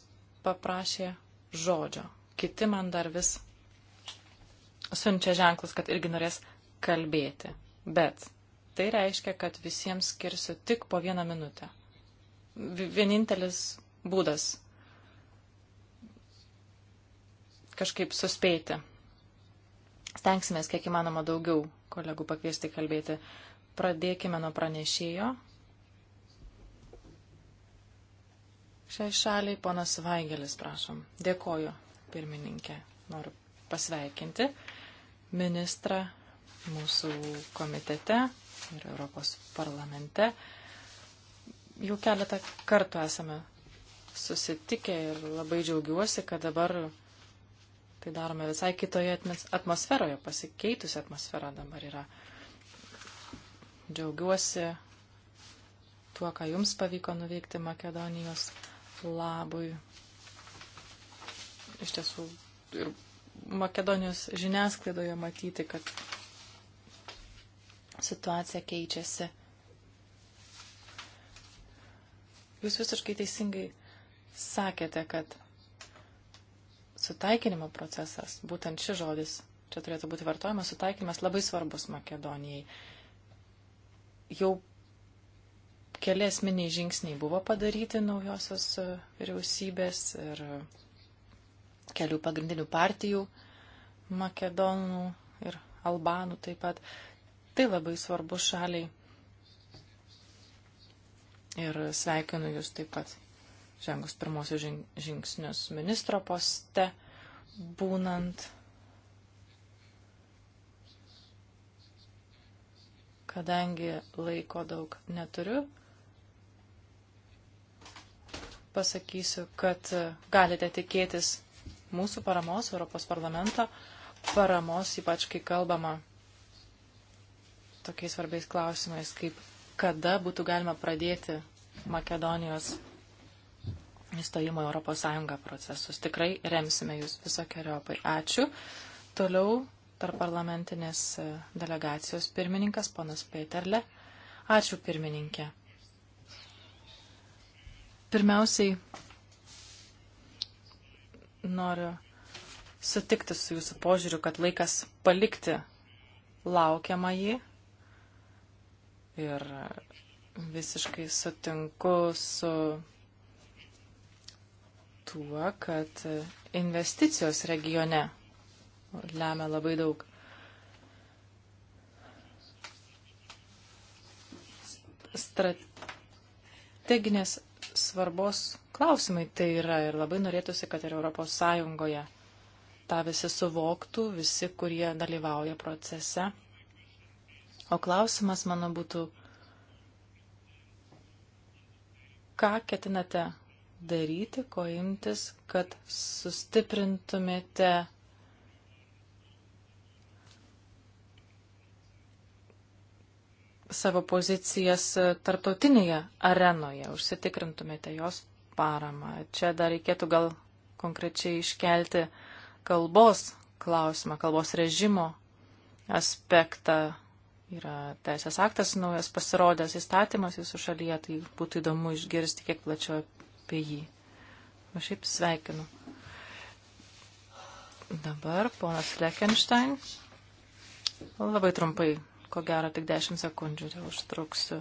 E: paprašė žodžio. Kiti man dar vis siunčia ženklus, kad irgi norės kalbėti. Bet tai reiškia, kad visiems skirsiu tik po vieną minutę. Vienintelis būdas kažkaip suspėti. Stengsimės, kiek įmanoma, daugiau kolegų pakviesti kalbėti. Pradėkime nuo pranešėjo. Šiai šaliai ponas Vaigelis, prašom. Dėkoju, pirmininkė. Noriu pasveikinti ministrą mūsų komitete ir Europos parlamente. Jau keletą kartų esame susitikę ir labai džiaugiuosi, kad dabar tai darome visai kitoje atmosferoje, pasikeitusi atmosfera dabar yra. Džiaugiuosi tuo, ką jums pavyko nuveikti Makedonijos labui. Iš tiesų ir Makedonijos žiniasklaidoje matyti, kad situacija keičiasi. Jūs visiškai teisingai sakėte, kad sutaikinimo procesas, būtent šis žodis, čia turėtų būti vartojamas, sutaikymas labai svarbus Makedonijai. Jau keli esminiai žingsniai buvo padaryti naujosios e, vyriausybės ir kelių pagrindinių partijų, makedonų ir albanų taip pat. Tai labai svarbu šaliai. Ir sveikinu Jūs taip pat žengus pirmosius žingsnius ministro poste būnant, kadangi laiko daug neturiu, pasakysiu, kad e, galite tikėtis mūsų paramos, Europos parlamento paramos, ypač kai kalbama tokiais svarbiais klausimais, kaip kada būtų galima pradėti Makedonijos įstojimo Europos Sąjungą procesus. Tikrai remsime jūs visokiojopai. Ačiū. Toliau tarp parlamentinės e, delegacijos pirmininkas ponas Peterle. Ačiū pirmininkė. Pirmiausiai noriu sutikti su jūsų požiūriu, kad laikas palikti laukiamą jį. Ir visiškai sutinku su tuo, kad investicijos regione lemia labai daug. Strateginės svarbos klausimai tai yra ir labai norėtųsi, kad ir Europos Sąjungoje tą visi suvoktų, visi, kurie dalyvauja procese. O klausimas mano būtų, ką ketinate daryti, ko imtis, kad sustiprintumėte savo pozicijas tarptautinėje arenoje, užsitikrintumėte jos paramą. Čia dar reikėtų gal konkrečiai iškelti kalbos klausimą, kalbos režimo aspektą. Yra teisės aktas naujas pasirodęs įstatymas jūsų šalyje, tai būtų įdomu išgirsti kiek plačiau apie jį. Aš šiaip sveikinu. Dabar ponas Lekenstein. Labai trumpai, ko gero tik 10 sekundžių tai užtruksiu.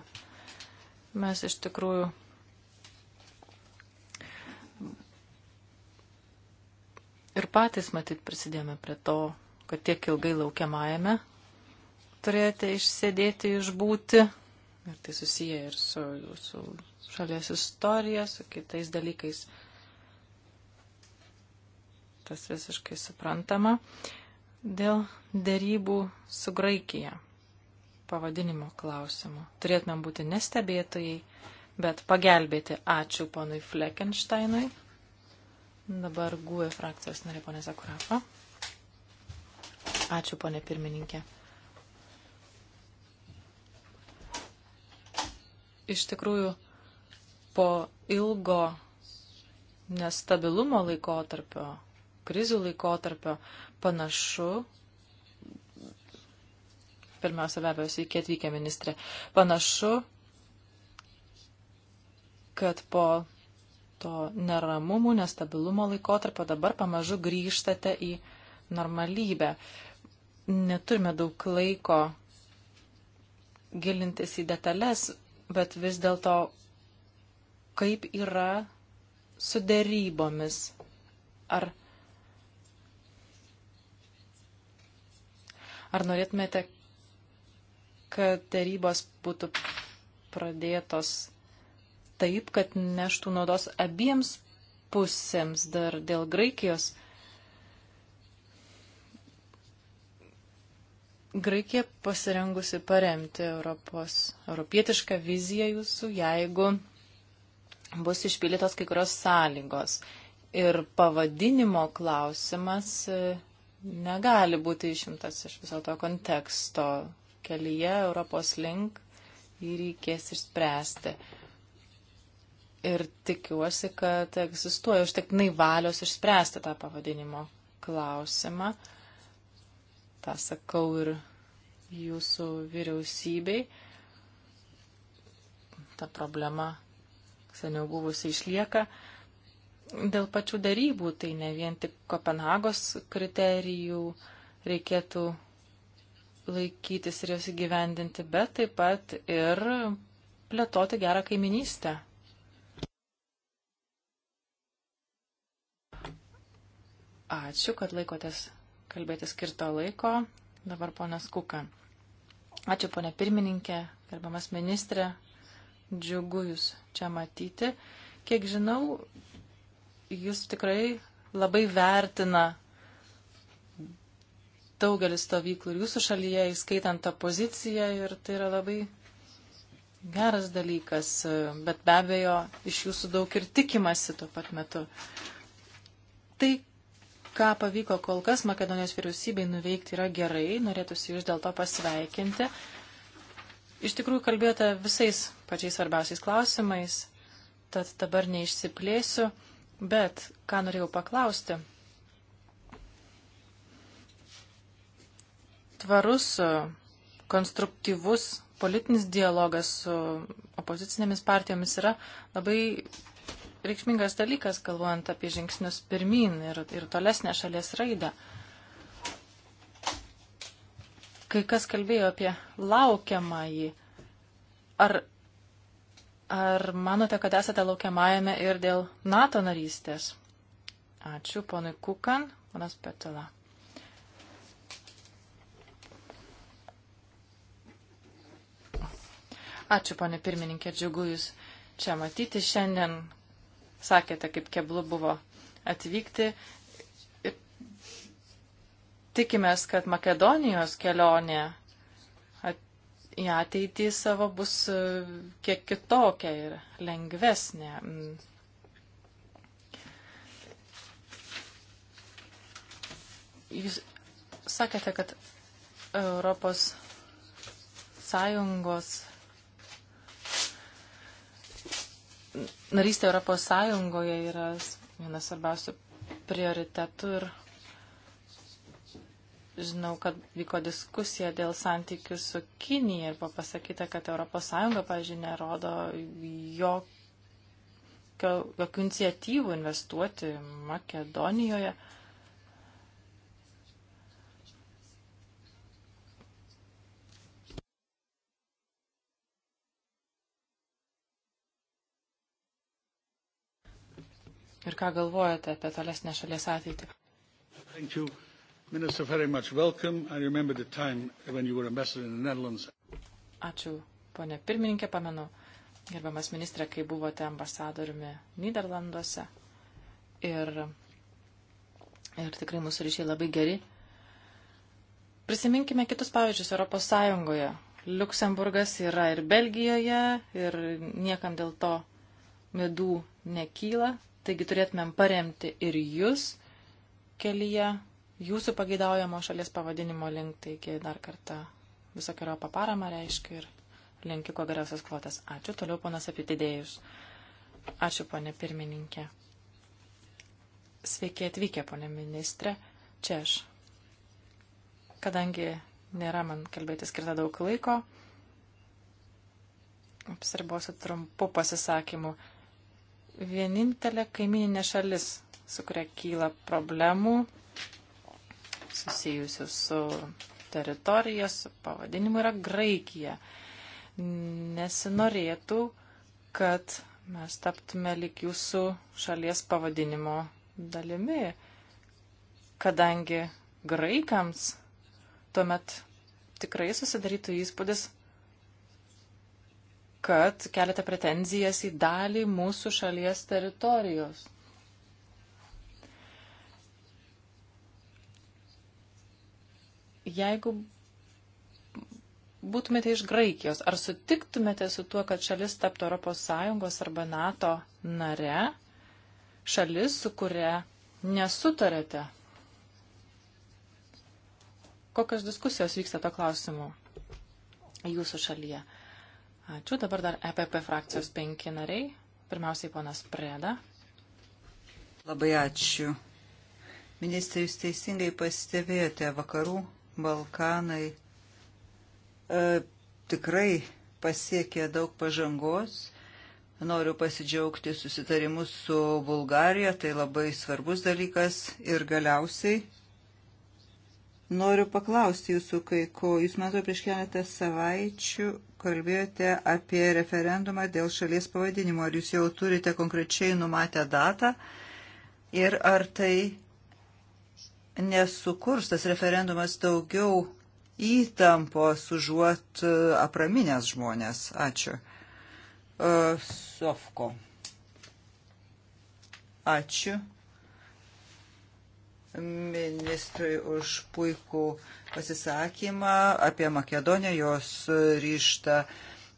E: Mes iš tikrųjų ir patys matyt prisidėjome prie to, kad tiek ilgai laukiamajame turėjote išsėdėti, išbūti. Ir tai susiję ir su jūsų šalies istorija, su kitais dalykais. Tas visiškai suprantama. Dėl dėrybų su Graikija pavadinimo klausimu. Turėtumėm būti nestebėtojai, bet pagelbėti. Ačiū ponui Fleckensteinui. Dabar GUE frakcijos narė ponė Zakurafa. Ačiū ponė pirmininkė. Iš tikrųjų, po ilgo nestabilumo laikotarpio, krizių laikotarpio panašu, pirmiausia, be abejo, sveiki atvykę ministrė, panašu, kad po to neramumų, nestabilumo laikotarpio dabar pamažu grįžtate į normalybę. Neturime daug laiko gilintis į detalės, bet vis dėlto kaip yra su dėrybomis. Ar, ar norėtumėte, kad dėrybos būtų pradėtos taip, kad neštų naudos abiems pusėms dar dėl Graikijos? Graikija pasirengusi paremti Europos, europietišką viziją jūsų, jeigu bus išpildytos kai kurios sąlygos. Ir pavadinimo klausimas e, negali būti išimtas iš viso to konteksto. Kelyje Europos link jį reikės išspręsti. Ir tikiuosi, kad egzistuoja užtektinai valios išspręsti tą pavadinimo klausimą. Ta sakau ir jūsų vyriausybei. Ta problema seniau buvusi išlieka. Dėl pačių darybų, tai ne vien tik Kopenhagos kriterijų reikėtų laikytis ir jos įgyvendinti, bet taip pat ir plėtoti gerą kaiminystę. Ačiū, kad laikotės kalbėti skirto laiko. Dabar ponas Kuka. Ačiū, ponė pirmininkė, gerbamas ministrė, džiugu Jūs čia matyti. Kiek žinau, Jūs tikrai labai vertina daugelis stovyklų ir Jūsų šalyje, įskaitant tą poziciją, ir tai yra labai geras dalykas, bet be abejo, iš Jūsų daug ir tikimasi tuo pat metu. Tai, ką pavyko kol kas Makedonijos vyriausybei nuveikti yra gerai, norėtųsi jūs dėl to pasveikinti. Iš tikrųjų kalbėjote visais pačiais svarbiausiais klausimais, tad dabar neišsiplėsiu, bet ką norėjau paklausti. Tvarus, konstruktyvus politinis dialogas su opozicinėmis partijomis yra labai reikšmingas dalykas, galvojant apie žingsnius pirmin ir, ir tolesnę šalies raidą. Kai kas kalbėjo apie laukiamąjį, ar Ar manote, kad esate laukiamajame ir dėl NATO narystės? Ačiū, ponui Kukan, ponas Petula. Ačiū, ponė pirmininkė, džiugu Jūs čia matyti. Šiandien sakėte, kaip keblu buvo atvykti. Ir tikimės, kad Makedonijos kelionė į ateitį savo bus e, kiek kitokia ir lengvesnė. Jūs sakėte, kad Europos Sąjungos narystė Europos Sąjungoje yra vienas svarbiausių prioritetų ir Žinau, kad vyko diskusija dėl santykių su Kinija ir buvo pasakyta, kad ES, pavyzdžiui, nerodo jokio, jokių iniciatyvų investuoti Makedonijoje. Ir ką galvojate apie tolesnę šalies ateitį?
D: Thank you. Minister, very much welcome. I remember the time when you were ambassador in the Netherlands.
E: Ačiū, ponė pirmininkė, pamenu, gerbiamas ministrė, kai buvote ambasadoriumi Niderlanduose. Ir, ir tikrai mūsų ryšiai labai geri. Prisiminkime kitus pavyzdžius Europos Sąjungoje. Luksemburgas yra ir Belgijoje, ir niekam dėl to midų nekyla. Taigi turėtumėm paremti ir jūs kelyje jūsų pageidaujamo šalies pavadinimo link, taigi dar kartą visokiojo paparamą reiškiu ir linkiu kuo geriausias klotas. Ačiū, toliau ponas apitidėjus. Ačiū, ponė pirmininkė. Sveiki atvykę, ponė ministrė. Čia aš. Kadangi nėra man kalbėti skirta daug laiko, apsiribosiu trumpu pasisakymu. Vienintelė kaimininė šalis, su kuria kyla problemų susijusių su teritorija, su pavadinimu yra Graikija. Nesinorėtų, kad mes taptume lik jūsų šalies pavadinimo dalimi, kadangi graikams tuomet tikrai susidarytų įspūdis, kad keletą pretenzijas į dalį mūsų šalies teritorijos. Jeigu būtumėte iš Graikijos, ar sutiktumėte su tuo, kad šalis taptų ES arba NATO nare, šalis, su kuria nesutarėte? Kokios diskusijos vyksta to klausimu jūsų šalyje? Ačiū. Dabar dar EPP frakcijos penki nariai. Pirmiausiai ponas Preda.
A: Labai ačiū. Ministrai, jūs teisingai pastebėjote vakarų Balkanai e, tikrai pasiekė daug pažangos. Noriu pasidžiaugti susitarimus su Bulgarija, tai labai svarbus dalykas. Ir galiausiai noriu paklausti jūsų kai ko. Jūs, man atrodo, prieš keletą savaičių kalbėjote apie referendumą dėl šalies pavadinimo. Ar jūs jau turite konkrečiai numatę datą? Ir ar tai nesukurs tas referendumas daugiau įtampos užuot e, apraminės žmonės. Ačiū. E, Sofko. Ačiū ministrui už puikų pasisakymą apie Makedoniją, jos ryštą uh,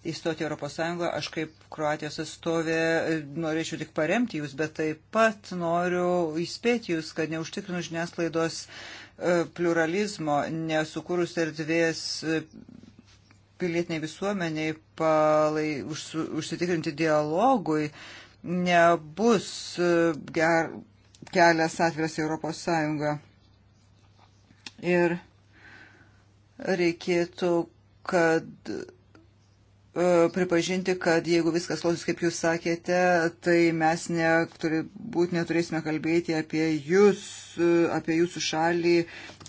A: įstoti Europos Sąjungą. Aš kaip Kroatijos atstovė e, norėčiau tik paremti jūs, bet taip pat noriu įspėti jūs, kad neužtikrinu žiniasklaidos e, pluralizmo, nesukūrus erdvės e, pilietiniai visuomeniai palai, už, užsitikrinti dialogui, nebus ger, kelias atviras Europos Sąjunga. Ir reikėtų, kad E, pripažinti, kad jeigu viskas klausys, kaip jūs sakėte, tai mes neturi, būt neturėsime kalbėti apie jūs, e, apie jūsų šalį,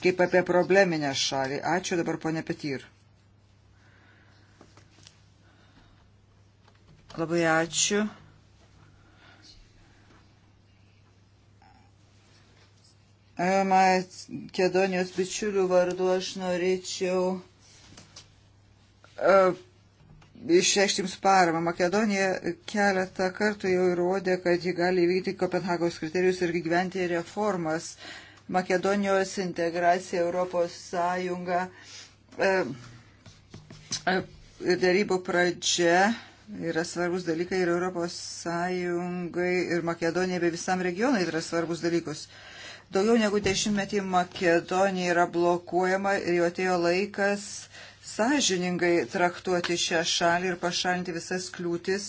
A: kaip apie probleminę šalį. Ačiū dabar, ponė Petyr. Labai ačiū. E, Makedonijos bičiulių vardu aš norėčiau išreikšti jums paramą. Makedonija keletą kartų jau įrodė, kad ji gali įvykti Kopenhagos kriterijus ir gyventi reformas. Makedonijos integracija Europos Sąjunga ir e, e, darybų pradžia yra svarbus dalykai ir Europos Sąjungai ir Makedonijai bei visam regionai yra svarbus dalykus. Daugiau negu dešimtmetį Makedonija yra blokuojama ir jau atėjo laikas uh, sąžiningai traktuoti šią šalį ir pašalinti visas kliūtis,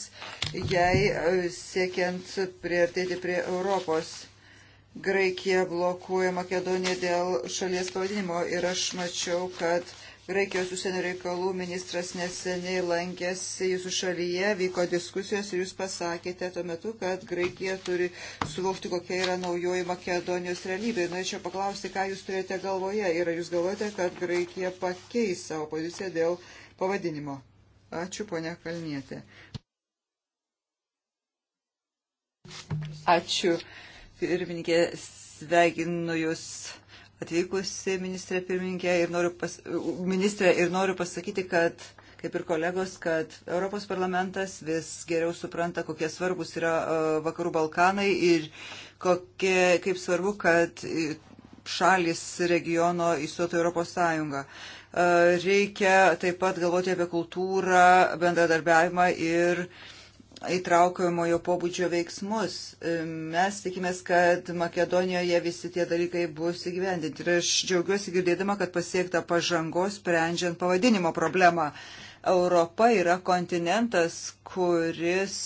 A: jai e, siekiant priartėti prie Europos. Graikija blokuoja Makedoniją dėl šalies pavadinimo ir aš mačiau, kad Graikijos užsienio reikalų ministras neseniai lankėsi jūsų šalyje, vyko diskusijos ir jūs pasakėte tuo metu, kad Graikija turi suvokti, kokia yra naujoji Makedonijos realybė. Norėčiau paklausti, ką jūs turėte galvoje ir ar jūs galvojate, kad Graikija pakeis savo poziciją dėl pavadinimo. Ačiū, ponia Kalnietė. Ačiū, pirmininkė, sveikinu jūs atvykusi ministrė pirmininkė ir noriu, pas, ministrė, ir noriu pasakyti, kad kaip ir kolegos, kad Europos parlamentas vis geriau supranta, kokie svarbus yra e, Vakarų Balkanai ir kokie, kaip svarbu, kad šalis regiono įstotų Europos Sąjungą. E, reikia taip pat galvoti apie kultūrą, bendradarbiavimą ir uh, įtraukiamojo pobūdžio veiksmus. E, mes tikimės, kad Makedonijoje visi tie dalykai bus įgyvendinti. Ir aš džiaugiuosi girdėdama, kad pasiekta pažangos sprendžiant pavadinimo problemą. Europa yra kontinentas, kuris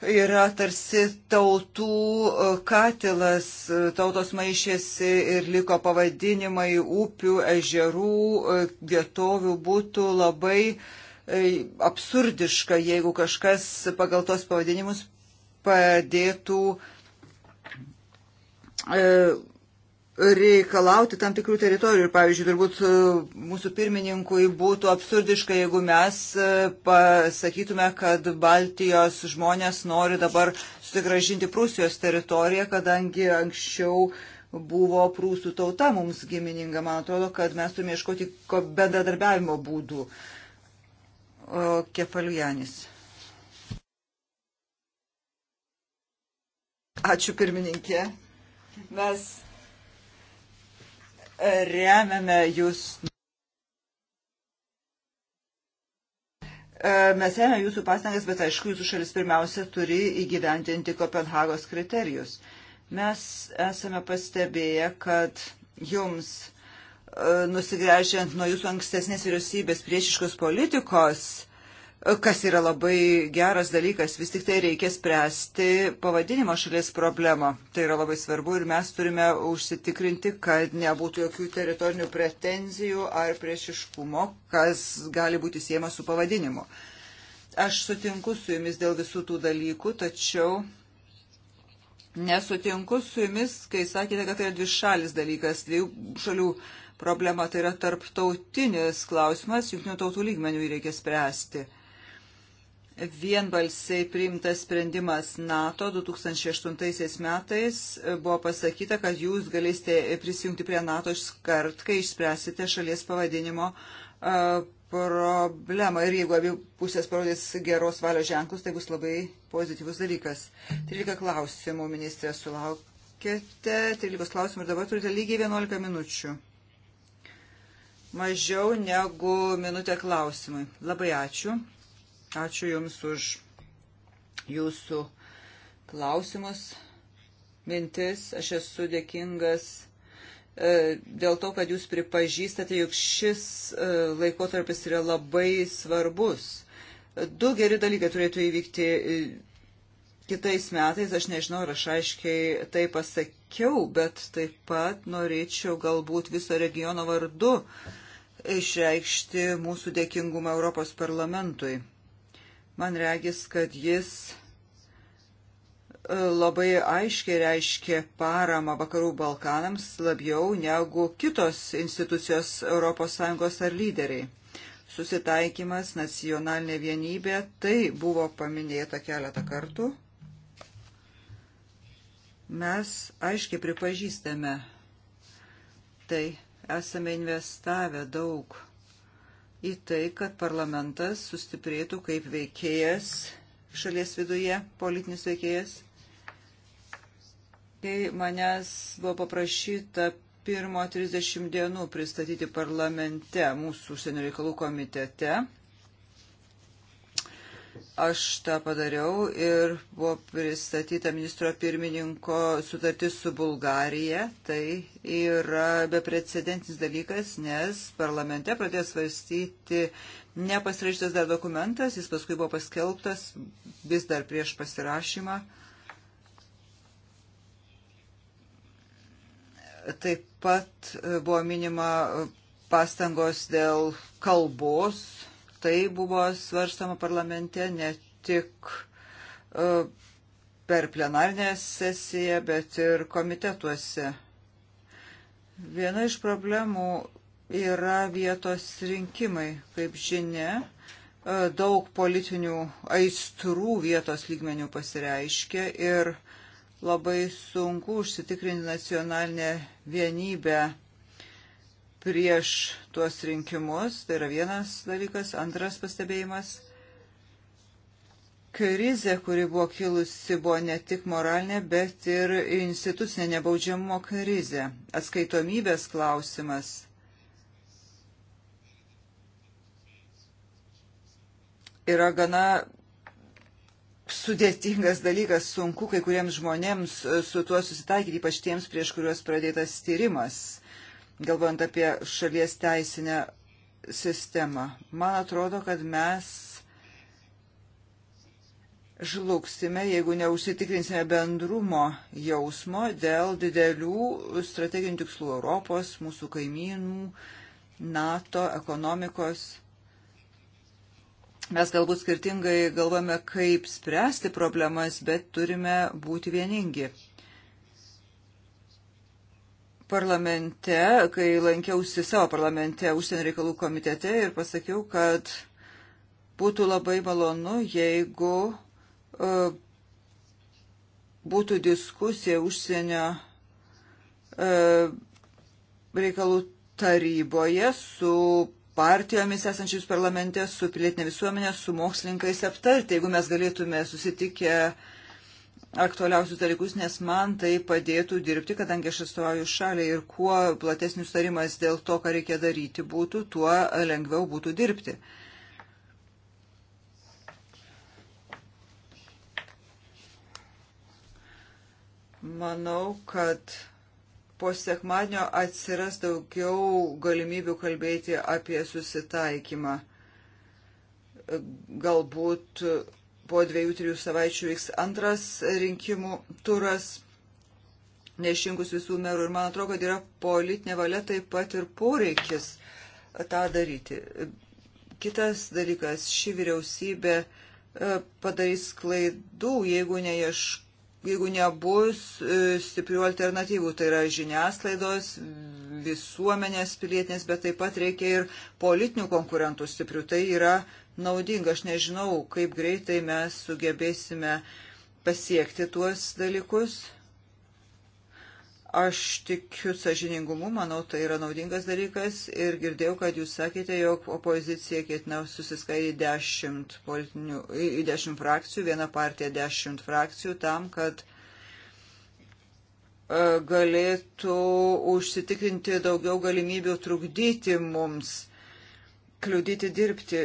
A: yra tarsi tautų e, katilas, e, tautos maišėsi ir liko pavadinimai upių, ežerų, vietovių būtų labai uh, E, absurdiška, jeigu kažkas pagal tos pavadinimus padėtų e, reikalauti tam tikrų teritorijų. Ir, pavyzdžiui, turbūt e, mūsų pirmininkui būtų absurdiška, jeigu mes pasakytume, kad Baltijos žmonės nori dabar susigražinti Prūsijos teritoriją, kadangi anksčiau buvo prūsų tauta mums gimininga. Man atrodo, kad mes turime iškoti bendradarbiavimo būdų. Uh, Kefaliujanis. Ačiū pirmininkė. Mes e, remiame jūs. E, mes remiame jūsų pastangas, bet aišku, jūsų šalis pirmiausia turi įgyventinti Kopenhagos kriterijus. Mes esame pastebėję, kad jums nusigręžiant nuo jūsų ankstesnės vyriausybės priešiškos politikos, kas yra labai geras dalykas, vis tik tai reikia spręsti pavadinimo šalies problemą. Tai yra labai svarbu ir mes turime užsitikrinti, kad nebūtų jokių teritorinių pretenzijų ar priešiškumo, kas gali būti siejama su pavadinimu. Aš sutinku su jumis dėl visų tų dalykų, tačiau nesutinku su jumis, kai sakėte, kad tai yra dvi šalis dalykas, dviejų šalių problema, tai yra tarptautinis klausimas, jungtinių tautų lygmenių jį reikia spręsti. Vienbalsiai priimtas sprendimas NATO 2008 metais e, buvo pasakyta, kad jūs galėsite prisijungti prie NATO iškart, kai išspręsite šalies pavadinimo e, problemą. Ir jeigu abi pusės parodys geros valios ženklus, tai bus labai pozityvus dalykas. 13 klausimų ministrė sulaukėte, 13 klausimų ir dabar turite lygiai 11 minučių mažiau negu minutę klausimui. Labai ačiū. Ačiū Jums už Jūsų klausimus, mintis. Aš esu dėkingas e, dėl to, kad Jūs pripažįstate, jog šis e, laikotarpis yra labai svarbus. Du geri dalykai turėtų įvykti e, kitais metais, aš nežinau, ar aš aiškiai tai pasakiau, bet taip pat norėčiau galbūt viso regiono vardu uh, išreikšti mūsų dėkingumą Europos parlamentui. Man regis, kad jis e, labai aiškiai reiškė paramą Vakarų Balkanams labiau negu kitos institucijos ES ar lyderiai. Susitaikymas, nacionalinė vienybė, tai buvo paminėta keletą kartų. Mes aiškiai pripažįstame tai esame investavę daug į tai, kad parlamentas sustiprėtų kaip veikėjas šalies viduje, politinis veikėjas. Kai manęs buvo paprašyta pirmo 30 dienų pristatyti parlamente mūsų užsienio reikalų komitete, Aš tą padariau ir buvo pristatyta ministro pirmininko sutartis su Bulgarija. Tai yra beprecedentinis dalykas, nes parlamente pradėjo svarstyti nepasirašytas dar dokumentas, jis paskui buvo paskelbtas vis dar prieš pasirašymą. Taip pat buvo minima pastangos dėl kalbos tai buvo svarstama parlamente ne tik e, per plenarinę sesiją, bet ir komitetuose. Viena iš problemų yra vietos rinkimai, kaip žinia e, daug politinių aistrų vietos lygmenių pasireiškia ir labai sunku užsitikrinti nacionalinę vienybę prieš tuos rinkimus. Tai yra vienas dalykas. Antras pastebėjimas. Krizė, kuri buvo kilusi, buvo ne tik moralinė, bet ir institucinė nebaudžiamumo krizė. Atskaitomybės klausimas. Yra gana sudėtingas dalykas, sunku kai kuriems žmonėms su tuo susitaikyti, ypač tiems, prieš kuriuos pradėtas tyrimas galvojant apie šalies teisinę sistemą. Man atrodo, kad mes žlugsime, jeigu neužsitikrinsime bendrumo jausmo dėl didelių strateginių tikslų Europos, mūsų kaimynų, NATO, ekonomikos. Mes galbūt skirtingai galvame, kaip spręsti problemas, bet turime būti vieningi parlamente, kai lankiausi savo parlamente užsienio reikalų komitete ir pasakiau, kad būtų labai malonu, jeigu uh, būtų diskusija užsienio uh, reikalų taryboje su partijomis esančius parlamente, su pilietinė visuomenė, su mokslininkais aptarti, jeigu mes galėtume susitikę uh, aktualiausius dalykus, nes man tai padėtų dirbti, kadangi aš atstovauju šaliai ir kuo platesnis tarimas dėl to, ką reikia daryti būtų, tuo lengviau būtų dirbti. Manau, kad po sekmadienio atsiras daugiau galimybių kalbėti apie susitaikymą. Galbūt po dviejų, trijų savaičių vyks antras rinkimų turas neišrinkus visų merų. Ir man atrodo, kad yra politinė valia taip pat ir poreikis tą daryti. Kitas dalykas, ši vyriausybė e, padarys klaidų, jeigu, neieš, jeigu nebus e, stiprių alternatyvų. Tai yra žiniasklaidos, visuomenės pilietinės, bet taip pat reikia ir politinių konkurentų stiprių. Tai yra uh, naudinga. Aš nežinau, kaip greitai mes sugebėsime pasiekti tuos dalykus. Aš tikiu sažiningumu, manau, tai yra naudingas dalykas ir girdėjau, kad jūs sakėte, jog opozicija ketina susiskaidyti dešimt politinių, į dešimt frakcijų, vieną partiją dešimt frakcijų tam, kad e, galėtų užsitikrinti daugiau galimybių trukdyti mums, kliudyti dirbti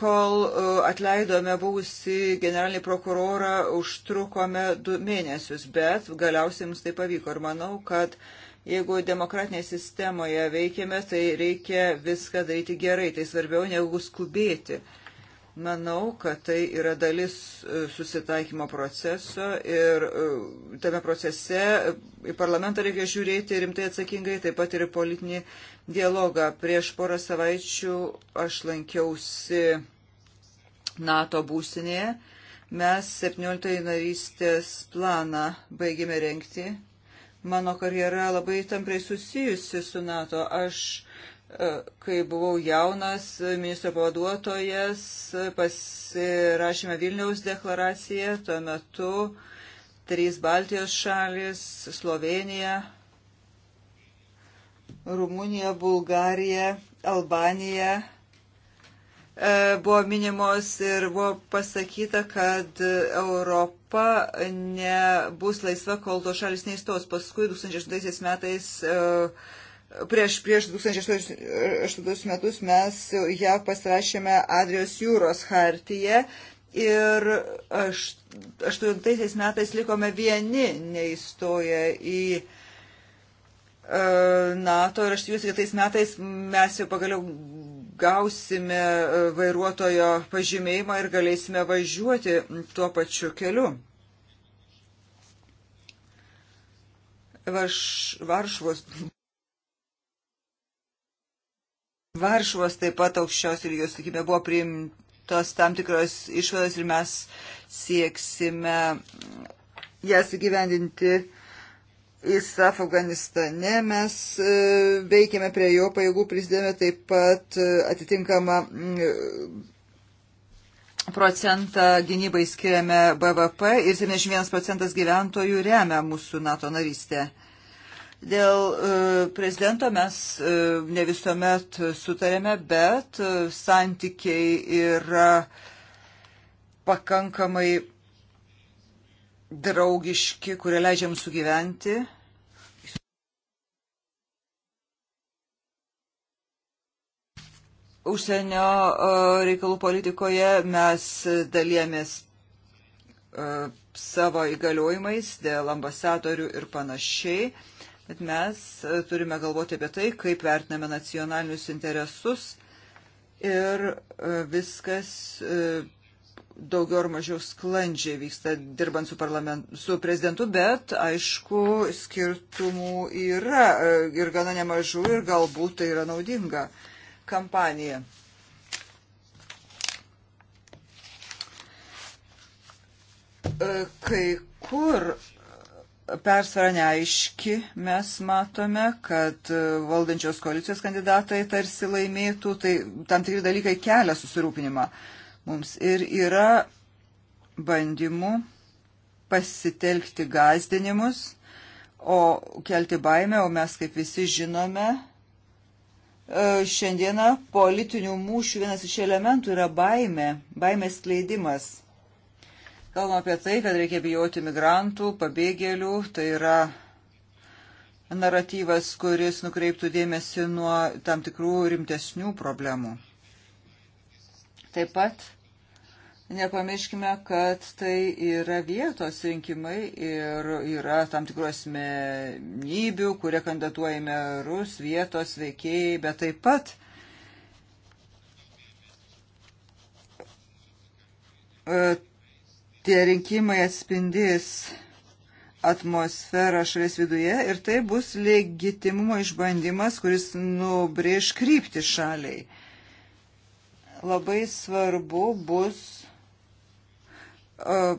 A: kol e, atleidome buvusi generalinį prokurorą, užtrukome du mėnesius, bet galiausiai mums tai pavyko ir manau, kad jeigu demokratinėje sistemoje veikiame, tai reikia viską daryti gerai, tai svarbiau negu skubėti. Uh, Manau, kad tai yra dalis e, susitaikymo proceso ir e, tame procese e, į parlamentą reikia žiūrėti rimtai atsakingai, taip pat ir į politinį dialogą. Prieš porą savaičių aš lankiausi NATO būsinėje. Mes 17 narystės planą baigėme renkti. Mano karjera labai tampriai susijusi su NATO. Aš E, kai buvau jaunas ministro pavaduotojas, pasirašėme Vilniaus deklaraciją, tuo metu trys Baltijos šalis, Slovenija, Rumunija, Bulgarija, Albanija e, buvo minimos ir buvo pasakyta, kad Europa nebus laisva, kol to šalis neįstos. Paskui 2008 metais uh, Prieš, prieš 2008 metus mes JAV pasirašėme Adrijos jūros hartiją ir aš, aštuntaisiais metais likome vieni neįstoję į e, NATO ir aš tikiuosi, kad tais metais mes jau pagaliau gausime e, vairuotojo pažymėjimą ir galėsime važiuoti tuo pačiu keliu. Varš, varšvos Varšuvos taip pat aukščiausio lygio sutikime buvo priimtos tam tikros išvados ir mes sieksime jas įgyvendinti. ISAF Afganistane mes e, veikėme prie jo pajėgų, prisidėjome taip pat e, atitinkamą procentą gynybai skiriame BVP ir 71 procentas gyventojų remia mūsų NATO narystę. Dėl e, prezidento mes e, ne visuomet sutarėme, bet e, santykiai yra pakankamai draugiški, kurie leidžiam sugyventi. Užsienio reikalų politikoje mes dalėmės savo įgaliojimais dėl ambasadorių ir panašiai. Bet mes e, turime galvoti apie tai, kaip vertiname nacionalinius interesus ir e, viskas e, daugiau ar mažiau sklandžiai vyksta dirbant su, su prezidentu, bet aišku, skirtumų yra ir gana nemažų ir galbūt tai yra naudinga kampanija. Kai kur persvara neaiški. Mes matome, kad e, valdančios koalicijos kandidatai tarsi laimėtų, tai tam tikri dalykai kelia susirūpinimą mums. Ir yra bandymų pasitelkti gazdinimus, o kelti baimę, o mes kaip visi žinome, e, šiandieną politinių mūšių vienas iš elementų yra baimė, baimės skleidimas Kalbam apie tai, kad reikia bijoti migrantų, pabėgėlių, tai yra naratyvas, kuris nukreiptų dėmesį nuo tam tikrų rimtesnių problemų. Taip pat nepamirškime, kad tai yra vietos rinkimai ir yra tam tikrų asmenybių, kurie kandidatuoja merus, vietos veikėjai, bet taip pat tie rinkimai atspindės atmosferą šalies viduje ir tai bus legitimumo išbandymas, kuris nubrėž krypti šaliai. Labai svarbu bus uh,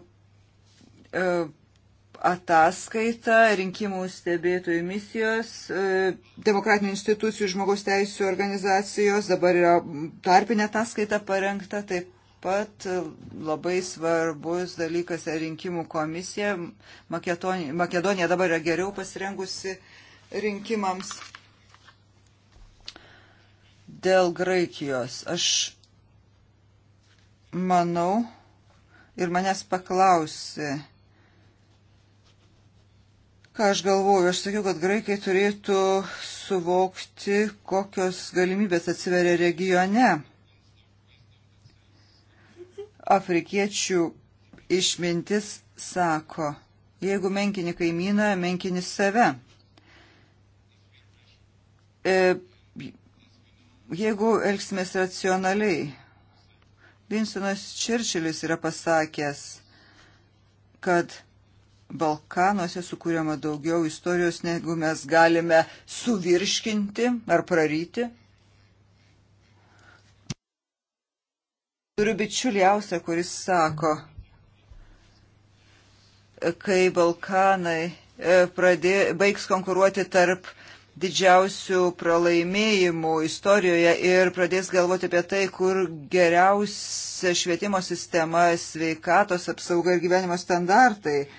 A: uh, ataskaita rinkimų stebėtojų misijos, e, demokratinių institucijų žmogaus teisų organizacijos, dabar yra tarpinė ataskaita parengta, taip pat labai svarbus dalykas rinkimų komisija. Makedonija, Makedonija dabar yra geriau pasirengusi rinkimams. Dėl Graikijos aš manau ir manęs paklausė, ką aš galvoju. Aš sakiau, kad graikai turėtų suvokti, kokios galimybės atsiveria regione afrikiečių išmintis sako, jeigu menkini kaimyną, menkini save. E, jeigu elgsimės racionaliai, Vinsonas Čerčilis yra pasakęs, kad Balkanuose sukūrėma daugiau istorijos, negu mes galime suvirškinti ar praryti. Turiu bičiulį ausą, kuris sako, kai Balkanai e, pradė, baigs konkuruoti tarp didžiausių pralaimėjimų istorijoje ir pradės galvoti apie tai, kur geriausia švietimo sistema, sveikatos apsauga ir gyvenimo standartai. Uh,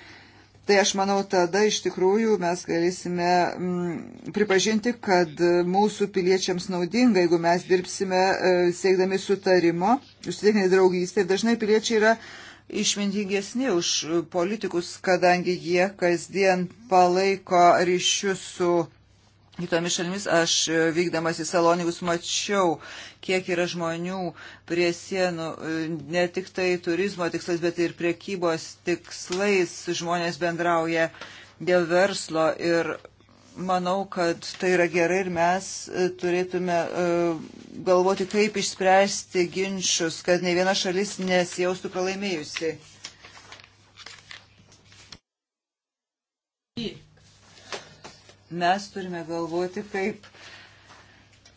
A: Tai aš manau, tada iš tikrųjų mes galėsime m, mm, pripažinti, kad mūsų piliečiams naudinga, jeigu mes dirbsime e, siekdami sutarimo, užsitikrinti draugystę. Ir dažnai piliečiai yra išmintingesni už politikus, kadangi jie kasdien palaiko ryšius su kitomis šalimis. Aš e, vykdamas į Salonikus mačiau, kiek yra žmonių prie sienų, e, ne tik tai turizmo tikslas, bet ir priekybos tikslais žmonės bendrauja dėl verslo ir manau, kad tai yra gerai ir mes e, turėtume galvoti, kaip išspręsti ginčius, kad ne viena šalis nesijaustų pralaimėjusi. Mes turime galvoti, kaip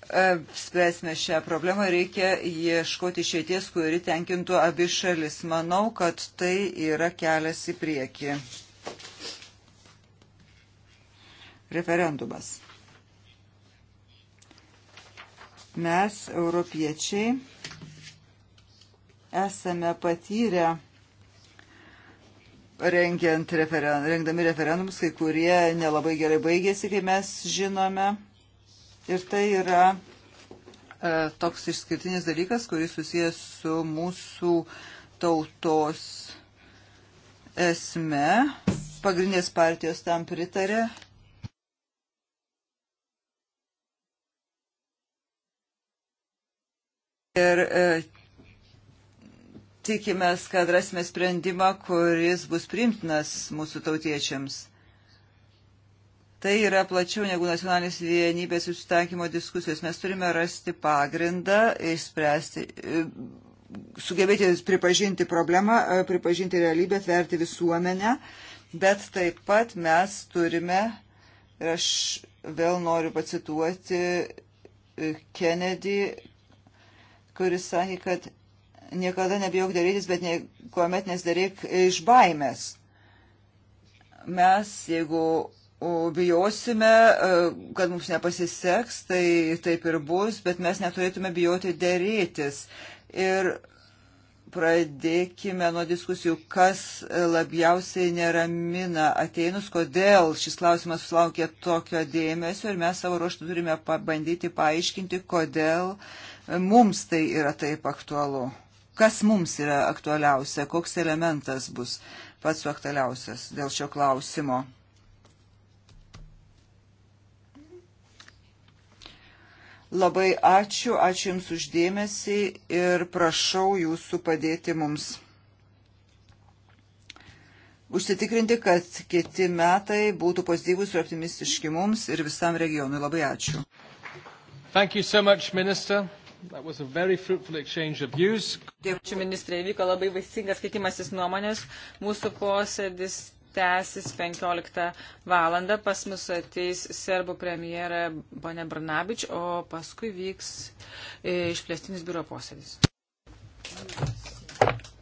A: e, spręsime šią problemą, reikia ieškoti išėties, kuri tenkintų abi šalis. Manau, kad tai yra kelias į priekį. Referendumas. Mes, europiečiai, esame patyrę rengiant referen, rengdami referendumus, kai kurie nelabai gerai baigėsi, kai mes žinome. Ir tai yra e, toks išskirtinis dalykas, kuris susijęs su mūsų tautos esme. Pagrindinės partijos tam pritarė. Ir e, tikimės, kad rasime sprendimą, kuris bus primtinas mūsų tautiečiams. Tai yra plačiau negu nacionalinės vienybės susitaikymo diskusijos. Mes turime rasti pagrindą, išspręsti, e, sugebėti pripažinti problemą, e, pripažinti realybę, atverti visuomenę, bet taip pat mes turime, ir aš vėl noriu pacituoti e, Kennedy, kuris sakė, kad niekada nebijok darytis, bet niekuomet nesdaryk iš baimės. Mes, jeigu bijosime, e, kad mums nepasiseks, tai taip ir bus, bet mes neturėtume bijoti dėrėtis. Ir pradėkime nuo diskusijų, kas labiausiai neramina ateinus, kodėl šis klausimas sulaukė tokio dėmesio ir mes savo ruoštų turime pabandyti paaiškinti, kodėl mums tai yra taip aktualu kas mums yra aktualiausia, koks elementas bus pats aktualiausias dėl šio klausimo. Labai ačiū, ačiū Jums uždėmesį ir prašau Jūsų padėti mums užsitikrinti, kad kiti metai būtų pozityvus ir optimistiški mums ir visam regionui. Labai ačiū. Thank you
D: so much, Minister. Dėkuoju
A: ministrė, vyko labai
C: vaisingas skaitimasis nuomonės. Mūsų posėdis tęsis 15 valandą. Pas mus ateis serbų premjera Bonė Brnabič, o paskui
B: vyks e, išplėstinis biuro posėdis. Thank you.